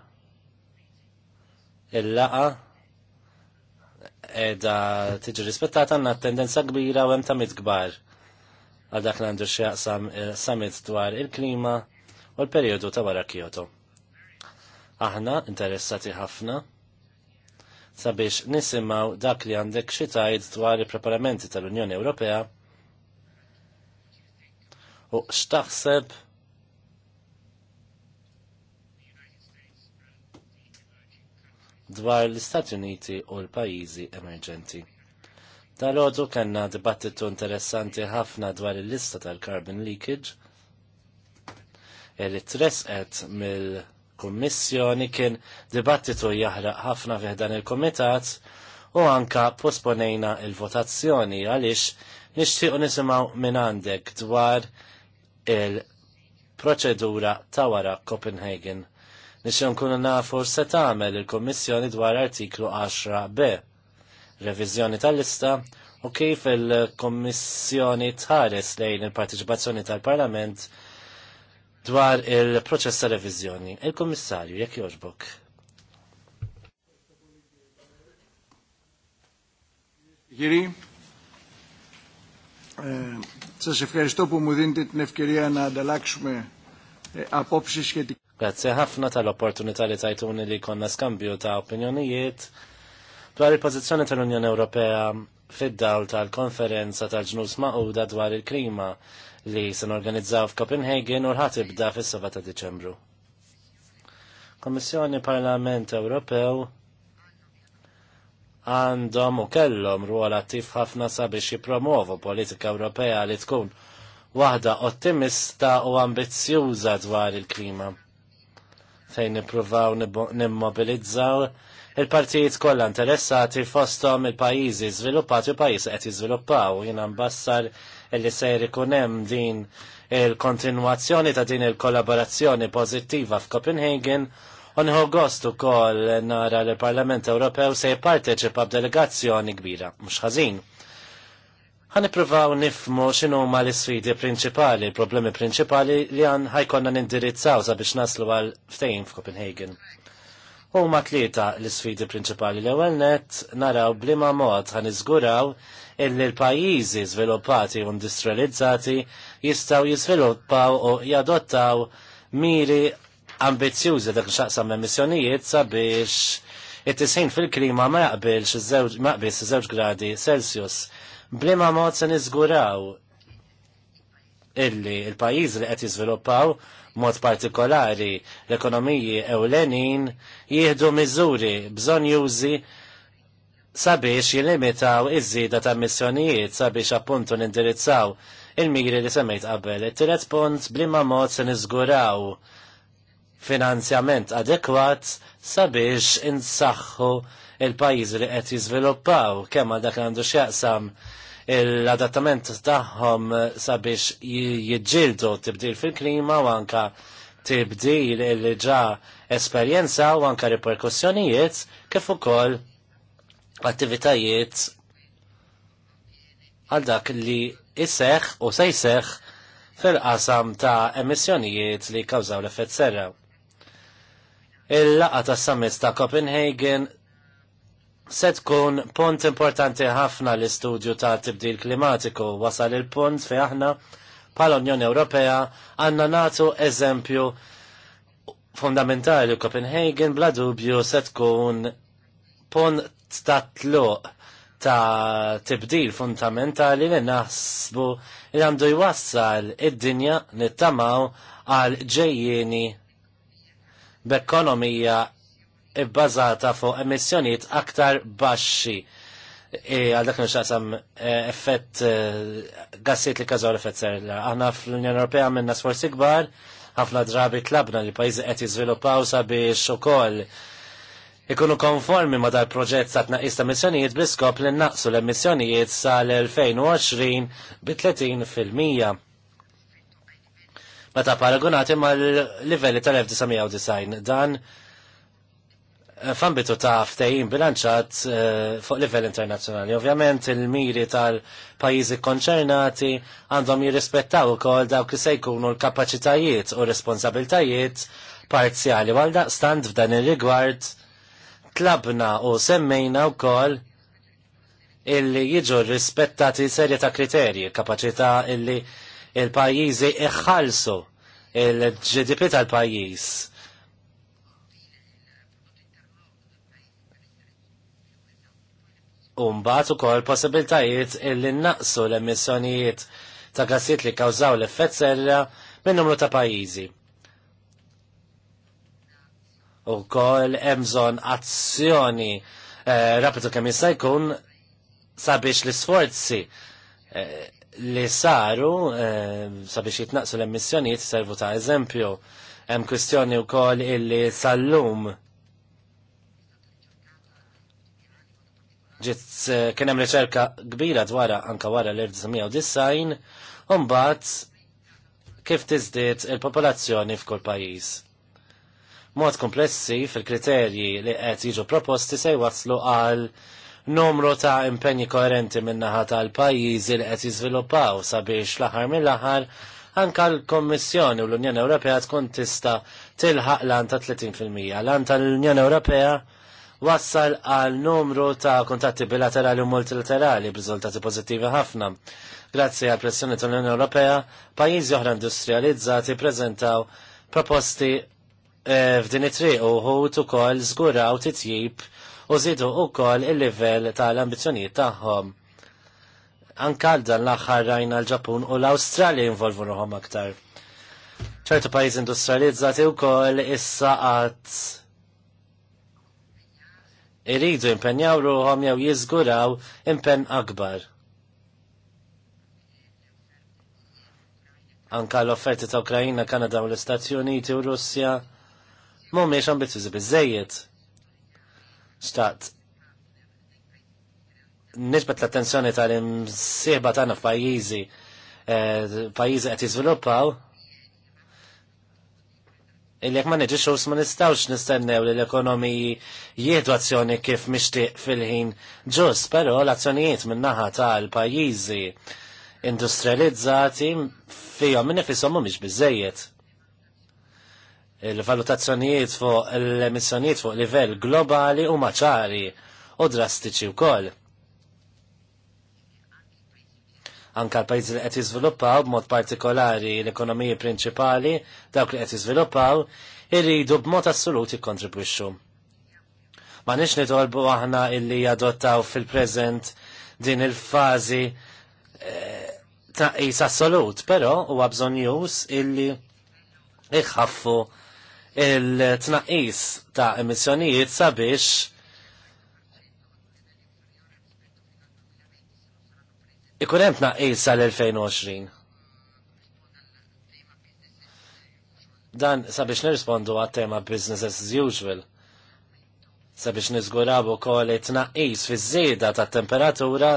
il-laqa edha tiġi rispettata għanna tendenza kbira u hemm mit kbar għal dak li għandu xjaqsam eh, summit dwar il-klima u l-periodu ta' wara Kyoto. Aħna interessati ħafna sabiex nisimaw dak li għandek xitajt dwar il-preparamenti tal-Unjoni Ewropea u xtaħseb dwar l-Istati Uniti u l-pajizi emerġenti. tal ħodu kanna dibattitu interessanti ħafna dwar il-lista tal-carbon leakage, il-tresqet mill- kummissjoni kien dibattitu jaħraq ħafna fiħdan il-komitat u anka posponejna il-votazzjoni għaliex nixtiequ nisimgħu minn għandek dwar il-proċedura ta' wara Copenhagen. Nixtieq nkunu nafu se tagħmel il-Kummissjoni dwar artiklu 10b, reviżjoni tal-lista u kif il-Kommissjoni tħares lejn il-partiċipazzjoni tal-Parlament il parteċipazzjoni tal parlament il tal parlament dwar il-proċess ta' revizjoni, Il-Kummissarju, jekk jogħġbok. Giri, Σας ευχαριστώ που μου δίνετε την ευκαιρία να ανταλλάξουμε απόψεις σχετικά. Grazie ħafna tal-opportunità li tajtuni li konna skambju ta' opinjonijiet dwar il-pozizjoni tal-Unjoni Ewropea fid-dawl tal-konferenza tal-ġnus ma'uda dwar il-klima li se organizzaw f'Copenhagen u l bda ibda fis-7 ta' Diċembru. Kommissjoni Parlament Ewropew għandhom u kellhom rwol attiv ħafna sabiex jippromovu politika Ewropea li tkun waħda ottimista u ambizzjuża dwar il-klima fejn nippruvaw nimmobilizzaw il-partijiet kollha interessati fosthom il-pajjiżi żviluppati u pajjiżi qed jiżviluppaw jiena mbassar li sejr ikunem hemm din il-kontinwazzjoni ta' din il-kollaborazzjoni pożittiva f'Copenhagen Onħu gost u nara nara l parlament Ewropew se jipparteċipa b'delegazzjoni kbira, mux ħażin. Ħanipruvaw nifmu x'inhu ma l-isfidi prinċipali, problemi prinċipali li għan ħajkonna nindirizzaw sabiex naslu għal ftejn f'Copenhagen. U ma tlieta l-isfidi prinċipali l-ewwel nett naraw blima mod ħan iżguraw illi l-pajjiżi żviluppati u industrializzati jistgħu jiżviluppaw u jadottaw miri ambizjużi dak xaqsam emissjonijiet sabiex it-tisħin fil-klima ma jaqbilx maqbis żewġ gradi Celsius. Blima mod se niżguraw illi il-pajjiżi li qed jiżviluppaw mod partikolari l-ekonomiji ewlenin jieħdu miżuri bżonn jużi sabiex jilimitaw iż-żieda ta' missjonijiet sabiex appuntu nindirizzaw il-miri li semmejt qabel. It-tielet punt blimma mod se niżguraw finanzjament adekwat sabiex insaħħu il-pajjiżi li qed jiżviluppaw kemm dak għandu x'jaqsam l-adattament tagħhom sabiex jiġġieldu tibdil fil-klima u anka tibdil li ġa esperjenza u anka riperkussjonijiet kif ukoll attivitajiet għal dak li iseħ u se fil-qasam ta' emissjonijiet li kawżaw l-effett serra. Il-laqa ta' summit ta' Copenhagen se tkun punt importanti ħafna l-istudju ta' tibdil klimatiku wasal il-punt fi aħna pal Unjoni Ewropea għanna natu eżempju fundamentali u Copenhagen bla dubju se tkun punt tat-tluq ta' tibdil fundamentali li naħsbu li għandu jwassal id-dinja nittamaw għal ġejjieni b'ekonomija bbażata fuq emissjonijiet aktar baxxi e, għal dak nuxasam e, effett e, gassiet li kazaw l-effett serra. Aħna fl-Unjoni Ewropea minna sforzi kbar, ħafna drabi tlabna li pajjiżi qed jiżviluppaw sabiex ukoll ikunu konformi ma dal proġett sa tnaqis ta' missjonijiet biskop li naqsu l-emissjonijiet sal-2020 bi 30 fil-mija. Meta paragonati ma l-livelli tal-1990 dan eh, fambitu ta' ftejjin bilanċat eh, fuq livell internazzjonali. Ovvjament il-miri tal-pajjiżi konċernati għandhom jirrispettaw ukoll dawk li se jkunu l-kapaċitajiet u responsabiltajiet parzjali għal daqstant f'dan ir-rigward tlabna u semmejna wkoll illi jiġu rispettati serje ta' kriterji, kapaċità illi il-pajjiżi iħallsu il-GDP tal-pajjiż. Umbat ukoll possibiltajiet illi naqsu l-emissjonijiet ta' gassiet li kawżaw l-effett serra minn numru ta' pajjiżi u kol emżon azzjoni eh, rapidu kemm jista' jkun sabiex l-sforzi eh, li saru eh, sabiex jitnaqsu l-emissjonijiet servu ta' eżempju hemm kwistjoni wkoll illi sal-lum ġiet eh, kien hemm riċerka kbira dwar anka wara l-1990 u mbagħad kif tiżdied il-popolazzjoni f'kull pajjiż mod komplessi fil-kriterji li qed jiġu proposti se jwaslu għal numru ta' impenji koerenti minnaħa tal-pajjiżi li qed jiżviluppaw sabiex l-aħħar mill-aħħar anka l-Kommissjoni u l-Unjoni Ewropea tkun tista tilħaq l-an ta' 30%. L-an ta' l-Unjoni Ewropea wassal għal numru ta' kontatti bilaterali u multilaterali b'riżultati pożittivi ħafna. Grazzi għal pressjoni tal-Unjoni Ewropea, pajjiżi oħra industrializzati preżentaw proposti Eh, f'din it-triq uħut ukoll żguraw titjib u u ukoll il-livell tal-ambizzjonijiet tagħhom. Ankal dan l-aħħar rajna l-Ġapun u l-Awstralja jinvolvu ruħom aktar. ċertu pajjiż industrializzati wkoll issa qatt iridu impenjaw ruħom jew jiżguraw impenn akbar. anka l-offerti ta' Ukrajina, Kanada u l-Istati Uniti u Russja mhumiex ambizjużi biżejjed. Stat. nisbet l-attenzjoni tal-imsieba tagħna f'pajjiżi eh, pajjiżi qed jiżviluppaw illi jekk ma neġiċu ma nistgħux nistennew li l-ekonomiji jieħdu azzjoni kif mixtieq fil-ħin ġus, però l-azzjonijiet min-naħa tal-pajjiżi industrializzati fihom minn ifisom mhumiex biżejjed il-valutazzjonijiet fuq l-emissjonijiet fuq livell globali u maċari u drastiċi wkoll. Anka l-pajjiżi li qed jiżviluppaw b'mod partikolari l-ekonomiji prinċipali dawk li qed jiżviluppaw irridu b'mod assolut jikkontribwixxu. Ma nix nitolbu aħna illi jadottaw fil-preżent din il-fażi eh, ta' ta' assolut, però huwa bżonn jus illi iħaffu il-tnaqis ta' emissjonijiet sabiex ikun hemm tnaqis sal-2020. Dan sabiex nirrispondu għat-tema business as usual. Sabiex niżgurabu kol it-tnaqis fi żieda tat-temperatura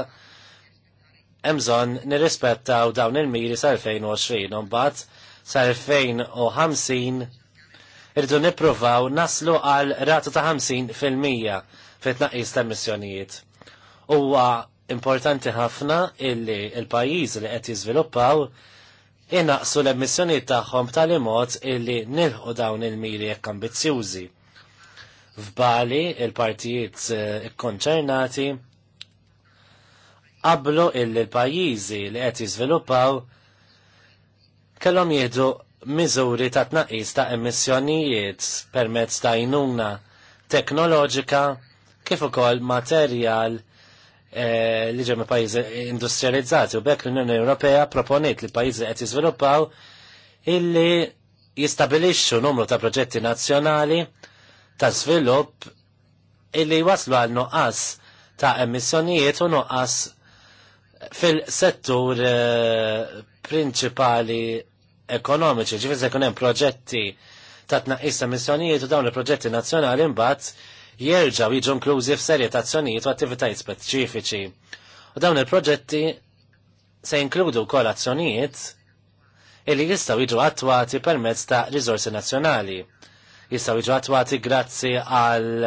hemm bżonn nirrispettaw dawn il-miri sal-2020 u mbagħad sal-2050 irridu nippruvaw naslu għal rata ta' 50% fit-tnaqqis ta' missjonijiet. Huwa importanti ħafna illi il-pajjiż li qed jiżviluppaw jinaqsu l-emissjonijiet tagħhom tal mod illi nilħu dawn il-miri jekk ambizzjużi. F'Bali il-partijiet eh, ikkonċernati qablu illi l-pajjiżi li qed jiżviluppaw kellhom jieħdu miżuri ta' tnaqis ta' emissjonijiet permezz ta' jnuna teknoloġika kif ukoll materjal eh, li ġemmi pajjiżi industrializzati u bekk l-Unjoni Ewropea proponiet li pajjiżi qed jiżviluppaw illi jistabilixxu numru ta' proġetti nazzjonali ta' żvilupp illi waslu għal nuqqas ta' emissjonijiet u nuqqas fil-settur e, prinċipali ekonomiċi, ġifiz jekun hemm proġetti ta' tnaqqis emissjonijiet u dawn il-proġetti nazzjonali mbagħad jerġgħu jiġu inklużi f'serje ta' azzjonijiet u attivitajiet speċifiċi. U dawn il-proġetti se jinkludu wkoll azzjonijiet illi jistgħu jiġu attwati permezz ta' riżorsi nazzjonali. Jistgħu jiġu attwati grazzi għal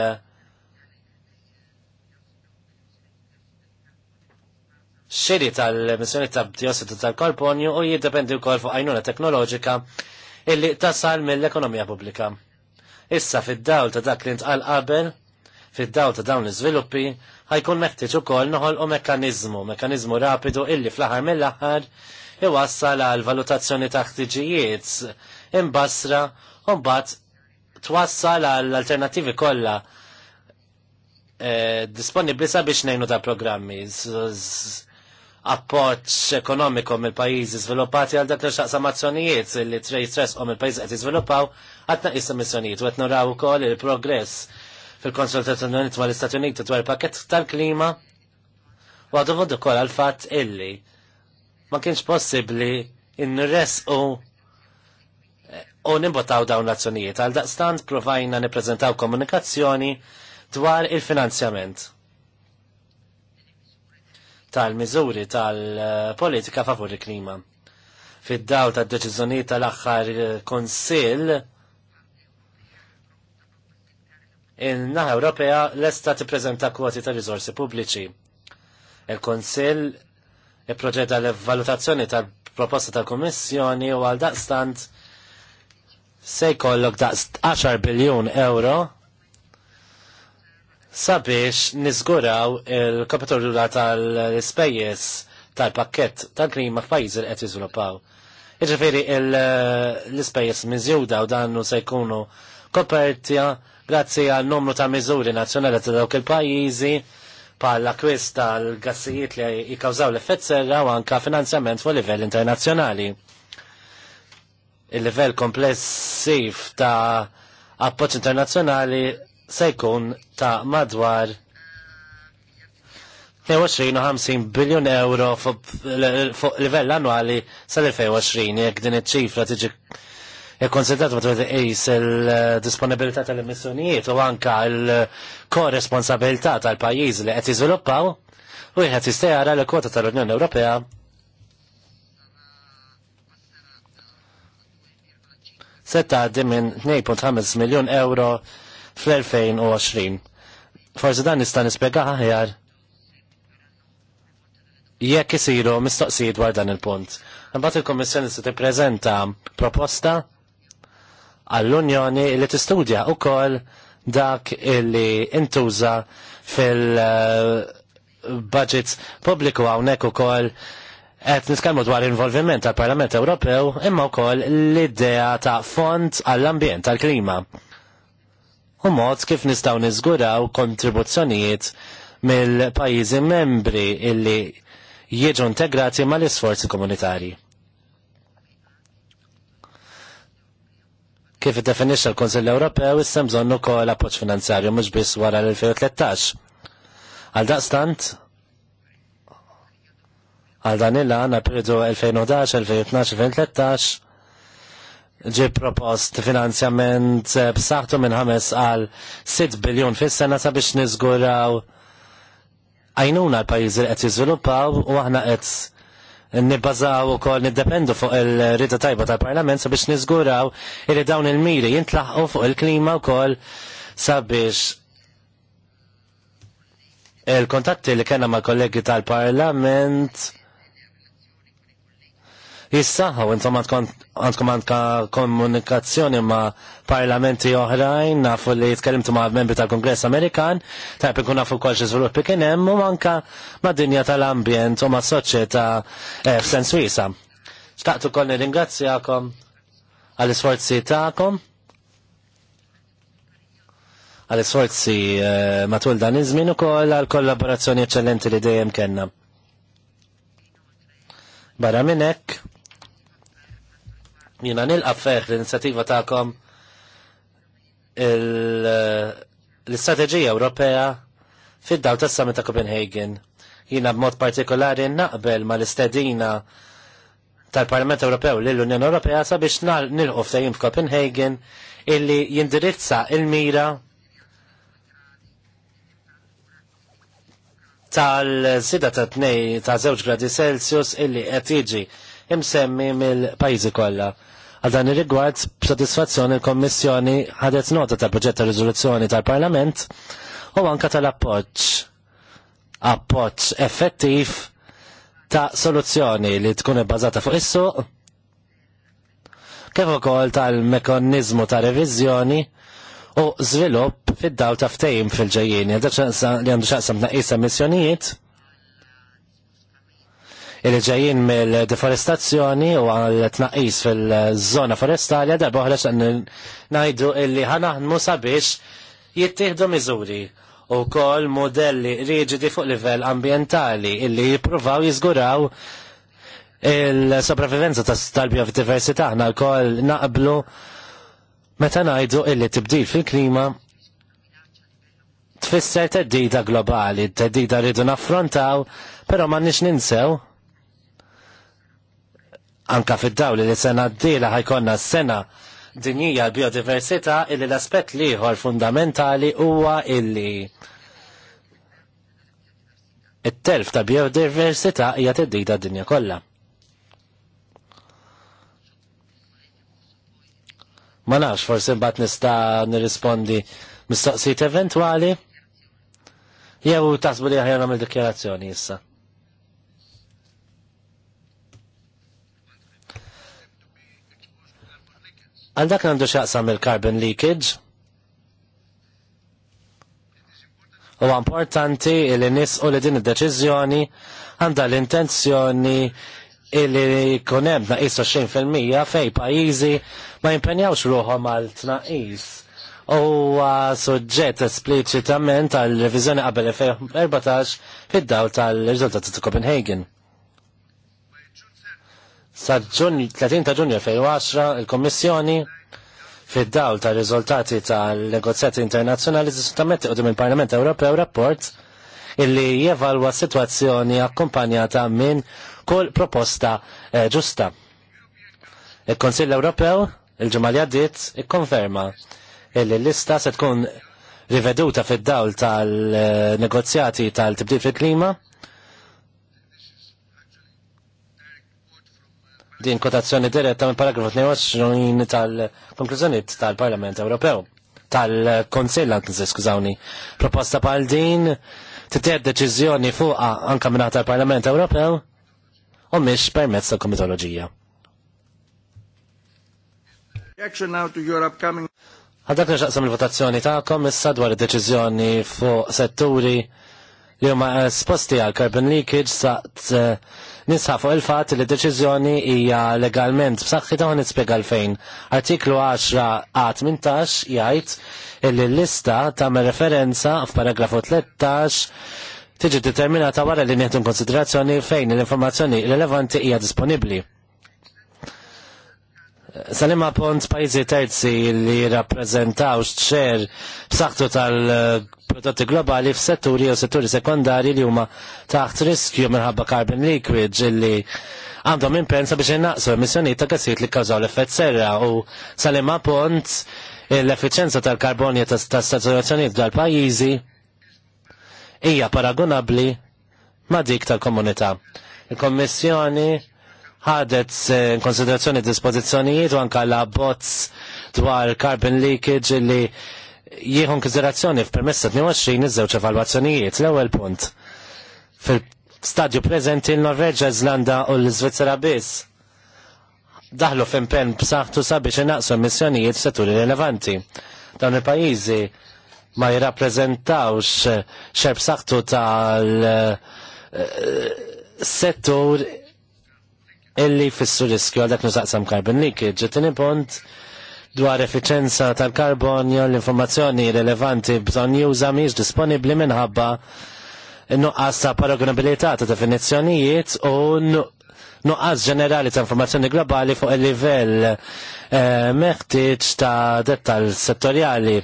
xiri tal missjoni ta' diossidu tal-karbonju u jiddependi wkoll fuq għajnuna teknoloġika illi tasal mill-ekonomija pubblika. Issa fid-dawl ta' dak li ntqal qabel, fid-dawl ta' dawn l-iżviluppi, ħajkun meħtieġ ukoll noħolqu mekkaniżmu, mekkaniżmu rapidu illi fl-aħħar mill-aħħar iwassal għal valutazzjoni ta' ħtiġijiet imbasra u mbagħad twassal għal alternattivi kollha eh, disponibli sabiex ngħinu ta' programmi appoċ ekonomiku mill pajjiżi sviluppati għal dak li xaqsa azzjonijiet li trej tresqom il-pajjiżi qed jiżviluppaw għatna jissa missjonijiet u qed naraw ukoll il-progress fil-konsultazzjoni ma' l-Istati Uniti dwar il-pakett tal-klima u għadu vod ukoll għal fatt illi ma kienx possibbli in res u nimbotaw dawn l-azzjonijiet għal daqstant provajna nippreżentaw komunikazzjoni dwar il-finanzjament tal-miżuri tal-politika favur il-klima. Fid-daw tad deċiżjonijiet tal-aħħar konsil in-naħa Ewropea lesta tippreżenta kwoti ta' riżorsi pubbliċi. Il-Konsil ipproġeda l-valutazzjoni tal-proposta tal-Kummissjoni u għal daqstant se jkollok daqs 10 biljun euro sabiex nizguraw il-kapitolula tal-spejjes tal-pakket tal-klima f'pajjiż li qed jiżviluppaw. Iġifieri l-ispejjeż miżjuda u dannu se jkunu kopertja grazzi għal numru ta' miżuri nazzjonali ta' dawk il-pajjiżi bħala kwis tal-gassijiet li jikkawżaw l-effett serra u anka finanzjament fuq livell internazzjonali. Il-livell komplessiv ta' appoġġ internazzjonali se jkun ta' madwar 22 biljon euro fuq livell annwali sal-2020 jekk din iċ-ċifra tiġi konsidrat ma twet il-disponibilità tal-emissjonijiet u anka l-korresponsabilità tal-pajjiż li qed jiżviluppaw u jħed jistejara l-kwota tal-Unjoni Ewropea se għaddi minn 2.5 miljun euro fl-2020. Forsi dan nista' nispjega aħjar jekk isiru mistoqsijiet dwar dan il-punt. Imbagħad il kummissjoni se tippreżenta proposta għall-Unjoni li tistudja wkoll dak illi intuża fil-budget pubbliku hawnhekk ukoll qed nitkellmu dwar involviment tal-Parlament Ewropew imma wkoll l-idea ta' fond għall-ambjent tal-klima u mod kif nistaw niżguraw kontribuzzjonijiet mill-pajjiżi membri illi jieġu integrati mal-isforzi komunitarji. Kif iddefinixxa l-Konsill Ewropew issem bżonn ukoll appoġġ finanzjarju mhux biss wara l-2013. Għal daqstant, għal dan il-għana periodu 2011-2012-2013 ġi propost finanzjament eh, b'saħħtu minn ħames għal 6 biljun fis-sena sabiex niżguraw għajnuna l-pajjiżi li qed jiżviluppaw u aħna qed nibbażaw ukoll niddependu fuq il rita tajba tal-Parlament sabiex niżguraw li dawn il-miri jintlaħqu fuq il-klima wkoll sabiex il-kontatti li kena mal kollegi tal-Parlament għaw intom għandkom għandka komunikazzjoni ma' parlamenti oħrajn, nafu li jitkellimtu ma' membri tal-Kongress Amerikan, tajb ikun nafu kol xi żviluppi kien hemm u manka ma' dinja tal-ambjent u ma' soċjetà eh, f'sens wiesa. Xtaqtu kol ringrazzjakom għall-isforzi tagħkom għal-isforzi eh, matul dan iż-żmien ukoll għal-kollaborazzjoni eċċellenti li dejjem kellna. Barra minn hekk, Jina nilqa feħ l inizjativa ta'kom l-istrateġija Ewropea fid-daw tas summit ta' Copenhagen. Jina b'mod partikolari naqbel ma l-istedina tal-Parlament Ewropew l-Unjoni Ewropea sabiex nilqu ftajim f'Copenhagen illi jindirizza il-mira tal-sida ta' tnej ta' zewġ gradi Celsius illi qed jiġi imsemmi mill-pajjiżi kollha Għal dan ir-rigward b'sodisfazzjoni l-Kommissjoni ħadet nota tal-proġett ta' riżoluzzjoni tal-Parlament u anka tal-appoġġ appoġġ effettiv ta' soluzzjoni li tkun ibbażata fuq issu kif ukoll tal-mekanizmu ta' reviżjoni u żvilupp fid-dawl ta' ftehim fil-ġejjieni. Dak li għandu xaqsam tnaqqis emissjonijiet il-ġajin mill-deforestazzjoni u għal-tnaqis fil-żona forestalja darba uħra xan najdu illi ħanaħnmu sabiex jittieħdu miżuri u kol modelli rigidi fuq livell ambientali illi jippruvaw jiżguraw il-sopravivenza tal-biodiversità ħna kol naqblu meta najdu illi tibdil fil-klima tfisser teddida globali, teddida rridu naffrontaw, pero ma nix ninsew anka fid-dawli li sena d-dila ħajkonna s-sena dinjija l-biodiversita illi l-aspet liħor fundamentali huwa illi it-telf ta' biodiversità hija tiddida d-dinja kollha. Ma nafx forsi mbagħad nista' nirrispondi mistoqsijiet eventwali jew tasbu li aħjar nagħmel dikjarazzjoni issa. Għal dak għandu xaqsam il-carbon leakage. U importanti li nisqu li din id-deċiżjoni għandha l-intenzjoni illi kunem naqis 20% fej pajizi ma jimpenjawx ruħom għal tnaqis. U suġġett esplicitament għal revizjoni qabel 2014 fid-dawl tal-riżultati ta' Copenhagen sa' 30 ta' ġunju 2010 il-Kommissjoni fid-dawl ta' riżultati tal-negozjati internazzjonali sistammetti u il-Parlament Ewropew rapport illi jevalwa situazzjoni akkompanjata minn kull proposta eh, ġusta. Il-Konsill Ewropew il-ġimgħa li għaddiet ikkonferma illi l-lista se tkun riveduta fid-dawl tal-negozjati eh, tal-tibdil fil-klima din kotazzjoni diretta minn paragrafu 22 tal konklużjoniet tal-Parlament Ewropew tal konsell anzi skużawni. Proposta bħal din titjed deċiżjoni fuqha anke minn tal-Parlament Ewropew u mhix permezz tal-komitoloġija. Għadak xaqsam il-votazzjoni ta'kom issa dwar id-deċiżjoni fuq setturi li huma sposti għal carbon leakage saqt eh, Nisħafu il-fat li deċiżjoni hija legalment b'saħħi ta' nispjega fejn. Artiklu 10 a 18 jgħid li l-lista tagħmel referenza f'paragrafu 13 tiġi determinata wara li nieħdu konsiderazzjoni fejn l-informazzjoni rilevanti hija disponibbli. Salima Pont pajzi terzi li rappresentaw xċer b'saħħtu tal-prodotti globali f'setturi u setturi sekondari li huma taħt riskju minħabba carbon leakage li għandhom impensa biex jnaqsu emissjonijiet ta' gassijiet li kkawżaw l-effett serra u Salima Pont l efficienza tal-karbonja ta' stazzjonazzjonijiet dal-pajjiżi hija paragonabbli ma' dik tal-komunità. Il-Kommissjoni ħadet eh, konsiderazzjoni dispożizzjonijiet u anka la bots dwar carbon leakage li jieħu konsiderazzjoni f'permessa 22 iż-żewġ evalwazzjonijiet. L-ewwel punt. Fil-stadju preżenti l-Norveġa, Iżlanda u l svizzera biss daħlu f'impenn b'saħħtu sabiex inaqsu emissjonijiet f'setturi rilevanti. Dawn il-pajjiżi ma jirrappreżentawx xerb saħħtu tal eh, settur illi fissu riskju għal dak nużaqsam carbon leakage. Ġetini punt dwar efficienza tal karbon jew l-informazzjoni rilevanti bżon juża miex disponibli minħabba nuqqas ta' paragonabilità ta' definizzjonijiet u nuqqas ġenerali ta' informazzjoni globali fuq il-livell eh, meħtieġ ta' dettal settorjali.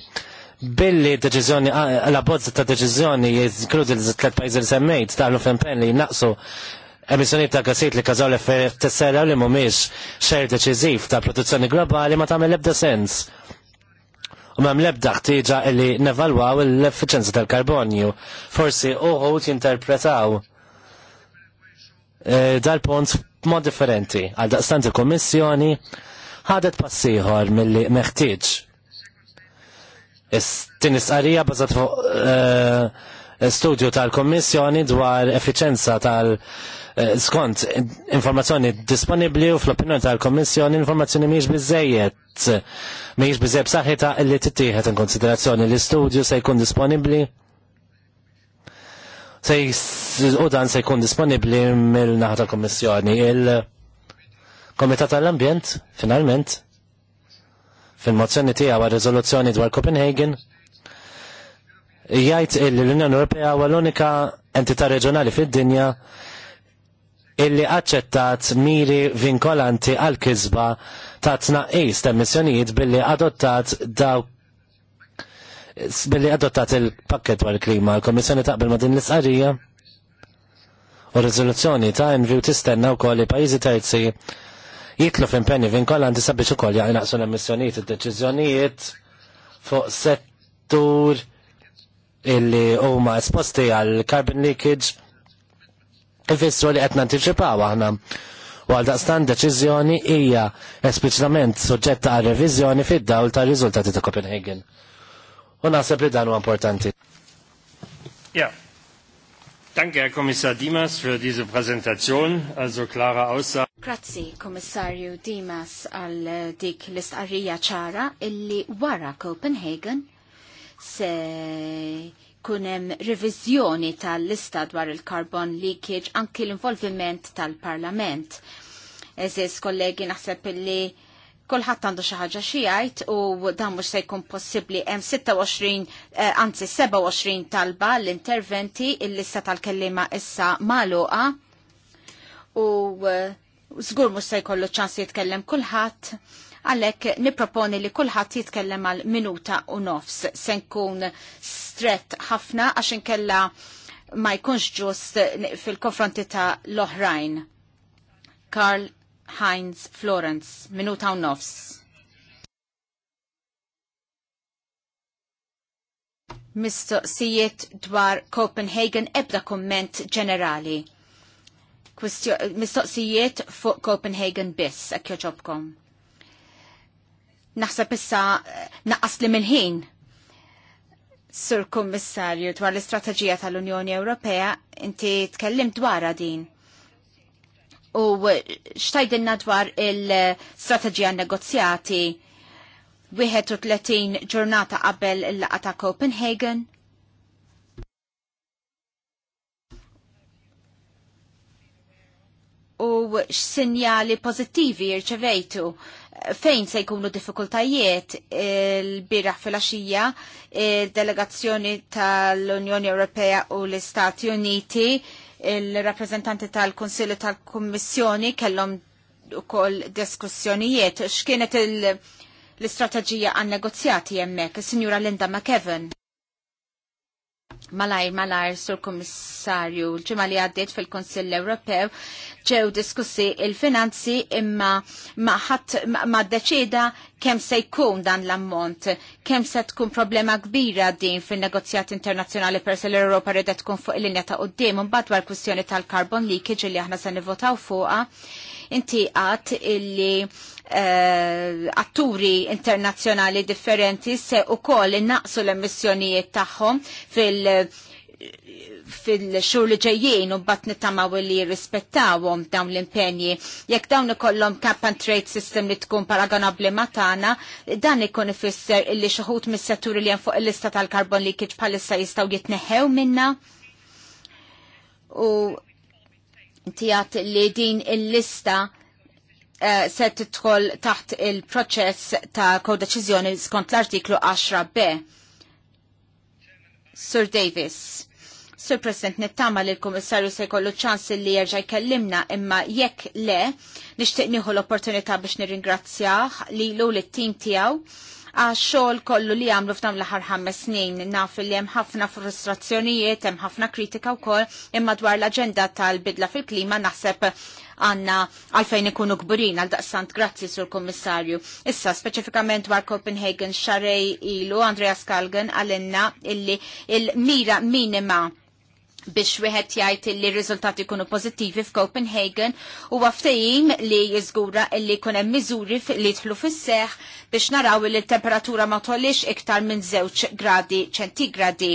Billi deċiżjoni, la bozza ta' deċiżjoni jizkludi l-tlet pajzi li semmejt ta' l ufempen li naqsu emissjoniet ta' kasit li kazaw l-effett t-sera li mumiex xer deċiżiv ta' produzzjoni globali ma tagħmel l-ebda sens. U mem lebda ħtieġa li nevalwaw l-effiċenza tal-karbonju. Forsi uħut jinterpretaw eh, dal-pont mod differenti. Għal daqstant il-Kommissjoni ħadet passiħor mill-li meħtieġ. Is-tinisqarija bażat fuq eh, studju tal-Kommissjoni dwar effiċenza tal- eh, skont informazzjoni disponibli u fl-opinjoni tal-Kommissjoni informazzjoni miex biżejjed miex biżejjed b'saħħitha li tittieħed in konsiderazzjoni li studju se jkun disponibli se u dan se jkun disponibli mill-naħa tal-Kommissjoni. Il-Komitat tal-Ambjent finalment fil-mozzjoni tiegħu għal riżoluzzjoni dwar Copenhagen jgħid illi l-Unjoni Ewropea huwa l-unika entità reġjonali fid-dinja illi aċċettat miri vinkolanti għal kisba ta' tnaqqis ta' missjonijiet billi adottat daw billi adottat il-pakket dwar il-klima. l komissjoni taqbel ma' din l-isqarija u rizoluzzjoni ta' invju tistenna wkoll li pajjiżi terzi jitlu f'impenni vinkolanti sabiex ukoll jaqnaqsu l-emissjonijiet id-deċiżjonijiet fuq settur illi huma esposti għal carbon leakage ifissru li qed nanticipaw aħna. U għal daqstan deċiżjoni hija espliċitament suġġetta għal reviżjoni fid-dawl ta' riżultati ta' Copenhagen. U naħseb li dan huwa importanti. Ja. Danke, Herr Kommissar Dimas, für diese Präsentation, also klare Aussage. Grazzi, Kommissarju Dimas, għal dik l-istqarrija ċara illi wara Copenhagen se kunem revizjoni tal-lista dwar il-carbon leakage anki l-involviment tal-parlament. Eżis kollegi naħseb li kolħat għandu xaħġa xijajt u dan mux se jkun possibli hemm 26, eh, anzi 27 talba l-interventi il-lista tal-kellima issa maluqa u zgur eh, mux se jkollu ċans jitkellem kolħat għalek niproponi li kullħat jitkellem għal minuta u nofs. Senkun stret ħafna għax inkella ma jkunx ġust fil-konfronti ta' l-oħrajn. Karl Heinz Florence, minuta u nofs. Mistoqsijiet dwar Copenhagen ebda komment ġenerali mistoqsijiet fuq Copenhagen biss, ek Naħseb issa eh, naqas li minħin. ħin Sur Kummissarju dwar l-istrateġija tal-Unjoni Ewropea inti tkellim dwarha din. U eh, xtajdinna dwar il-strateġija negozjati 31 ġurnata qabel il-laqa ta' Copenhagen. U eh, x-sinjali pozittivi irċevejtu fejn se jkunu diffikultajiet il-biraħ fil-axija il-delegazzjoni tal-Unjoni Ewropea u l-Istati Uniti il-rappresentanti tal-Konsilju tal-Kommissjoni kellhom ukoll diskussjonijiet x'kienet l-istrateġija għan negozjati hemmhekk, is-Sinjura Linda McKevin malajr malajr sur komissarju ġimma li għaddiet fil-Konsill Ewropew ġew diskussi il-finanzi imma maħat ma deċida kem se jkun dan l-ammont, kem se tkun problema kbira din fil-negozjat internazjonali per l-Europa rida tkun fuq il-linja ta' uddim un l kwistjoni tal-karbon li kieġi li aħna se nivotaw fuqa, inti għat illi uh, atturi internazzjonali differenti se u koll innaqsu l-emissjonijiet tagħhom fil- fil-xur li ġejjien u bat nitamaw li jirrispettawhom dawn l-impenji. Jekk dawn ikollhom cap and trade system li tkun paragonabli ma' tagħna, dan ikun ifisser illi xaħut mis-setturi li hemm fuq il-lista tal-karbon li kiġ bħalissa jistgħu jitneħew minna. U tijat li din il-lista Eh, se titħol taħt il-proċess ta' kodeċiżjoni skont l-artiklu 10b. Sir Davis. Sir President, nittama li l-Komissarju se jkollu ċans li jerġa' jkellimna imma jekk le, nixtieq nieħu l-opportunità biex nirringrazzjah li l-tim tiegħu għax xogħol kollu li għamlu f'dan l-aħħar ħames snin. Naf li hemm ħafna frustrazzjonijiet, hemm ħafna kritika wkoll imma dwar l-aġenda tal-bidla fil-klima naħseb għanna għalfejn ikunu kburin għal daqsant grazzi sur kommissarju. Issa, specifikament dwar Copenhagen xarej ilu Andreas Kalgen għalenna illi il-mira minima biex wieħed jgħid li r-riżultati jkunu pożittivi f'Copenhagen u ftehim li jiżgura li jkun hemm miżuri li jidħlu fis-seħħ biex naraw li t-temperatura ma tollix iktar minn żewġ gradi ċentigradi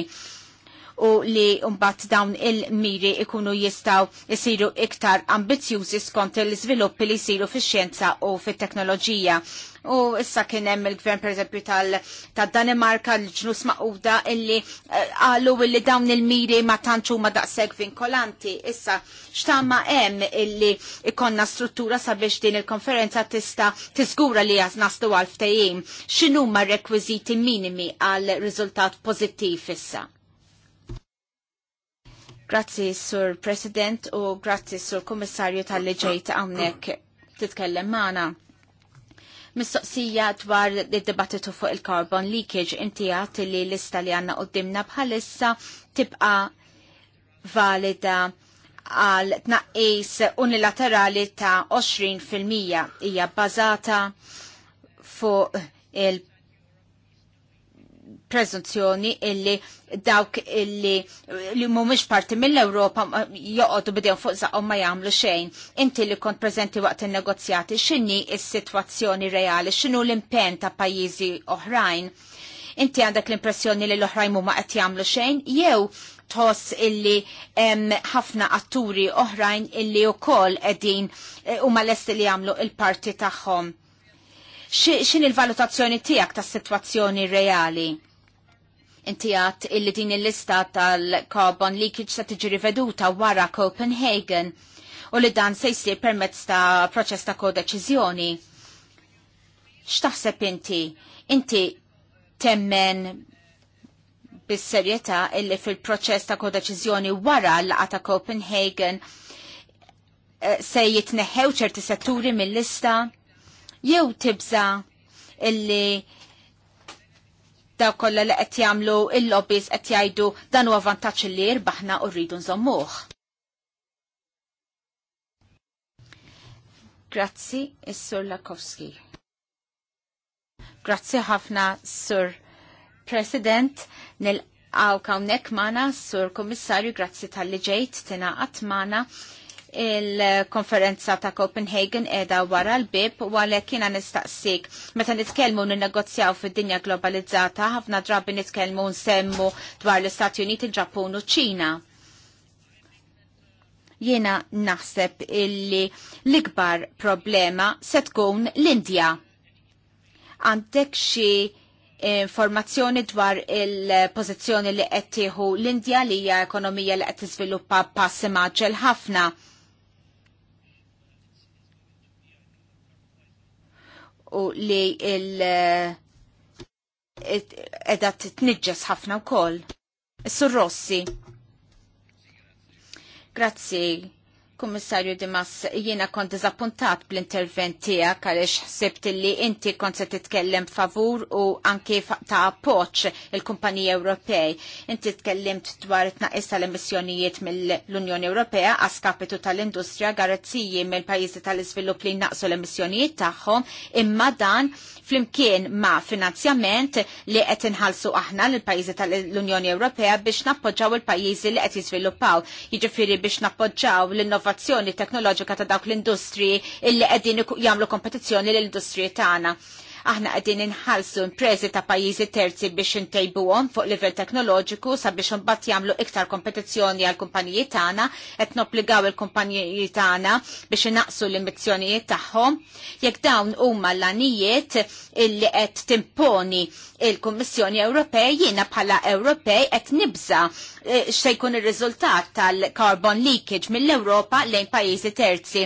u li mbagħad dawn il-miri ikunu jistgħu jsiru iktar ambizjużi skont l-iżviluppi li jsiru fix-xjenza u fit-teknoloġija. U issa kien hemm il-gvern pereżempju tal-Danimarka l-ġnus maquda illi eh, qalu illi dawn il-miri ma tantx huma daqshekk vinkolanti. Issa x'tama hemm illi ikonna struttura sabiex din il-konferenza tista' tiżgura li jas naslu għal ftejim. X'inhuma r-rekwiżiti minimi għal riżultat pożittiv issa? Grazzi, Sur President, u grazzi, Sur Kommissarju tal-li ġejt għamnek titkellem maħna. Mistoqsija dwar id-dibattitu fuq il-carbon leakage inti għat li l-lista li għanna qoddimna bħalissa tibqa valida għal tnaqqis unilaterali ta' 20% hija bbażata fuq il- prezunzjoni illi dawk illi li mhumiex parti mill-Ewropa joqogħdu bidejhom fuq żaqhom ma jagħmlu xejn. Inti li kont preżenti waqt in-negozjati x'inhi s-sitwazzjoni reali, x'inhu l-impenn ta' pajjiżi oħrajn. Inti għandek l-impressjoni li l-oħrajn huma qed jagħmlu xejn jew tħoss illi ħafna atturi oħrajn illi wkoll qegħdin eh, huma lest li jagħmlu il-parti tagħhom. X'in il-valutazzjoni tiegħek tas-sitwazzjoni reali? Inti għat illi din il-lista tal-carbon leakage se tiġi riveduta wara Copenhagen u li dan se jsir permezz ta' proċess ta' kodeċiżjoni. X'taħseb inti? Inti temmen bis-serjetà illi fil-proċess ta' kodeċiżjoni wara l laqgħa ta' Copenhagen eh, se jitneħħew ċerti setturi mill-lista jew tibża illi daw kollha li qed jagħmlu il-lobbies qed jgħidu dan huwa vantaġġ li jirbaħna u rridu nżommuh. Grazzi, is-Sur Lakowski. Grazzi ħafna, Sur President, nil-għaw kawnek mana, Sur Komissarju, grazzi tal-li ġejt tina għat mana il-konferenza ta' Copenhagen edha wara l-bib u għalek kiena nistaqsik. Meta nitkellmu n-negozjaw fid-dinja globalizzata, ħafna drabi nitkellmu nsemmu dwar l-Istati Uniti, il-Ġappun u ċina. Jiena naħseb illi l-ikbar problema se tkun l-Indja. Għandek xi informazzjoni dwar il-pozizjoni li qed tieħu l-Indja li hija ekonomija li qed tiżviluppa passi maġġel ħafna u li il- edha t-tnġas ħafna u koll. Sur Rossi. Grazzi, Kummissarju Dimas, jiena kont dizappuntat bl-intervent tiegħek għaliex ħsibt li inti kont se titkellem favur u anke ta' appoġġ il-Kumpaniji Ewropej. Inti tkellimt dwar it-tnaqqis tal-emissjonijiet mill-Unjoni Ewropea għas kapitu tal-industrija garazziji mill-pajjiżi tal-iżvilupp li naqsu l-emissjonijiet tagħhom, imma dan flimkien ma' finanzjament li qed inħallsu aħna lill-pajjiżi tal-Unjoni Ewropea biex nappoġġaw il-pajjiżi li qed jiżviluppaw, jiġifieri biex nappoġġaw l l-innovazzjoni teknoloġika ta' dawk l-industri illi qegħdin jagħmlu kompetizzjoni l-industri tagħna. Aħna qegħdin inħallsu imprezi ta' pajjiżi terzi biex intejbuhom fuq livell teknoloġiku sabiex imbagħad jagħmlu iktar kompetizzjoni għal kumpaniji tagħna qed nobbligaw il kumpanijiet tagħna biex inaqsu l-immizzjonijiet tagħhom. Jekk dawn huma l-anijiet illi qed timponi il-Kummissjoni Ewropej jiena bħala Ewropej qed nibża eh, xejkun ir-riżultat tal-carbon leakage mill-Ewropa lejn pajjiżi terzi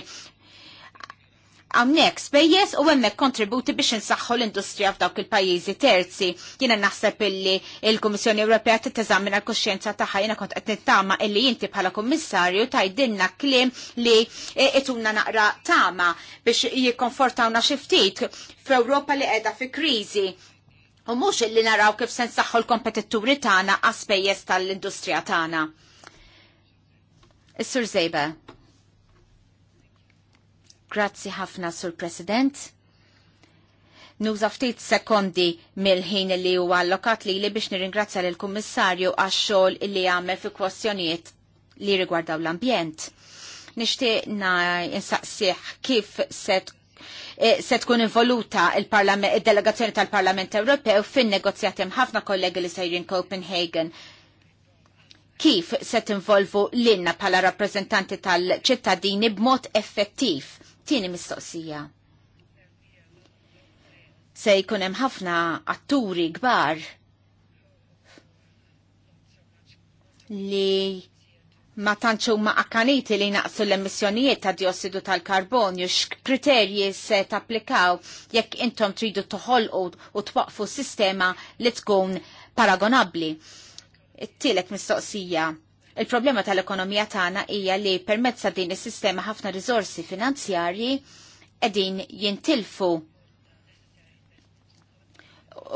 għamnek spejjes u għemmek kontributi biex nsaxħu l-industrija f'dawk il-pajizi terzi. Jina naħseb illi il-Kommissjoni Ewropea t-tazamina l-kosċenza taħħa jina kont għetni tama illi jinti bħala kommissarju tajdinna klim li e, ituna naqra tama biex jikonfortawna xiftit f'Ewropa li edha fi krizi. U mux illi naraw kif sen saħħu l-kompetitturi tana għaspejjes tal-industrija tana. Is-Sur Zejba. Grazzi ħafna, Sur President. Nuża ftit sekondi mill-ħin li huwa allokat li li biex nirringrazzja lill kummissarju għax-xogħol li għamel fi kwestjonijiet li rigwardaw l-ambjent. Nixtieq na insaqsih kif set eh, se tkun involuta il-delegazzjoni il delegazzjoni tal parlament Ewropew fin negozjati ħafna kollegi li sejrin Copenhagen. Kif se tinvolvu l-inna pala rappresentanti tal-ċittadini b'mod effettiv Tieni mistoqsija. Se jkun hemm ħafna atturi kbar li ma tantxu ma akkaniti li naqsu l-emissjonijiet ta' diossidu tal-karbonju, x-kriterji se tapplikaw jekk intom tridu toħolqu u twaqfu sistema li tkun paragonabli. it tielek mistoqsija Il-problema tal-ekonomija tagħna hija li permezz ta' din is-sistema ħafna riżorsi finanzjarji qegħdin jintilfu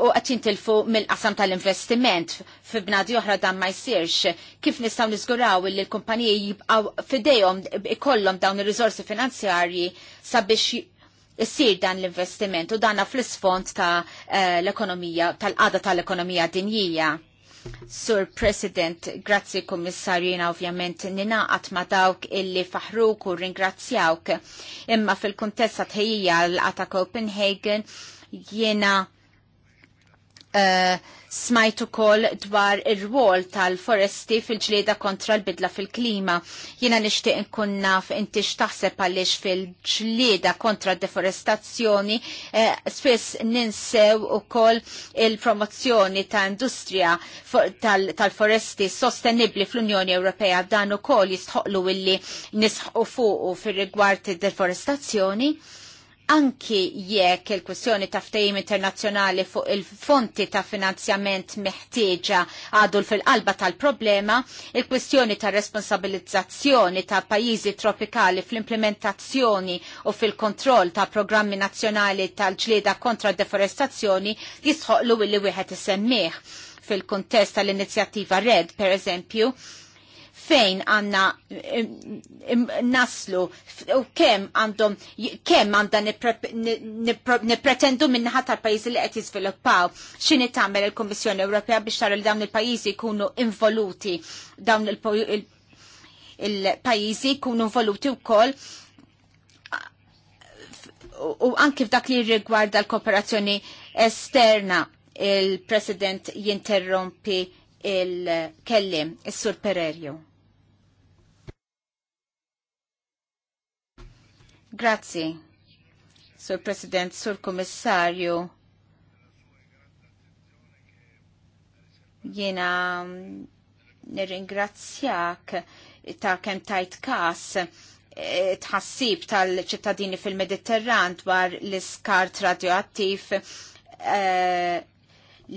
u qed jintilfu mill-qasam tal-investiment fi bnadi oħra dan ma jsirx. Kif nistgħu niżguraw li l-kumpaniji jibqgħu fidejhom ikollhom dawn ir-riżorsi finanzjarji sabiex issir dan l-investiment u danna fl-isfond ta' eh, l-ekonomija, tal-qada tal-ekonomija dinjija Sur President, grazzi Kommissarju, jina ovvjament ninaqat ma dawk illi faħruk u ringrazzjawk. Imma fil-kontessa tħejja l għata Copenhagen jiena. Eh, smajtu kol dwar ir-rwol tal-foresti fil-ġlieda kontra l-bidla fil-klima. Jina nishtiq nkun naf inti x'taħseb għaliex fil-ġlieda kontra deforestazzjoni eh, spiss ninsew ukoll il-promozzjoni ta' industrija tal-foresti sostenibli fl-Unjoni Ewropea dan ukoll jistħoqlu illi nisħu fuqu fir-rigward deforestazzjoni anki jekk il-kwestjoni ta' ftehim internazzjonali fuq il-fonti ta' finanzjament meħtieġa għadu fil-qalba tal-problema, il-kwestjoni ta' responsabilizzazzjoni ta' pajjiżi tropikali fl-implementazzjoni u fil-kontroll ta' programmi nazzjonali tal-ġlieda kontra deforestazzjoni jistħoqlu li wieħed isemmih fil-kontest tal-inizjattiva Red, per eżempju, fejn għanna naslu u kem għandhom kem għanda nipretendu minna tal-pajjiżi li qed jiżviluppaw x'inhi tagħmel il-Kummissjoni Ewropea biex tara li dawn il-pajjiżi jkunu involuti dawn il-pajjiżi jkunu involuti wkoll u anki f'dak li rigwarda l-kooperazzjoni esterna il-President jinterrompi il-kellim, il-sur Pererio. Grazzi, sur President, sur Kommissarju. Jena mm, nirringrazzjak ta' kem tajt kas e, tħassib tal-ċittadini fil-Mediterran dwar l-iskart radioattiv e,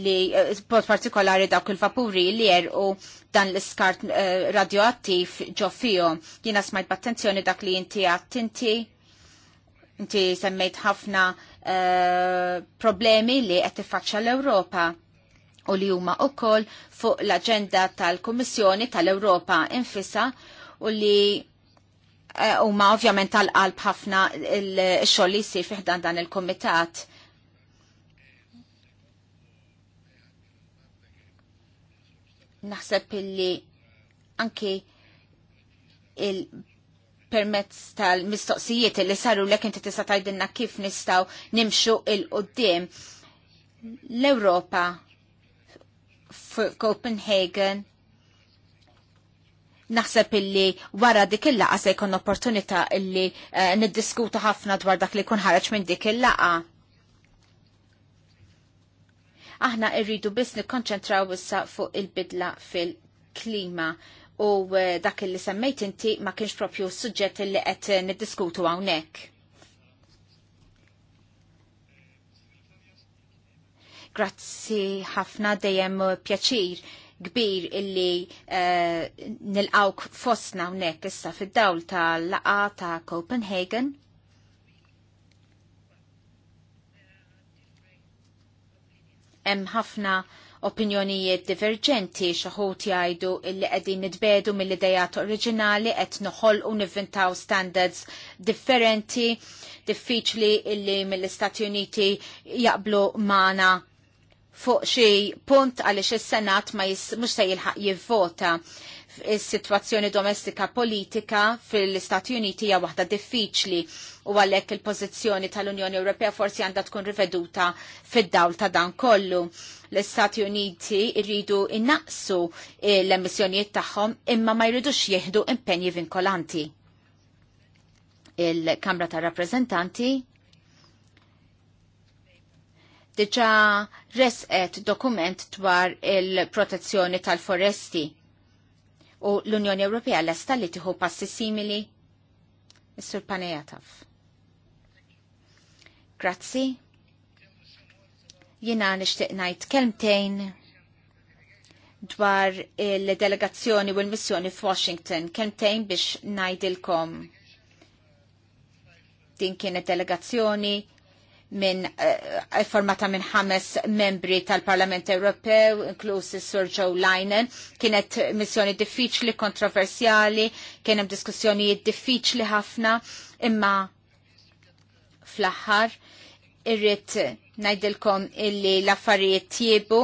li post eh, partikolari dawk il-vapuri li jerqu dan l-iskart eh, radioattiv ġo fihom. Jiena smajt b'attenzjoni dak li inti għattinti, inti, semmejt ħafna eh, problemi li qed tiffaċċa l-Ewropa u li huma wkoll fuq l-aġenda tal-Kummissjoni tal-Ewropa infisa u li huma ovvjament tal-qalb ħafna il-xogħol li jsir fiħdan dan il-Kumitat Naħseb illi anki il permezz tal-mistoqsijiet li saru lek inti tista' tgħidilna kif nistgħu nimxu il qudiem L-Ewropa f'Copenhagen naħseb illi wara dik il-laqa se jkun opportunità illi uh, eh, niddiskuta ħafna dwar dak li jkun ħareġ minn dik il-laqa Aħna irridu biss nikkonċentraw issa fuq il-bidla fil-klima u eh, dak li semmejt inti ma kienx propju suġġett li qed niddiskutu hawnhekk. Grazzi ħafna dejjem pjaċir kbir illi uh, nilqawk fosna hawnhekk issa fid-dawl tal-laqa ta' Copenhagen. hemm ħafna opinjonijiet diverġenti xaħut jgħidu illi qegħdin nitbedu mill-idejat oriġinali qed u nivvintaw standards differenti, diffiċli illi mill-Istati Uniti jaqblu mana fuq xi punt għaliex is-Senat ma mhux se jilħaq jivvota is-sitwazzjoni domestika politika fil-Istati Uniti hija waħda diffiċli u għalhekk il-pożizzjoni tal-Unjoni Ewropea forsi għandha tkun riveduta fid-dawl ta' dan kollu. L-Istati Uniti rridu innaqsu l-emissjonijiet tagħhom imma ma jridux jieħdu impenji vinkolanti. Il-Kamra tar Rappreżentanti diġa resqet dokument dwar il-protezzjoni tal-foresti u l-Unjoni Ewropea l-esta li tiħu passi simili? Mr. Panejataf. Grazzi. Jina nishtiq najt kelmtejn dwar il-delegazzjoni u l-missjoni f'Washington, kelmtejn biex najdilkom din kienet delegazzjoni minn eh, formata minn ħames membri tal-Parlament Ewropew, inkluż is-Sur Joe Leinen. Kienet missjoni diffiċli, kontroversjali, kien hemm diskussjonijiet diffiċli ħafna, imma fl-aħħar irrid ngħidilkom illi l-affarijiet tiebu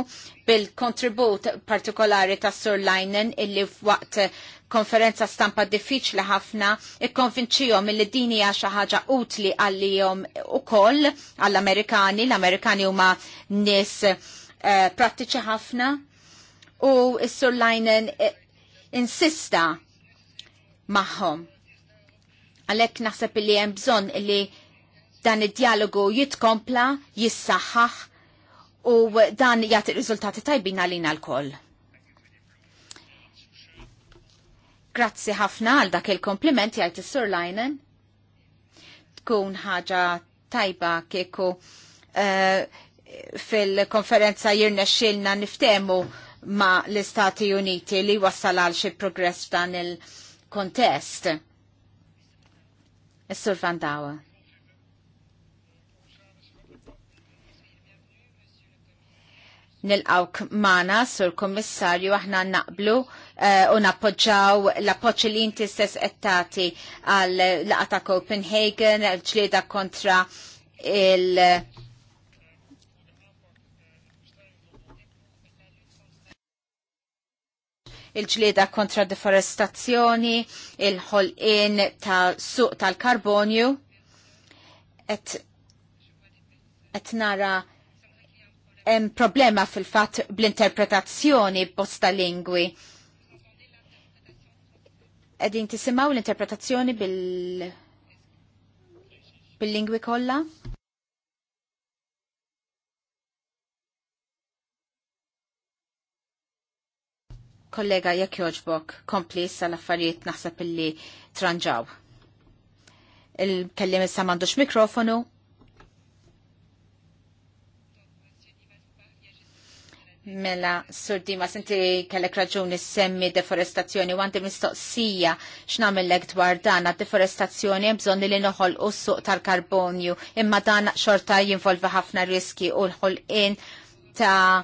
bil-kontribut partikolari ta' Sur Leinen illi waqt konferenza stampa diffiċli ħafna ikkonvinċihom li din hija xi ħaġa utli għalihom ukoll għall-Amerikani, l-Amerikani huma nies eh, prattiċi ħafna u s-sur Leinen eh, insista magħhom. Għalhekk naħseb li hemm bżonn li dan id-dialogu jitkompla, jissaħħaħ u dan jagħti riżultati tajbin għalina l-koll. Grazzi ħafna għal dak il-kompliment jgħid is-Sur Lajnen. Tkun ħaġa tajba kieku uh, fil-konferenza jirna xilna niftemu ma l-Istati Uniti li wassal għal xi progress dan il-kontest. Is-Sur Van Dawa. Nilqawk mana, Sur Kommissarju, aħna naqblu Eh, u nappoġġaw l-appoġġ li inti stess ettati għal laqa ta' Copenhagen, ġlieda kontra il- il-ġlieda kontra deforestazzjoni, il-ħolqin ta' suq tal-karbonju, et, et nara em problema fil-fatt bl-interpretazzjoni bosta lingwi Għedin tisimaw l-interpretazzjoni bil lingwi kollha? Kollega, jekk joġbok, kompliz għal affarijiet naħseb illi tranġaw. Il-kellim issa m'għandux mikrofonu, Mela, surdima, senti kellek raġuni semmi deforestazzjoni, għandi mistoqsija lek dwar dan deforestazzjoni bżonn li noħol u suq tal-karbonju, imma dan xorta jinvolvi ħafna riski u l in ta'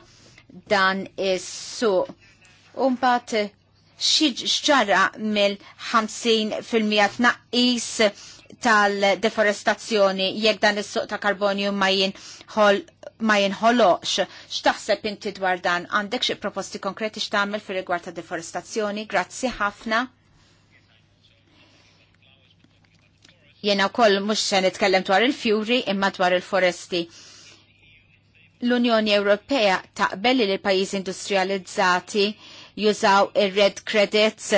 dan is-suq. Umbat xġara mill-50% tnaqqis tal-deforestazzjoni jekk dan is-suq ta' karbonju ma jinħol ma jinħolox. X'taħseb inti dwar dan? Għandek xi proposti konkreti x'tagħmel fir-rigward ta' deforestazzjoni? Grazzi ħafna. Jena wkoll mhux se nitkellem dwar il-fjuri imma dwar il-foresti. L-Unjoni Ewropea taqbel li l-pajjiżi industrializzati jużaw ir-red credits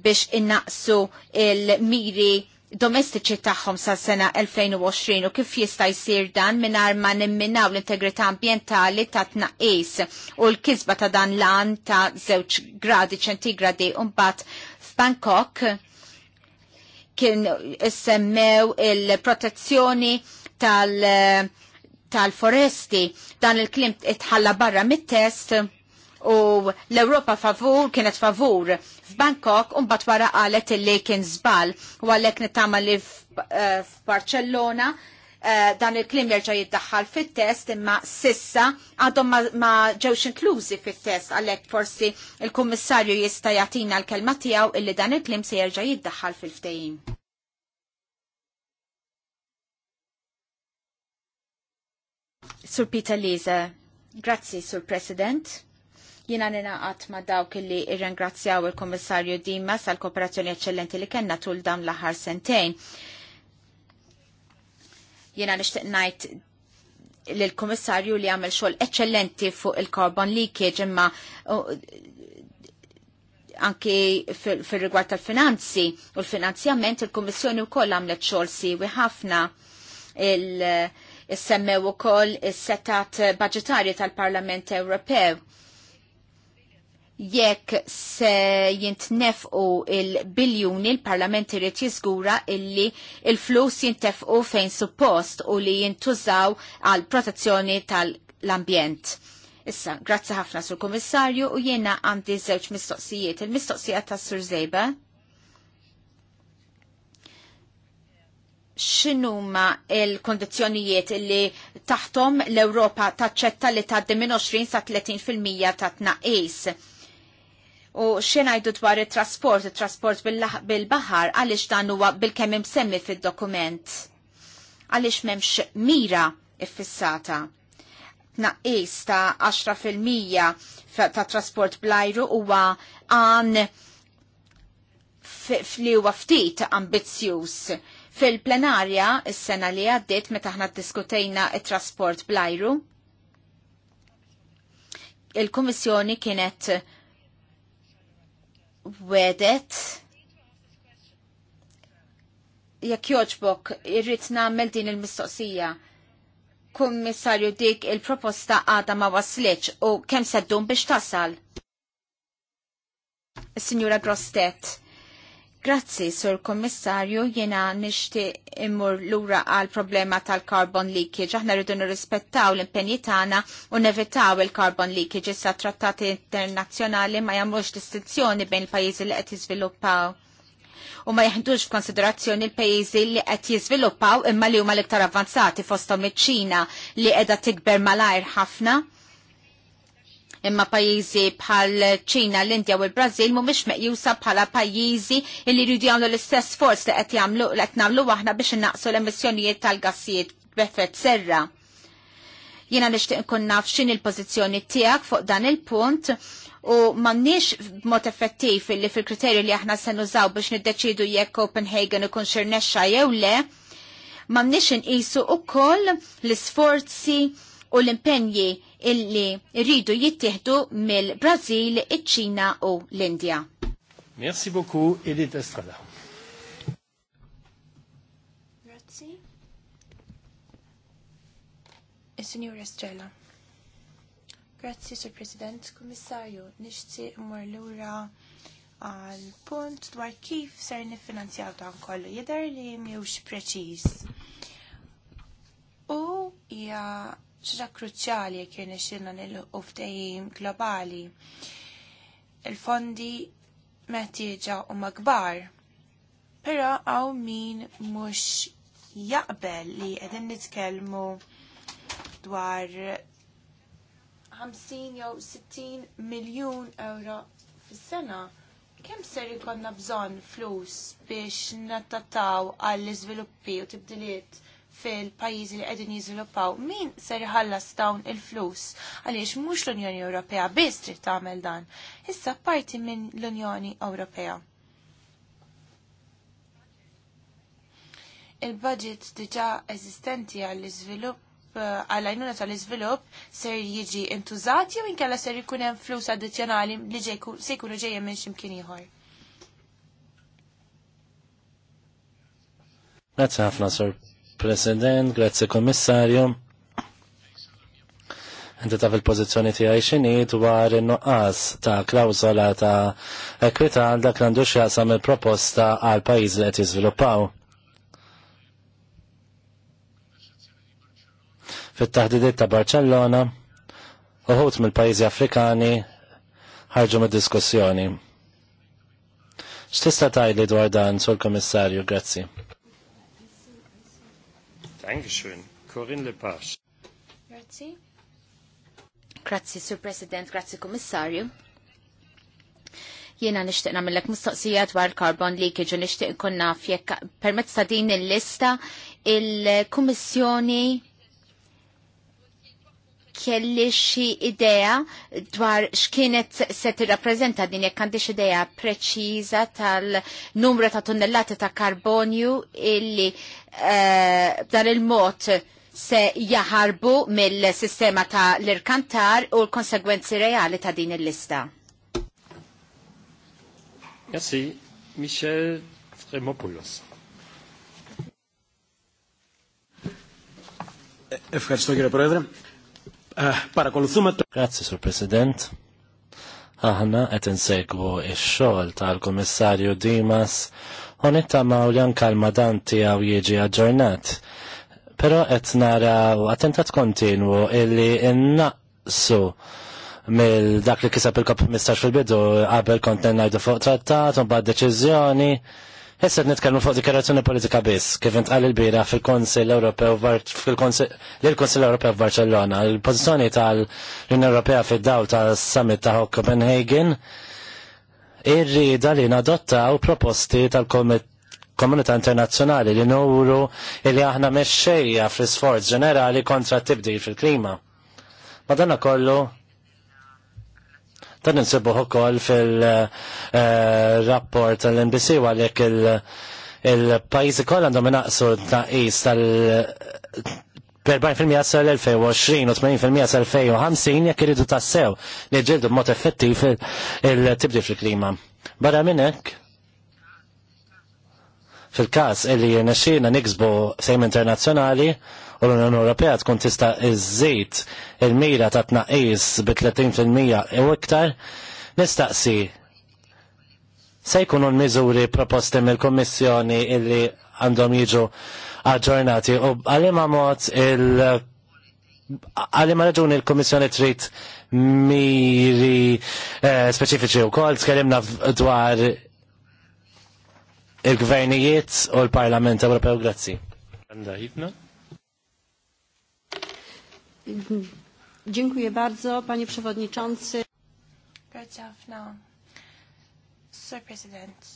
biex innaqsu il-miri domestiċi tagħhom sa' sena 2020 u kif jista' jsir dan mingħajr ma nimminaw l-integrità ambjentali ta' tnaqqis u l-kisba ta' dan lan ta' żewġ gradi ċentigradi u mbagħad f'Bangkok kien issemmew il-protezzjoni tal- eh, tal-foresti dan il-klim itħalla barra mit-test u l-Europa favur kienet favur f'Bangkok un bat wara qalet illi kien żball u għalhekk nittama li eh, f'Barcellona eh, dan il-klim jerġa' jiddaħħal fit-test imma sissa għadhom ma, ġewx inklużi fit-test għalhekk forsi il-kummissarju jista' jagħtina l-kelma tiegħu illi dan il-klim se jerġa' jiddaħħal fil-ftehim. Sur Peter Lise. Grazie, Sur President. Jina ninaqat ma dawk li irrengrazzjaw il-Komissarju Dimas għal kooperazzjoni eccellenti li kena tul dam l-aħar sentejn. Jina nishtiq najt l-Komissarju li għamil xol eccellenti fuq il-carbon leakage imma anki fil-rigward tal-finanzi u l-finanzjament il-Komissjoni u koll għamlet xol siwi ħafna il- semmew u koll il-setat budgetari tal-Parlament Ewropew jekk se jintnefqu il-biljuni il-parlament irrid jiżgura illi il-flus jintefqu fejn suppost u li jintużaw għal protezzjoni tal-ambjent. Issa, grazzi ħafna sur komissarju u jiena għandi żewġ mistoqsijiet. Il-mistoqsija ta' Sur Zejba. x'inhuma il kondizjonijiet li taħtom l-Ewropa taċċetta li tgħaddi minn 20 sa 30% ta' tnaqqis U xenajdu dwar il-trasport, il-trasport bil-bahar, għalix dan huwa bil-kemm imsemmi fil-dokument. Għalix memx mira iffissata. Naqis ta' 10% ta' trasport blajru huwa għan fli huwa ftit ambizzjuż. Fil-plenarja is-sena li għaddiet meta aħna ddiskutejna il trasport blajru, il-Kummissjoni kienet wedet jekk joġbok irrid nagħmel din il-mistoqsija. Kummissarju dik il-proposta għada ma waslitx u kemm seddum biex tasal? Signora Grostet, Grazzi, Sur Kommissarju, jena nishti immur lura għal problema tal-carbon leakage. Aħna rridu nirrispettaw l-impenji tagħna u nevitaw il-carbon leakage issa trattati internazzjonali ma jagħmlux distinzjoni bejn il-pajjiżi li qed jiżviluppaw u ma jeħdux f'konsiderazzjoni l-pajjiżi li qed jiżviluppaw imma li huma l-iktar avvanzati fosthom iċ-Ċina li qiegħda tikber malajr ħafna imma pajjiżi bħal ċina, l-Indja u l-Brażil mhumiex meqjusa bħala pajjiżi li jridu jagħmlu l-istess forz li qed jagħmlu li qed nagħmlu aħna biex innaqsu l-emissjonijiet tal-gassijiet b'effett serra. Jiena nixtieq nkun naf x'in il-pożizzjoni tiegħek fuq dan il-punt u mannix b'mod effettiv li fil-kriterju li aħna se nużaw biex niddeċidu jekk Copenhagen ikun xirnexxa jew le, mannix inqisu ukoll l-isforzi u l-impenji illi rridu jittieħdu mill-Brazil, iċ-Ċina u l-Indja. Merci beaucoup, Edith Estrada. E, signor Estrella. Grazzi, Sir President. Kummissarju, nixti l lura għal punt dwar kif ser nifinanzjaw dan kollu. Jidher li mjux preċiż. U hija ċra kruċjali kien xinna nil-uftajim globali. Il-fondi meħtieġa u magbar, pero għaw min mux jaqbel li għedin nitkelmu dwar 50 jew 60 miljun euro fis-sena. Kemm ser ikonna bżonn flus biex nattataw għall iżviluppi u tibdiliet fil-pajjiżi li qegħdin jizviluppaw, min ser jħallas dawn il-flus għaliex mhux l-Unjoni Ewropea biss trid tagħmel dan. Issa parti minn l-Unjoni Ewropea. Il-budget diġà eżistenti għall-iżvilupp eh, għall għajnuna tal iżvilupp ser jiġi intużat jew inkella ser jkun hemm flus addizzjonali li se jkunu ġejjin minn x'imkien ieħor. Grazzi ħafna, Sir President, grazie Kommissarju. Inti taf il-pozizjoni tiegħi x'inhi dwar in-nuqqas ta' klawsola ta' ekwita għal dak għandu x'jaqsam il-proposta għal pajjiż li qed jiżviluppaw. Fit-taħdidiet ta' Barcellona, uħut mill-pajjiżi Afrikani ħarġu mid-diskussjoni. X'tista' tajli dwar dan sur Kommissarju, grazzi. Dankeschön. Corinne Lepage. Grazie. Grazzi, Sur President, grazzi, Kummissarju. Jiena nixtieq nagħmellek mistoqsija dwar carbon leakage u nixtieq nkun naf jekk permezz ta' din il-lista il-Kummissjoni kelli xi idea dwar x'kienet se tirrappreżenta din jekk għandix idea preċiża tal-numru ta' tunnellati ta' karbonju illi uh, b'dan il-mod se jaħarbu mill-sistema ta' l-irkantar u l-konsegwenzi reali ta' din il-lista. Grazie, Michel Tremopoulos. Efkar κύριε Πρόεδρε. Eh, Parakoluzzumat. Grazie, Sur President. Aħna qed insegwu ix-xogħol tal-Kummissarju Dimas u nittamaw li anke l-madan tiegħu jiġi aġġornat. Però qed naraw attentat kontinwu illi innaqsu mill dak li kisab il-kop mistax fil-bidu qabel kont ngħidu fuq trattat u mbagħad deċiżjoni Hessa nitkellmu fuq dikarazzjoni politika biss, kif intqal il-bira fil-Konsil Ewropew fil-Konsil Ewropew Barcellona. Il-pożizzjoni tal-Unjoni Ewropea fid-dawl tas-Summit ta' Copenhagen irrida li nadottaw proposti tal-Komunità Internazzjonali li nuru li aħna mexxejja fl-isforz ġenerali kontra t-tibdil fil-klima. Madonna kollu, Dan nsibuħ ukoll fil-rapport tal-NBC għalhekk il-pajjiżi kollha għandhom inaqsu tnaqqis tal- b-40% sal-2020 u 80% sal-2050 jekk iridu tassew li ġildu mod effettiv il-tibdi fil-klima. Barra minnek, fil-kas illi jirnexxina niksbu sejm internazzjonali u l-Unjoni Ewropea tkun tista' iżżid il-mira ta' tnaqqis bi 30% u iktar, nistaqsi se jkunu l-miżuri proposti mill-Kommissjoni illi għandhom jiġu aġġornati u għalima mod il għalima raġuni l kommissjoni trid miri eh, speċifiċi u kol, tkellimna dwar il-gvernijiet u l-Parlament Ewropew. Grazzi. Għanda jibna. Dziękuję bardzo, panie przewodniczący. Grazie ħafna. Sir President,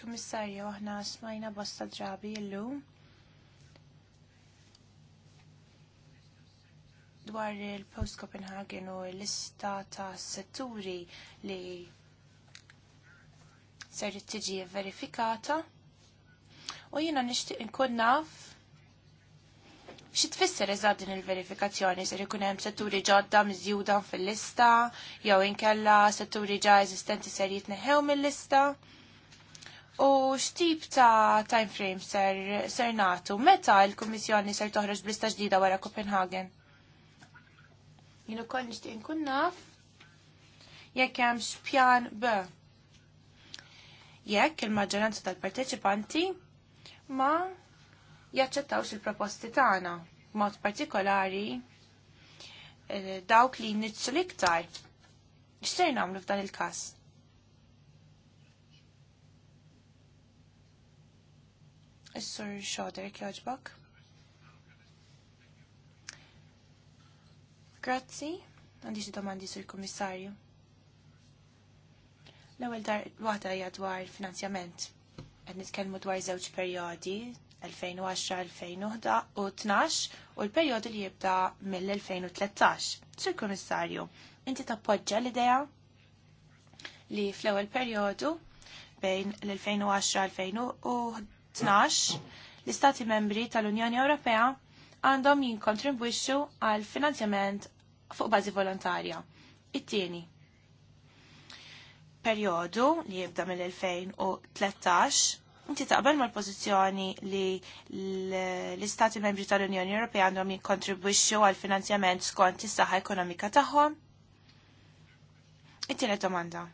Kummissarju, aħna smajna bosta drabi illum dwar il-post Copenhagen u l-lista ta' setturi li ser tiġi verifikata u jina nishtiq nkun naf xi tfisser din il-verifikazzjoni ser ikun hemm setturi ġodda miżjuda fil-lista jew inkella setturi ġa eżistenti ser jitneħew mill-lista. U x'tip ta' time frame ser, ser natu? Meta l-Kummissjoni ser toħroġ blista ġdida wara Copenhagen? Jien ukoll nixtieq nkun naf jekk hemm pjan B jekk il-maġġoranza tal-parteċipanti ma jaċċettawx il-proposti tagħna b'mod partikolari eh, dawk li jinniċċu l-iktar. X'ser nagħmlu f'dan il-każ? Is-sur Xoder jogħġbok. Grazzi, għandix domandi sur kummissarju. L-ewwel dar waħda hija dwar finanzjament. Qed nitkellmu dwar żewġ perjodi 2010-2011 u 12 u l-perjodu li jibda mill-2013. Sur Kummissarju, inti tappoġġa l-idea li fl-ewwel perjodu bejn l-2010-2012 l-Istati membri tal-Unjoni Ewropea għandhom jinkontribwixxu għal finanzjament fuq bażi volontarja. It-tieni, periodu li jibda mill-2013 inti taqbel mal pożizzjoni li l-Istati Membri tal-Unjoni Ewropea għandhom jikkontribwixxu għal finanzjament skont is-saħħa ekonomika tagħhom? It-tielet domanda.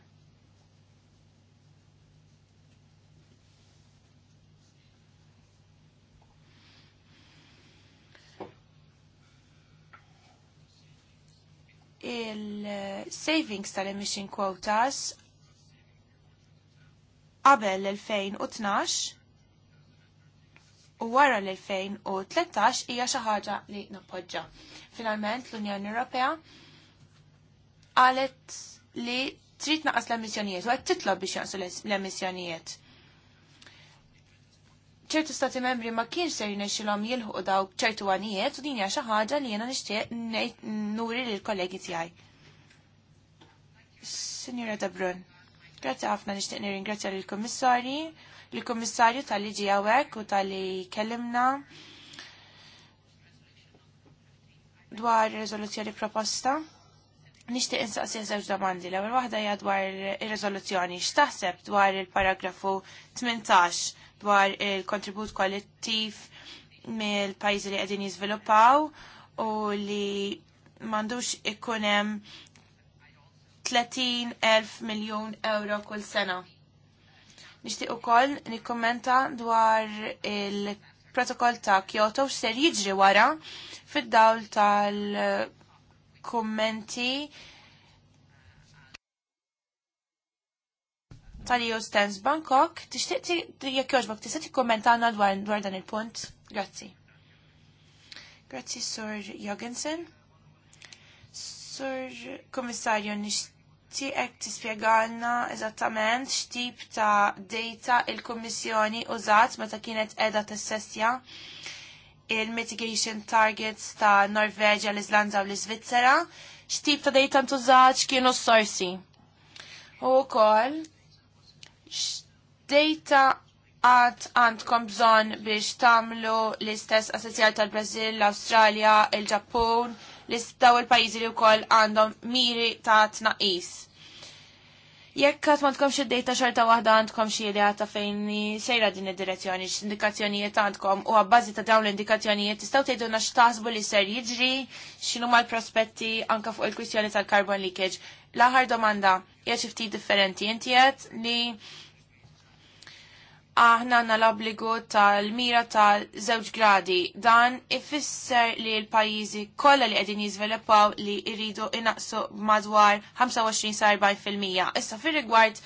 il-savings tal-emission quotas qabel l-2012 u wara l-2013 hija xi ħaġa li nappoġġa. Finalment l-Unjoni Ewropea qalet li trid naqas l-emissjonijiet u qed titlob biex jaqsu l-emissjonijiet. ċertu stati membri ma kienx ser jinexxilhom jilħuq daw ċertu għanijiet u din hija xi ħaġa li jiena nixtieq nuri lill kollegi tiegħi. Signora Dabrun. Grazzi ħafna nixtieq nirringrazzja lill kummissarji lill kummissarju tal-li ġie u tal-li kellimna dwar ir-riżoluzzjoni proposta. Nixtieq insaqsi żewġ domandi. L-ewwel waħda hija dwar ir-riżoluzzjoni. X'taħseb dwar il-paragrafu 18 dwar il-kontribut kollettiv mill-pajjiżi li qegħdin jiżviluppaw u li m'għandux ikun hemm 30.000 miljon euro kull sena. Nishtiq ukoll nikkommenta dwar il-protokoll ta' Kyoto ser jiġri wara fid-dawl tal-kummenti tal-EU Stance Bangkok. Tixtieq jekk jogħġbok tista' tikkommentana dwar dan il-punt. Grazzi. Grazzi Sur Jorgensen. Sur Komissarju nixtieq nixtieqek tispjegalna eżattament x'tip ta' data il-Kummissjoni użat meta kienet qiegħda tissessja il-mitigation targets ta' Norveġja, l islanda u l svizzera x'tip ta' data ntużat kienu s-sorsi. U wkoll x'data għad għandkom bżonn biex tagħmlu l-istess assoċjal tal-Brażil, l-Awstralja, il-Ġappun, l-istaw il-pajizi li u koll għandhom miri ta' tnaqis. Jekk għat mandkom xie dejta xarta wahda għandkom xie idea ta' fejn sejra din id-direzzjoni, x'indikazzjonijiet għandkom u għabbażi ta' dawn l-indikazzjonijiet tistaw tgħiduna x'taħsbu li ser jiġri, x'inhu mal-prospetti anka fuq il-kwistjoni tal-carbon leakage. L-aħħar domanda hija xi ftit differenti inti li aħna għanna l-obbligu tal-mira tal-żewġ gradi. Dan ifisser li l-pajjiżi kollha li qegħdin jiżviluppaw li jridu inaqsu madwar 25 40%. Issa fir-rigward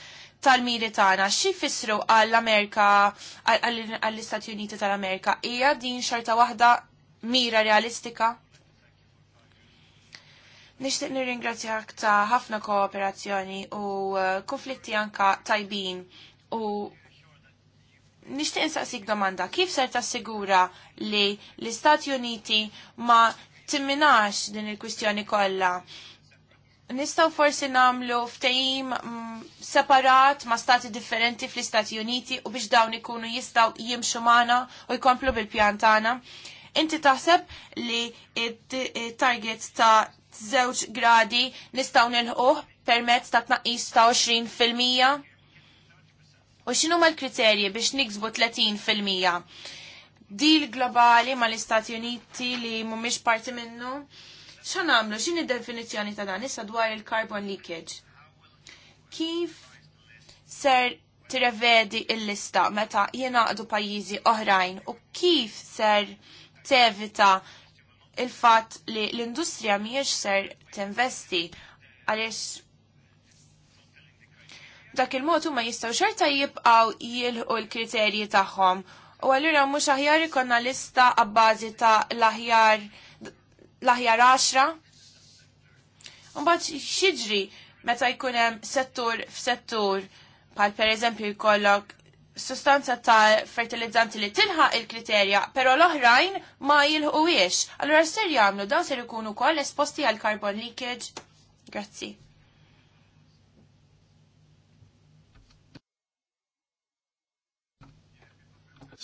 tal-miri tagħna xi fissru għall-Amerika għall-Istati Uniti tal-Amerika hija din xorta waħda mira realistika? Nixtieq nirringrazzjak ta' ħafna kooperazzjoni u eh, konflitti anka tajbin u nixtieq nsaqsik domanda, kif ser tassigura li l-Istati Uniti ma timminax din il-kwistjoni kollha? Nistaw forsi namlu ftehim mm, separat ma' stati differenti fl-Istati Uniti u biex dawn ikunu jistaw jimxu mana u jkomplu bil-pjan tagħna. Inti taħseb li it-target ta' żewġ gradi nistaw nilħuh permezz ta' tnaqqis ta' 20 fil-mija? U xinu ma l-kriterji biex niksbu 30%? Dil globali ma l-Istati Uniti li mumiex parti minnu? Xan għamlu, xin il-definizjoni ta' dan issa dwar il-carbon leakage? Kif ser tirevedi il-lista meta jenaqdu pajizi oħrajn u kif ser tevita il-fat li l-industrija miex ser tinvesti għaliex dak il-mod huma jistgħu xorta jibqgħu jilħu l-kriterji tagħhom. U allura mhux aħjar ikonna lista abbażi ta' l-aħjar l-aħjar għaxra. Mbagħad xiġri meta jkun hemm settur f'settur bħal pereżempju jkollok sustanza ta' fertilizzanti li tilħaq il-kriterja, pero l-oħrajn ma jilħuwiex. Allura ser jagħmlu dawn ser ikunu wkoll esposti għal carbon leakage. Grazzi.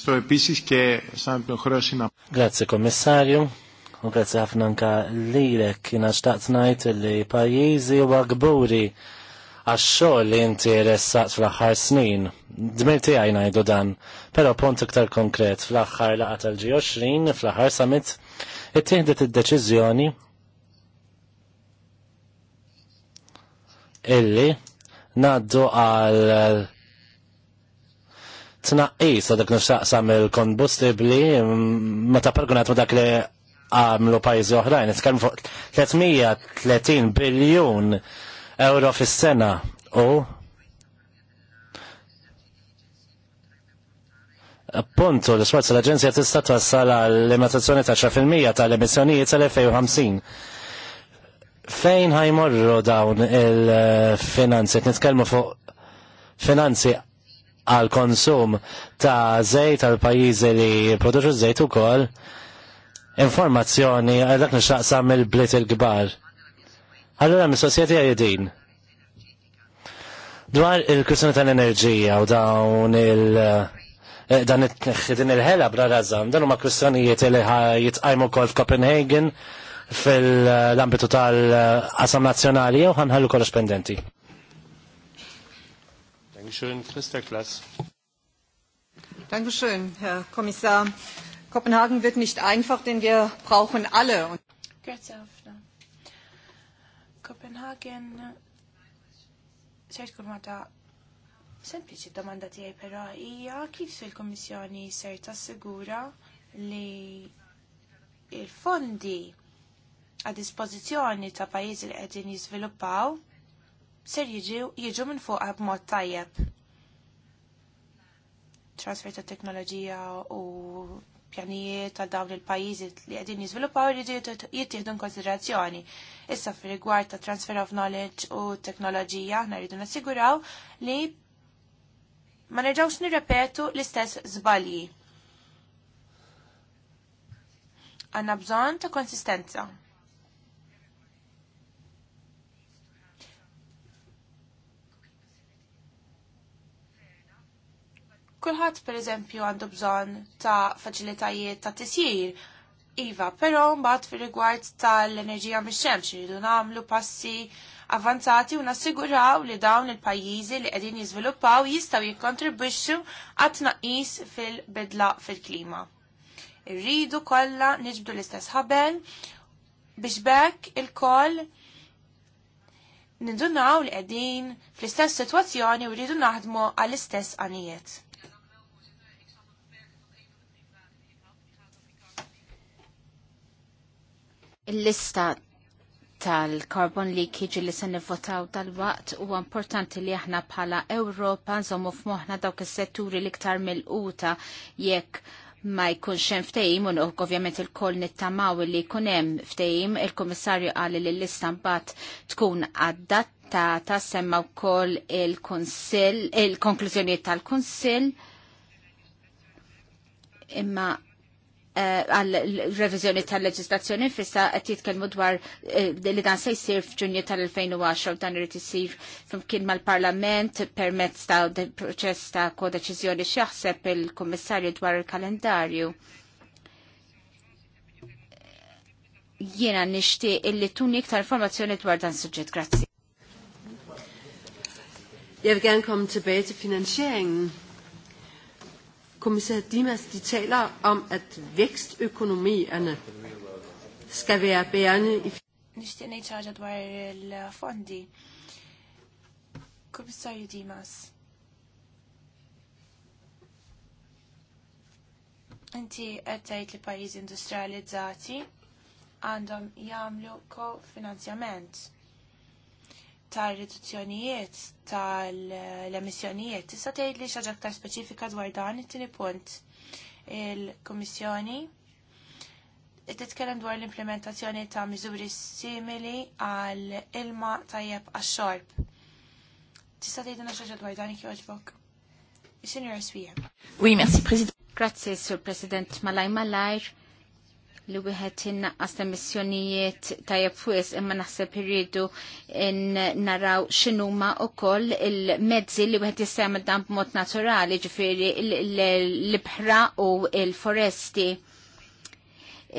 So επίσης και σαν την Grazie Kommissarju, u grazie ħafna anka lilek jina xtaqt najt li pajizi u għagburi għax-xogħol li inti ressaqt fl-aħħar snin. Dmir tiegħi ngħidu dan, però pont iktar konkret fl-aħħar laqgħa tal-G20 fl-aħħar summit ittieħdet id-deċiżjoni illi naddu għal tnaqqis dak nifxaqsam il-kombustibli mm, meta paragunat ma dak li għamlu pajjiżi oħrajn. Itkellmu fuq 330 biljun euro fis-sena u appunto l sforz l-Aġenzija tista' twassal għal limitazzjoni ta' 10% tal-emissjonijiet tal-2050. Fejn ħajmorru dawn il-finanzi? Nitkellmu fuq finanzi għal konsum ta' zejt għal pajjiżi li jipproduċu zejt ukoll informazzjoni għal dak nixtaqsam mill-blit il-kbar. Allura mis-sosjeti għajedin. Dwar il-kwistjoni tal-enerġija u dawn il- eh, dan it-tneħħidin il-ħela bla razzam, dan huma kwistjonijiet li jitqajmu wkoll f'Copenhagen fil-ambitu tal-qasam eh, nazzjonali jew ħanħallu kollox pendenti. Dankeschön, Christa Klaas. Dankeschön, Herr Kommissar. Kopenhagen wird nicht einfach, denn wir brauchen alle. Grazie, Kopenhagen se tkun meta sempliċi domanda tiegħi però hija kif il-Kummissjoni ser tassigura li il-fondi a dispożizzjoni ta' pajjiżi li qegħdin jiżviluppaw ser jiġu jiġu minn fuq b'mod tajjeb. Transfer ta' teknoloġija u pjanijiet ta' dawn il-pajjiżi li qegħdin jiżviluppaw jiġu jittieħdu konsiderazzjoni. Issa fir-rigward ta' transfer of knowledge u teknoloġija aħna rridu nassiguraw li ma nerġawx nirrepetu l-istess żbalji. Għandna bżonn ta' konsistenza. Kulħadd pereżempju għandu bżonn ta' faċilitajiet ta' tisjir. Iva, però mbagħad fir-rigward tal-enerġija mix-xemx iridu nagħmlu passi avanzati u nassiguraw li dawn il-pajjiżi li qegħdin jiżviluppaw jistgħu jikkontribwixxu għat tnaqqis fil-bidla fil-klima. Irridu kollha niġbdu l-istess ħabel biex bekk il-koll nindunaw li qegħdin fl-istess sitwazzjoni u rridu naħdmu għall-istess għanijiet. il-lista tal-carbon leakage li se nivvotaw tal waqt huwa importanti li aħna bħala Ewropa nżommu f'moħħna dawk is-setturi l-iktar mill-quta jekk ma jkunx hemm ftejim u ovvjament il-koll nittamaw li jkun hemm ftejim, il-Kummissarju qal li l-lista mbagħad tkun adattata semma wkoll il-Kunsill il-konklużjonijiet tal-Kunsill imma Eh, għal-revizjoni tal-leġislazzjoni fissa qed jitkellmu dwar eh, li dan se jsir f'Ġunju tal-2010 dan irid isir flimkien mal-Parlament permezz ta' proċess ta' kodeċiżjoni x'jaħseb il-Kummissarju dwar il-kalendarju. Jiena nixtieq illi tuni iktar informazzjoni dwar dan suġġett. Grazzi. Jevgen kom tibet komma kommissær Dimas, de taler om, at vækstøkonomierne skal være bærende i... Nishtiq ngħid ħaġa at være fondi Kummissarju Dimas. Inti qed tgħid li pajjiżi industrializzati għandhom jagħmlu kofinanzjament. finanzjament tal-reduzzjonijiet tal-emissjonijiet. Tista' tgħidli xi ħaġa aktar speċifika dwar dan it-tieni punt. Il-Kummissjoni titkellem dwar l-implementazzjoni ta' miżuri simili għal ilma tajjeb għax-xorb. Tista' tgħidilna xi dwar dan jogħġbok. Senior Swija. Oui, merci, President. Grazie, Sur President. Malaj malajr li wieħed innaqqas emissjonijiet tajjeb fwis imma naħseb irridu naraw x'inhuma wkoll il-mezzi li wieħed jistgħmel dan b'mod naturali ġifieri l-ibħra u l-foresti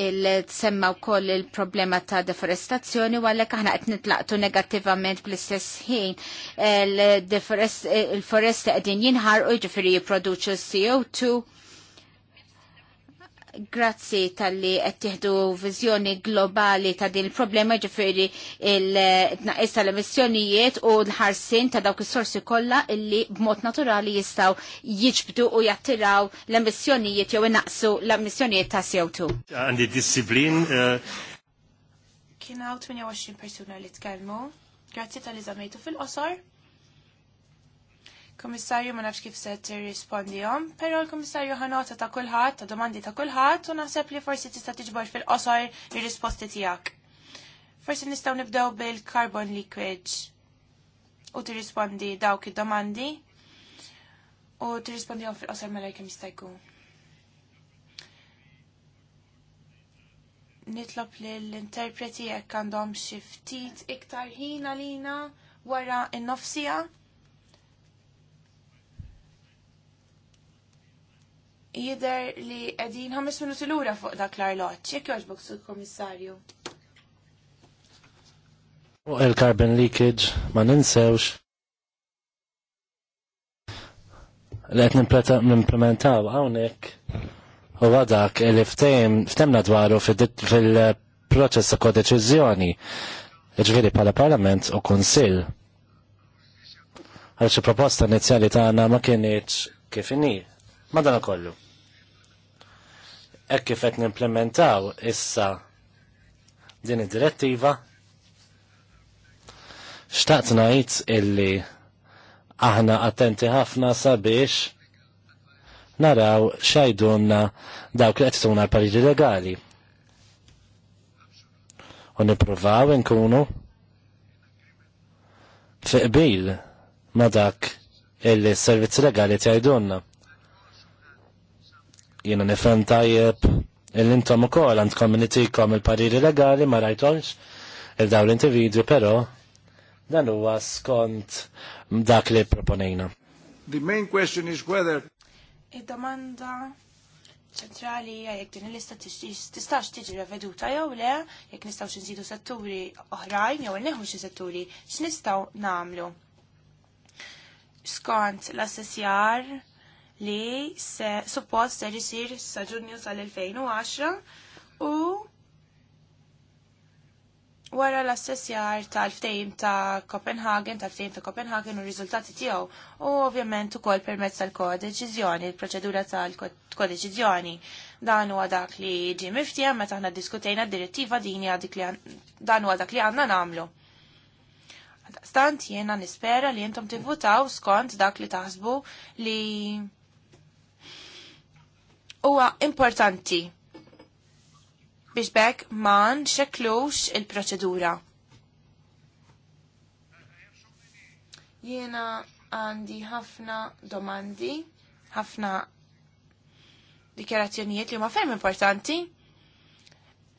il-semma wkoll il-problema ta' deforestazzjoni u għalhekk aħna qed nitlaqtu negattivament bl-istess ħin il-foresti qegħdin u jiġifieri jipproduċu CO2 Grazzi tal-li qed tieħdu viżjoni globali ta' din il-problema ġifiri il-tnaqqis tal-emissjonijiet u l-ħarsin ta' dawk is-sorsi kollha illi b'mod naturali jistgħu jiġbdu u jattiraw l-emissjonijiet jew naqsu l-emissjonijiet ta' CO2. Għandi disciplin. Uh, Kien hawn 28 persuna li tkellmu. Grazzi tal-li fil-qosor. Komissarju ma nafx kif se tirrispondihom, però l-Komissarju ħanota ta' kulħadd, ta' domandi ta' kulħadd u naħseb li forsi tista' tiġbor fil-qosor ir-risposti tiegħek. Forsi nistgħu nibdew bil-carbon leakage u tirrispondi dawk id-domandi u jom fil-qosor mela kemm jista' jkun. Nitlob li l-interpreti jekk għandhom xi ftit iktar ħin għalina wara n-nofsija jider li edin ħames minuti l-ura fuq dak l arloċ ċek joġbok su komissarju? U il-carbon leakage ma ninsewx. Li għet nimplementaw għawnek u għadak li ftemna dwaru fil-proċess ta' kodeċizjoni. Iġviri pala parlament u konsil. Għalċi proposta inizjali ta' ma kienieċ kif inhi. Madana kollu. Ek kifet nimplementaw issa din id-direttiva, xtaqt najt illi aħna attenti ħafna sabiex naraw xajdunna dawk li qed l pariġi legali. U nippruvaw inkunu fiqbil ma dak illi s-servizzi legali tgħidulna. Jiena nifem tajjeb il-intom ukoll għandkom kom il-pariri legali ma rajtonx il-daw l-individwi, però dan huwa skont dak li proponejna. The main question is whether Id-domanda ċentrali għajek jekk din il-lista tistax tiġi reveduta jew le, jekk nistgħu x'inżidu setturi oħrajn jew neħu xi setturi, x'nistgħu nagħmlu. Skont l-assessjar li se suppost se ġisir sa ġunju sal-2010 u wara l-assessjar tal ftejm ta' Copenhagen, tal ftejm ta' Copenhagen u r-riżultati tiegħu u ovvjament ukoll permezz tal-kodeċiżjoni, il-proċedura tal-kodeċiżjoni. Dan huwa dak li ġie miftiem meta aħna diskutejna d-direttiva din dan huwa dak li għandna nagħmlu. Stant jiena nispera li jentom tivvutaw skont dak li taħsbu li huwa importanti biex bekk ma nxekklux il-proċedura. Jiena għandi ħafna domandi, ħafna dikjarazzjonijiet li huma ferm importanti.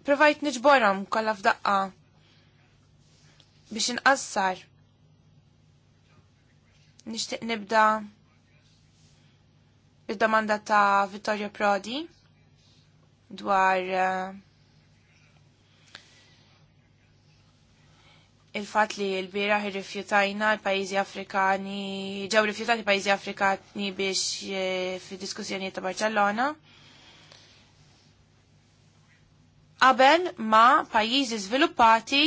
Provajt niġborhom kollha f'daqqa biex inqassar. Nixtieq nibda' il-domanda ta' Vittorio Prodi dwar eh, il-fat li l-biraħ rifjutajna l-pajizi afrikani, ġew rifjutati pajizi afrikani biex eh, fi diskussjoni ta' Barcellona. Qabel ma pajizi sviluppati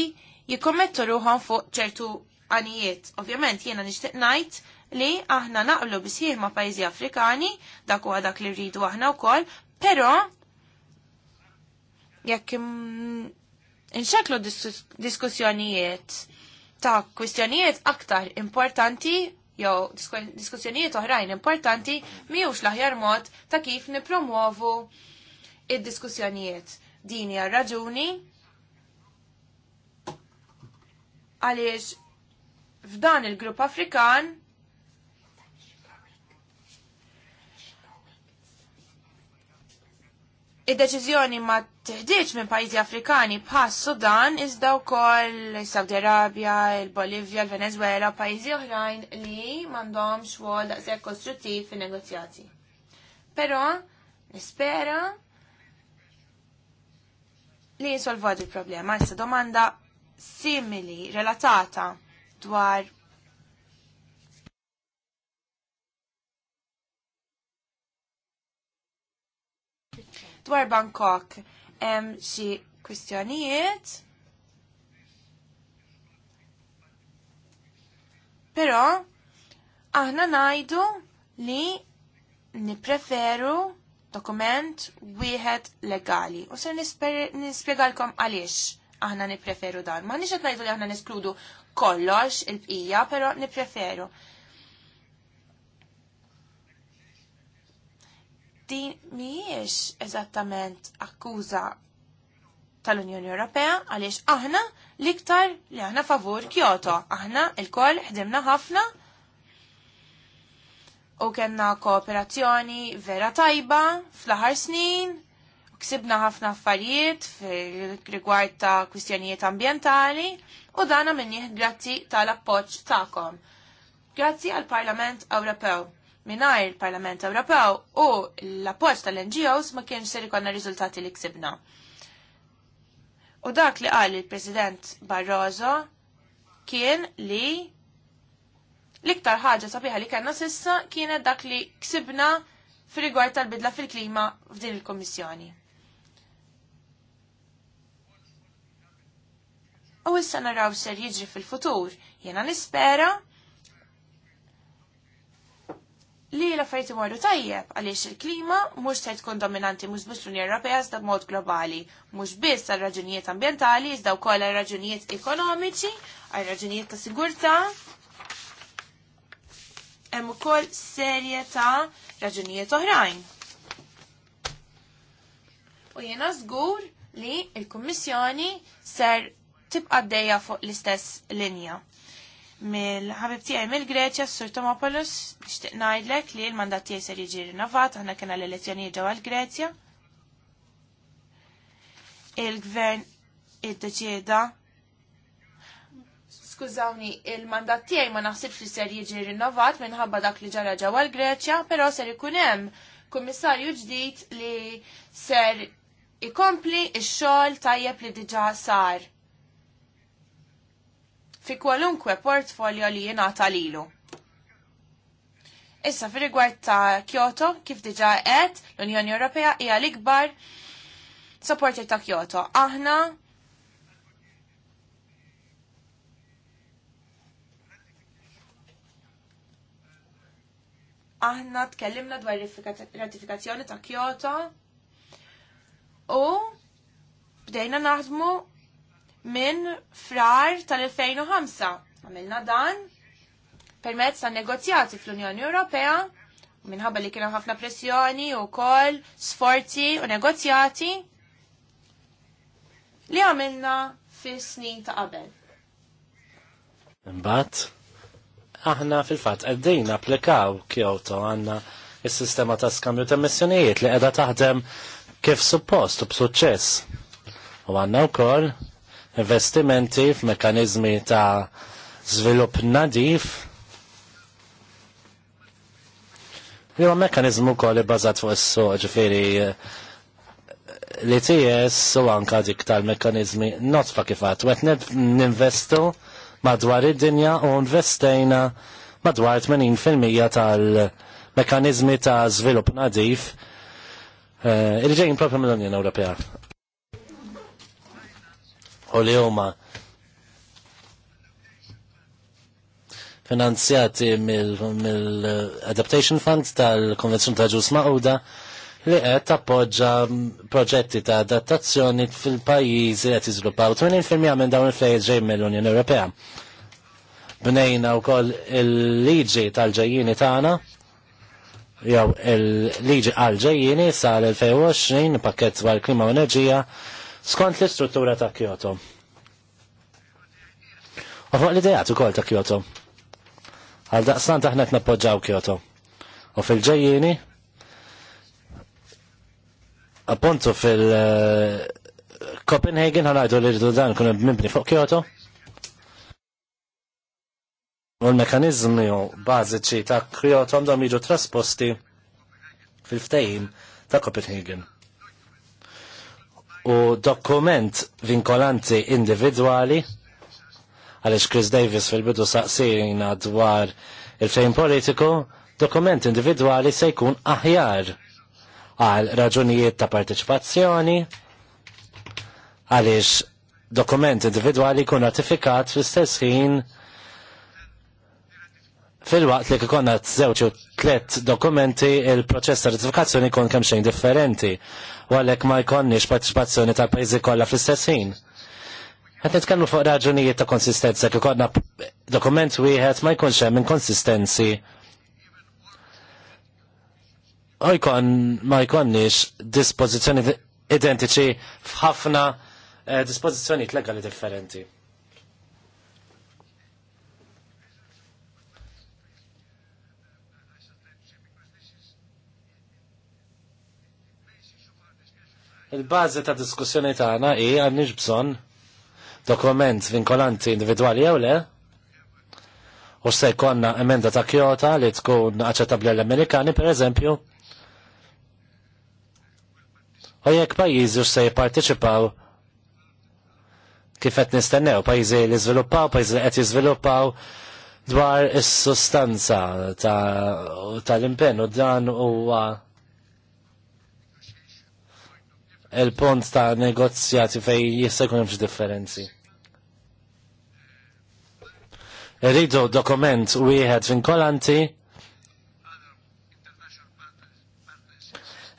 jikommettu ruħan fuq ċertu għanijiet. Ovvjament jiena nixtieq ngħid li aħna naqlu bisħiħ ma' pajjiżi Afrikani, dak huwa dak li rridu aħna wkoll, però jekk inxeklu diskussjonijiet ta' kwistjonijiet aktar importanti jew diskussjonijiet oħrajn importanti miħux laħjar mod ta' kif nipromuovu id-diskussjonijiet. Dini għal-raġuni għaliex f'dan il-grupp Afrikan Id-deċiżjoni ma teħdiġ minn pajjiżi Afrikani bħas Sudan iżda wkoll Saudi Arabia, il-Bolivja, il-Venezuela, pajjiżi oħrajn li m'għandhomx wol daqshekk kostruttiv fin-negozjati. Però nispera li jinsolvu il problema Issa domanda simili relatata dwar Dwar Bangkok, hemm xi kwistjonijiet. Però aħna ngħidu li nipreferu dokument wieħed legali. U se nispjegalkom għaliex aħna nipreferu dan. Ma nix ngħidu li aħna neskludu kollox il-bqija, però nipreferu. preferu din mhijiex eżattament akkuża tal-Unjoni Ewropea għaliex aħna liktar li aħna favur Kyoto. Aħna il-koll ħdimna ħafna u kena kooperazzjoni vera tajba fl-aħar snin u ksibna ħafna affarijiet fil-rigward ta' kwistjonijiet ambientali u dana minni grazzi tal-appoċ ta'kom. Grazzi għal Parlament Ewropew minar il-Parlament Ewropew u l-appoġġ tal-NGOs ma kienx ser ikonna riżultati li ksibna. U dak li qal il-President Barroso kien li l-iktar ħaġa sabiħa li kellna sissa kienet dak li ksibna fil-rigward tal-bidla fil-klima f'din il-Kommissjoni. U issa naraw ser jiġri fil-futur. Jena nispera li l-affarijiet imorru tajjeb għaliex il-klima mhux se tkun dominanti mhux biss l-Unjoni Ewropea iżda b'mod globali, mhux biss għal raġunijiet ambjentali iżda wkoll għal raġunijiet ekonomiċi, għal raġunijiet ta' sigurtà. Hemm ukoll serje ta' raġunijiet oħrajn. U jiena żgur li l-Kummissjoni ser tibqa' dejja fuq l-istess linja mill-ħabib tiegħi mill-Greċja s-Sur Tomopoulos nixtieq ngħidlek li l-mandat tiegħi ser jiġi rinnovat aħna kena l-elezzjonijiet ġewwa l-Greċja. Il-gvern iddeċieda skużawni, il-mandat tiegħi ma naħsibx li ser jiġi rinnovat minħabba dak li ġara ġewwa l-Greċja, però ser ikun hemm kummissarju ġdid li ser ikompli x-xogħol tajjeb li diġà sar fi kwalunkwe portfolio li jingħata lilu. Issa fi rigward ta' Kyoto, kif diġa għed, l-Unjoni Ewropea hija l-ikbar supporter ta' Kyoto. Aħna aħna tkellimna dwar ratifikazzjoni ta' Kyoto u bdejna naħdmu minn frar tal-2005. Għamilna dan permezz ta' negozjati fl-Unjoni Ewropea minħabba li kienu ħafna pressjoni u kol, sforzi u negozjati li għamilna fis-snin ta' qabel. Imbagħad aħna fil-fatt qegħdin applikaw Kyoto għandna is-sistema ta' skambju ta' emissjonijiet li qiegħda taħdem kif suppost u b'suċċess. U għandna wkoll investimenti f'mekanizmi ta' żvilupp nadif. Jew mekkaniżmu wkoll ibbażat fuq is-suq, ġifieri eh, li tijes u anka dik tal-mekkaniżmi notfa kif għat. Wet ninvestu madwar id-dinja u investejna madwar 80% tal-mekanizmi ta' żvilupp nadif uh, eh, il-ġejn propju mill-Unjoni Ewropea u li huma finanzjati mill-Adaptation mil Fund tal-Konvenzjoni ta' Ġus Mauda li qed tappoġġa proġetti ta' adattazzjoni fil-pajjiżi qed jiżviluppaw 80% minn dawn il-flejjer ġej mill-Unjoni Ewropea. Bnejna wkoll il-liġi tal-ġejjini tagħna jew il-liġi għal ġejjini sal-2020 pakket dwar klima u enerġija skont l-istruttura ta' Kyoto. U fuq l-idejat u ta' Kyoto. Għal daqsan taħna t-nappoġġaw Kyoto. U fil-ġejjini, appuntu fil- eh, Copenhagen għanajdu li rridu dan kunu mibni fuq Kyoto. U l-mekanizmi u bażiċi ta' Kyoto għandhom jiġu trasposti fil-ftejim ta' Copenhagen u dokument vinkolanti individuali għalix Chris Davis fil-bidu saqsirina dwar il-fejn politiku, dokument individuali se jkun aħjar għal raġunijiet ta' parteċipazzjoni, għalix dokument individuali kun ratifikat fl-istess ħin Fil-waqt li kikonna t-zewċ u tlet dokumenti, il-proċess ta' ratifikazzjoni kon kemm xejn differenti, u għalek ma jkonniex partiċipazzjoni ta' pajzi kollha fl-istess ħin. Qed nitkellmu fuq raġunijiet ta' konsistenza kif konna dokument wieħed ma jkunx hemm inkonsistenzi. U jkun ma jkonniex dispożizzjoni identiċi f'ħafna eh, dispożizzjonijiet legali differenti. Il-bazi ta' diskussjoni tagħna i għandniex bżonn dokument vinkolanti individwali jew le, u se jkollna emenda ta' Kyoto li tkun aċċettabbli l-Amerikani pereżempju. U jekk pajjiżi se jipparteċipaw kif qed nistennew, pajjiżi li zviluppaw, pajjiżi li qed jiżviluppaw dwar is-sustanza tal-impenn u dan huwa il-pont ta' negozjati fej jista' jkun hemm differenzi. Rridu dokument wieħed kolanti.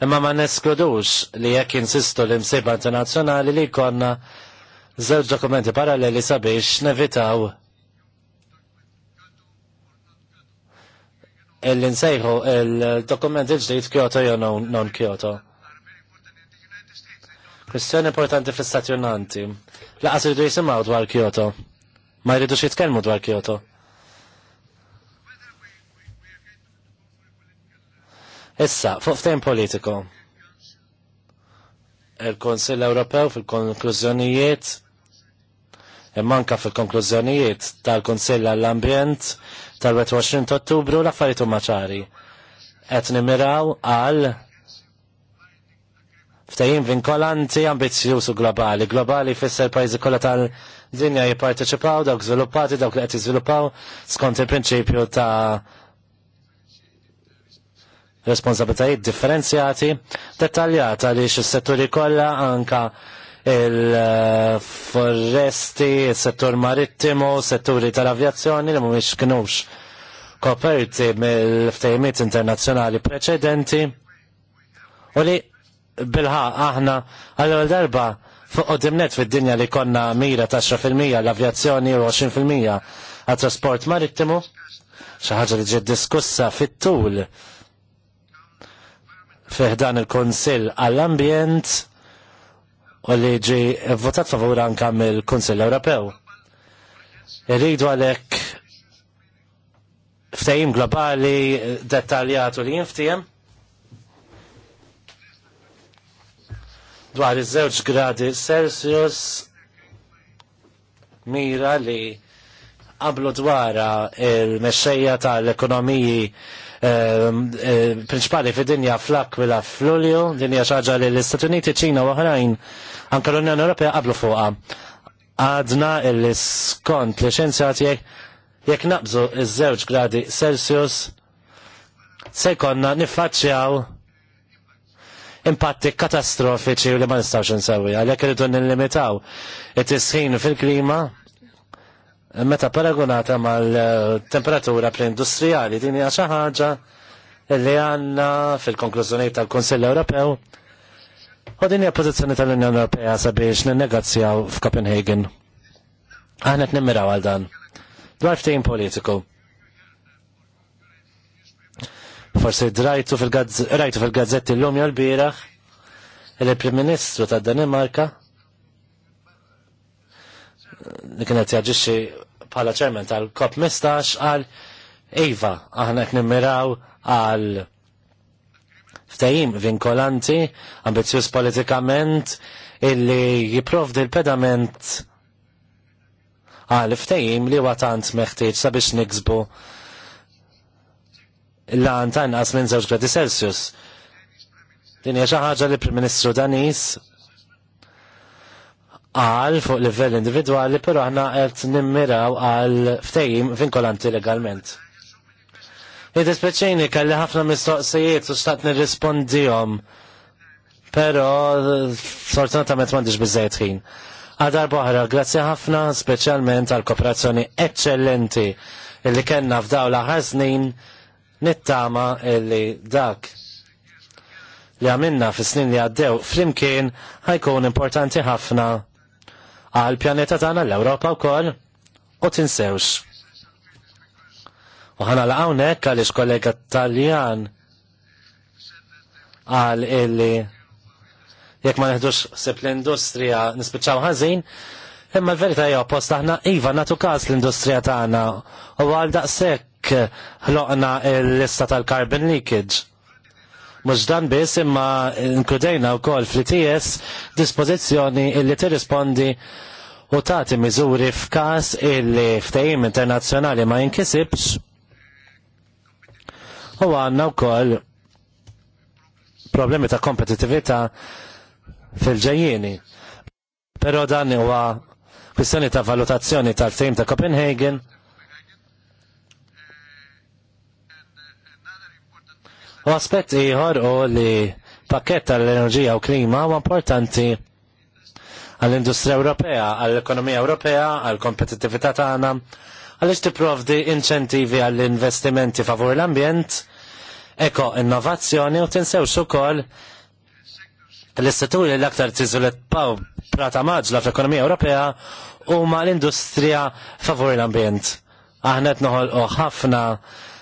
imma ma neskludux li jekk insistu l-imsiba internazzjonali li konna żewġ dokumenti paralleli sabiex nevitaw il-insejħu il-dokument il-ġdijt Kyoto jew non Kyoto. Kwestjoni importanti fl-Stati Uniti. Laqas jridu jisimaw dwar Kyoto. Ma jridux jitkellmu dwar Kyoto. Issa, fuq ftejn politiku. Il-Konsil Ewropew fil-konklużjonijiet Immanka fil-konklużjonijiet tal kunsill għall-Ambjent tal-21 Ottubru l-affarijiet maċari. Qed nimiraw għal Ftajin vinkolanti ambizju u globali. Globali fisser pajzi kollha tal-dinja jipparteċipaw, dawk żviluppati, dawk li qed jiżviluppaw skont il-prinċipju ta' responsabilitajiet differenzjati, dettaljata li x-setturi kollha anka il-forresti, il-settur marittimu, setturi tal-avjazzjoni li mhumiex kinux koperti mill-ftejmiet internazzjonali preċedenti u li bilħa aħna għal darba fuq qodimnet fid-dinja li konna mira ta' 10% l-avjazzjoni u 20% għat trasport marittimu xi ħaġa li ġiet diskussa fit-tul fiħdan il-Konsill għall-Ambjent u li ġi votat favur anka mill-Konsill Ewropew. Irridu għalhekk ftehim globali dettaljatu li jinftiem dwar iż-żewġ gradi Celsius mira li qablu dwara il-mexxejja tal-ekonomiji ehm, ehm, prinċipali fid dinja fl-akwila fl-Ulju, dinja xaġa li l istat Uniti, ċina u oħrajn, anke l-Unjoni Ewropea qablu fuqha. Għadna il-skont li xenzjat jekk nabżu iż-żewġ gradi Celsius se jkollna niffaċċjaw impatti katastrofiċi u li ma nistawx nsewi, għalhekk irridu nillimitaw it-tisħin fil-klima meta paragonata mal-temperatura preindustrijali din hija xi ħaġa li għandna fil-konklużjonijiet tal-Kunsill Ewropew u din hija pożizzjoni tal-Unjoni Ewropea sabiex ninnegazzjaw f'Copenhagen. Aħna qed nimmiraw għal dan. Dwar ftehim politiku. Forsi rajtu fil-gazzetti l-lum jol il-Prim Ministru ta' Danimarka li kienet jaġixxi bħala ċermen tal-Kop 15 għal Iva, aħna qed nimmiraw għal ftajim vinkolanti, ambizzjuż politikament, illi jiprovdi l-pedament għal ftajim li watant meħtieġ sabiex niksbu lan ta' inqas minn 2 gradi Celsius. Din hija xi ħaġa li Prim Ministru Danis għal fuq livell individwali, però aħna qed nimmiraw għal ftejim vinkolanti legalment. Nidispeċini kelli ħafna mistoqsijiet u xtaqt nirrispondihom, però fortunatament m'għandix biżejjed ħin. Għadar boħra, grazzi ħafna speċjalment għal kooperazzjoni eccellenti illi kellna f'daw l snin nittama illi dak li għamilna fis snin li għaddew flimkien ħajkun importanti ħafna għal pjaneta tagħna l-Ewropa wkoll u tinsewx. U ħana l-għawnek għaliex kollega Taljan għal illi jekk ma neħdux sepp l-industrija nispiċċaw ħażin, imma l-verità hija opposta aħna iva natu każ l-industrija tagħna u għal daqshekk bekk ħloqna l-lista tal-carbon leakage. Mux dan biss imma inkludejna u kol fl-ITS dispozizjoni illi tirrispondi u tagħti miżuri f'kas illi f'tejim internazzjonali ma jinkisibx u għanna u kol problemi ta' kompetitivita fil-ġejjini. Pero dan huwa kwistjoni ta' valutazzjoni tal ftehim ta' Copenhagen U aspett iħor u li pakket tal-enerġija u klima huwa importanti għall-industrija Ewropea, għall-ekonomija Ewropea, għall kompetitività tagħna, għaliex tipprovdi inċentivi għall-investimenti favur l-ambjent, eko innovazzjoni u tinsew ukoll l-istituri l-aktar tiżulet paw prata maġla fl-ekonomija Ewropea huma l-industrija favur l-ambjent. Aħna qed noħolqu ħafna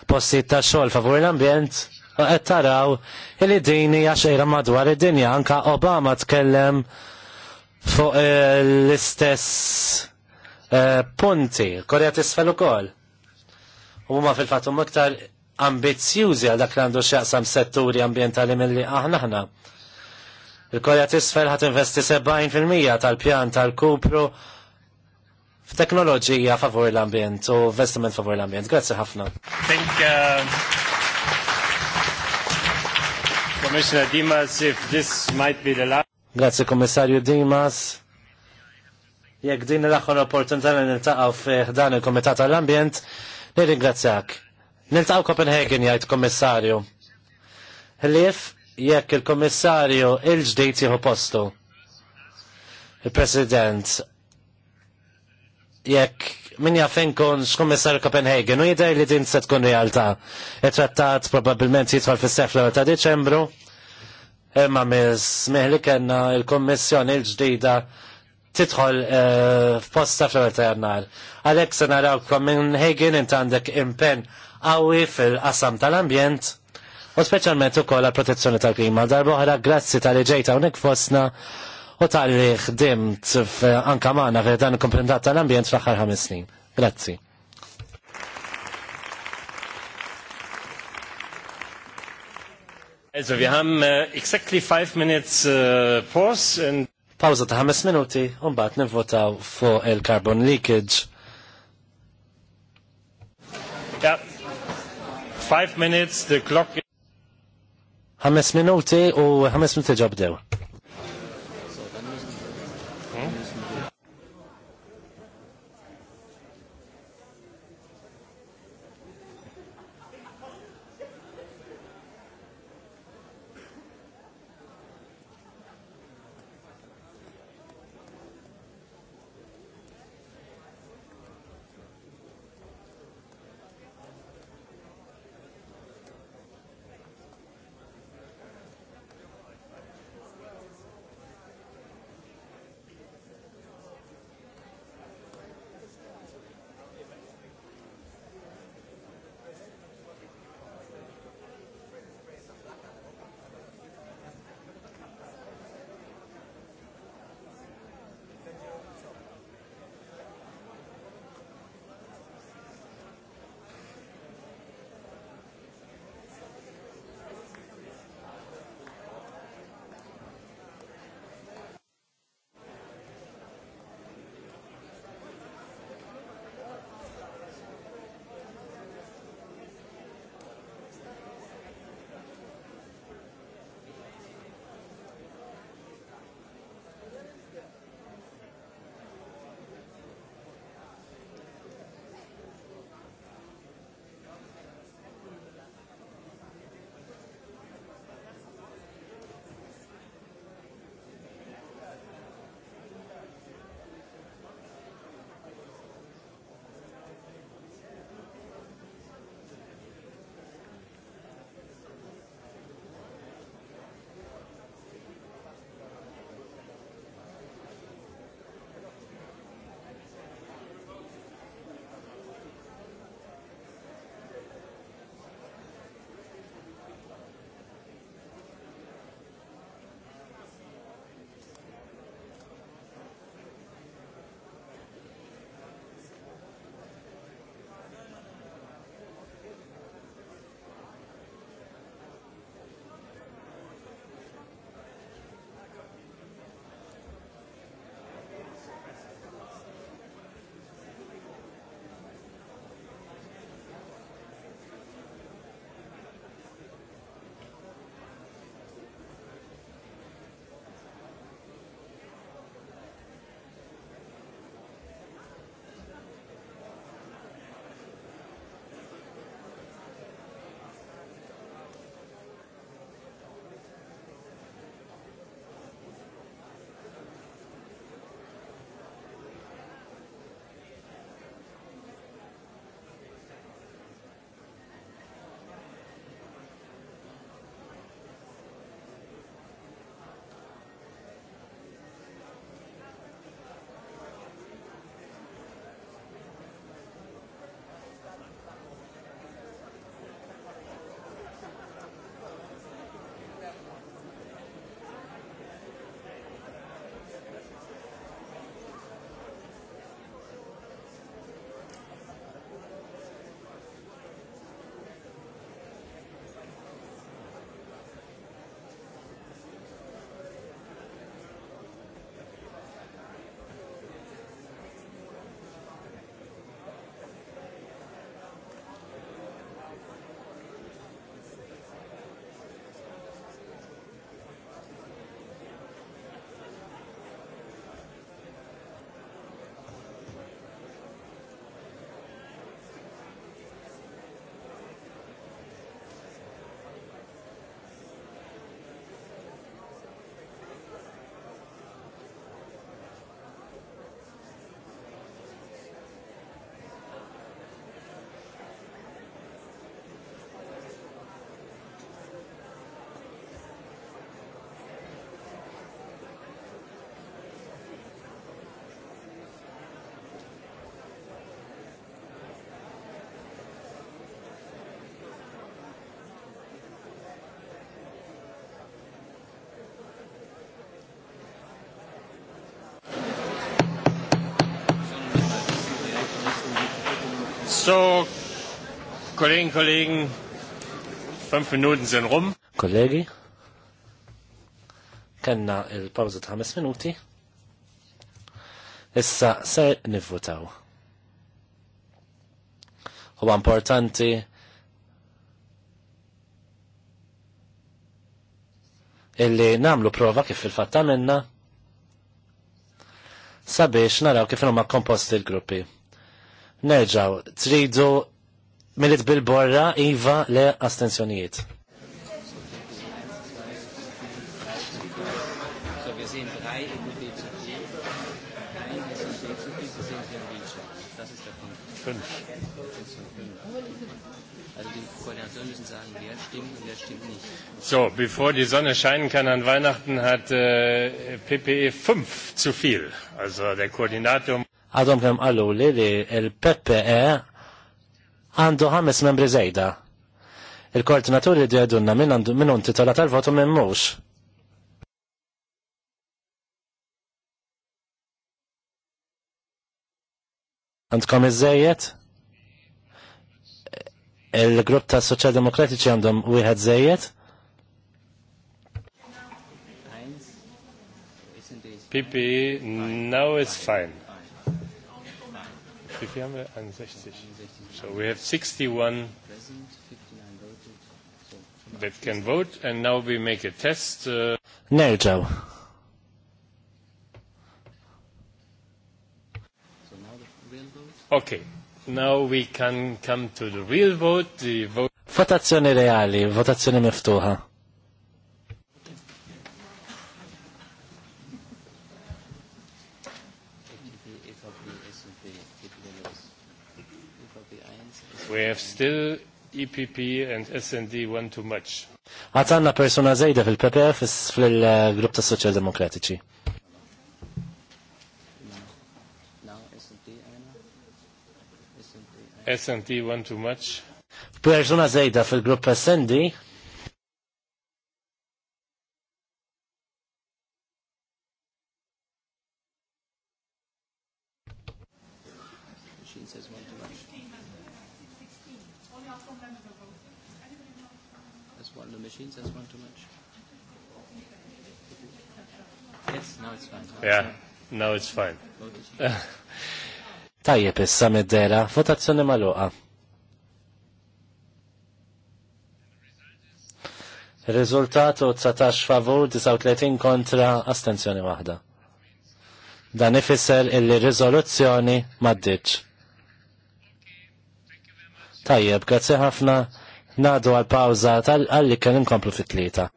postijiet ta' xogħol favur l-ambjent qed eh, taraw li din hija xejra madwar id-dinja anka Obama tkellem fuq eh, l-istess eh, punti, Korea tisfel ukoll. U huma fil-fatt huma iktar ambizzjużi għal dak li għandu x'jaqsam setturi ambjentali milli aħna aħna. Il-Korea tisfel ħat investi 70% tal-pjan tal-kupru f'teknoloġija favur l-ambjent u investiment favur l-ambjent. Grazzi ħafna. Uh, Commissioner Dimas, if this might be the last. Grazie, Kommissarju Dimas. Jekk din l-aħħar opportunità li niltaqgħu fih dan il-Kumitat tal-Ambjent, nirringrazzjak. Niltaqgħu Copenhagen jgħid Kommissarju. Ħlief jekk il kummissarju il-ġdejt jieħu postu. Il-President jekk min jaffen kun x'Kummissarju Copenhagen u jidher li din se tkun realtà. it trattat probabbilment jidħol fis-sef ta' Deċembru imma Mills, smih li kena il-kommissjoni l-ġdida titħol eh, f'posta fl-ewwel Għalek jannar. Għalhekk se minn ħegin int għandek impenn qawwi fil-qasam tal-ambjent u speċjalment ukoll kolla protezzjoni tal-klima. Darbo oħra grazzi tal ġejta hawnhekk fosna u tal-li ħdimt anka magħna f'dan il-komprendat tal-ambjent fl-aħħar ħames snin. Grazzi. Also, wir haben uh, exactly five minutes uh, pause and... Pausa ta' ħames minuti, unbat nivvotaw fu il-carbon leakage. Yeah. Five minutes, the clock... Ħames minuti u ħames minuti ġabdew. So, Kollegen, Kollegen, fünf Minuten sind rum. Kollegi, kenna il-pawza ta' 5 minuti. Issa se nivvotaw. Huwa importanti illi namlu prova kif il-fatta minna sabiex naraw kif huma komposti l-gruppi. Nerġaw, tridu millet bil-borra, Iva, le astenzjonijiet. So, bevor die Sonne scheinen kann an Weihnachten, hat äh, PPE 5 zu viel. Also der Koordinator għadhom kemm qalu li li il-PPE għandu ħames membri żejda. Il-koordinaturi li għedunna minn għandu minn un tal-votu minn mhux. Għandkom iż Il-grupp ta' Soċjaldemokratiċi għandhom wieħed żejjed? PPE, now it's fine. Wie viel haben So we have 61 that can vote and now we make a test. Uh... Nerġaw. Okay, now we can come to the real vote. The vote. Votazione reali, votazione miftuħa. we have still EPP and SND one too much. Għatanna persona zejda fil-PPF fil-grupp ta' Soċjal Demokratiċi. SND one too much. Persona zejda fil-grupp SND Yeah, no, it's fine. [LAUGHS] Tajjeb issa middera, votazzjoni maluqa. Rizultatu 19 favur, 39 kontra, astenzjoni waħda. Dan ifisser illi riżoluzzjoni maddiċ. Tajjeb, grazie ħafna. Nadu għal pawza tal-għalli kien inkomplu fit-tlieta.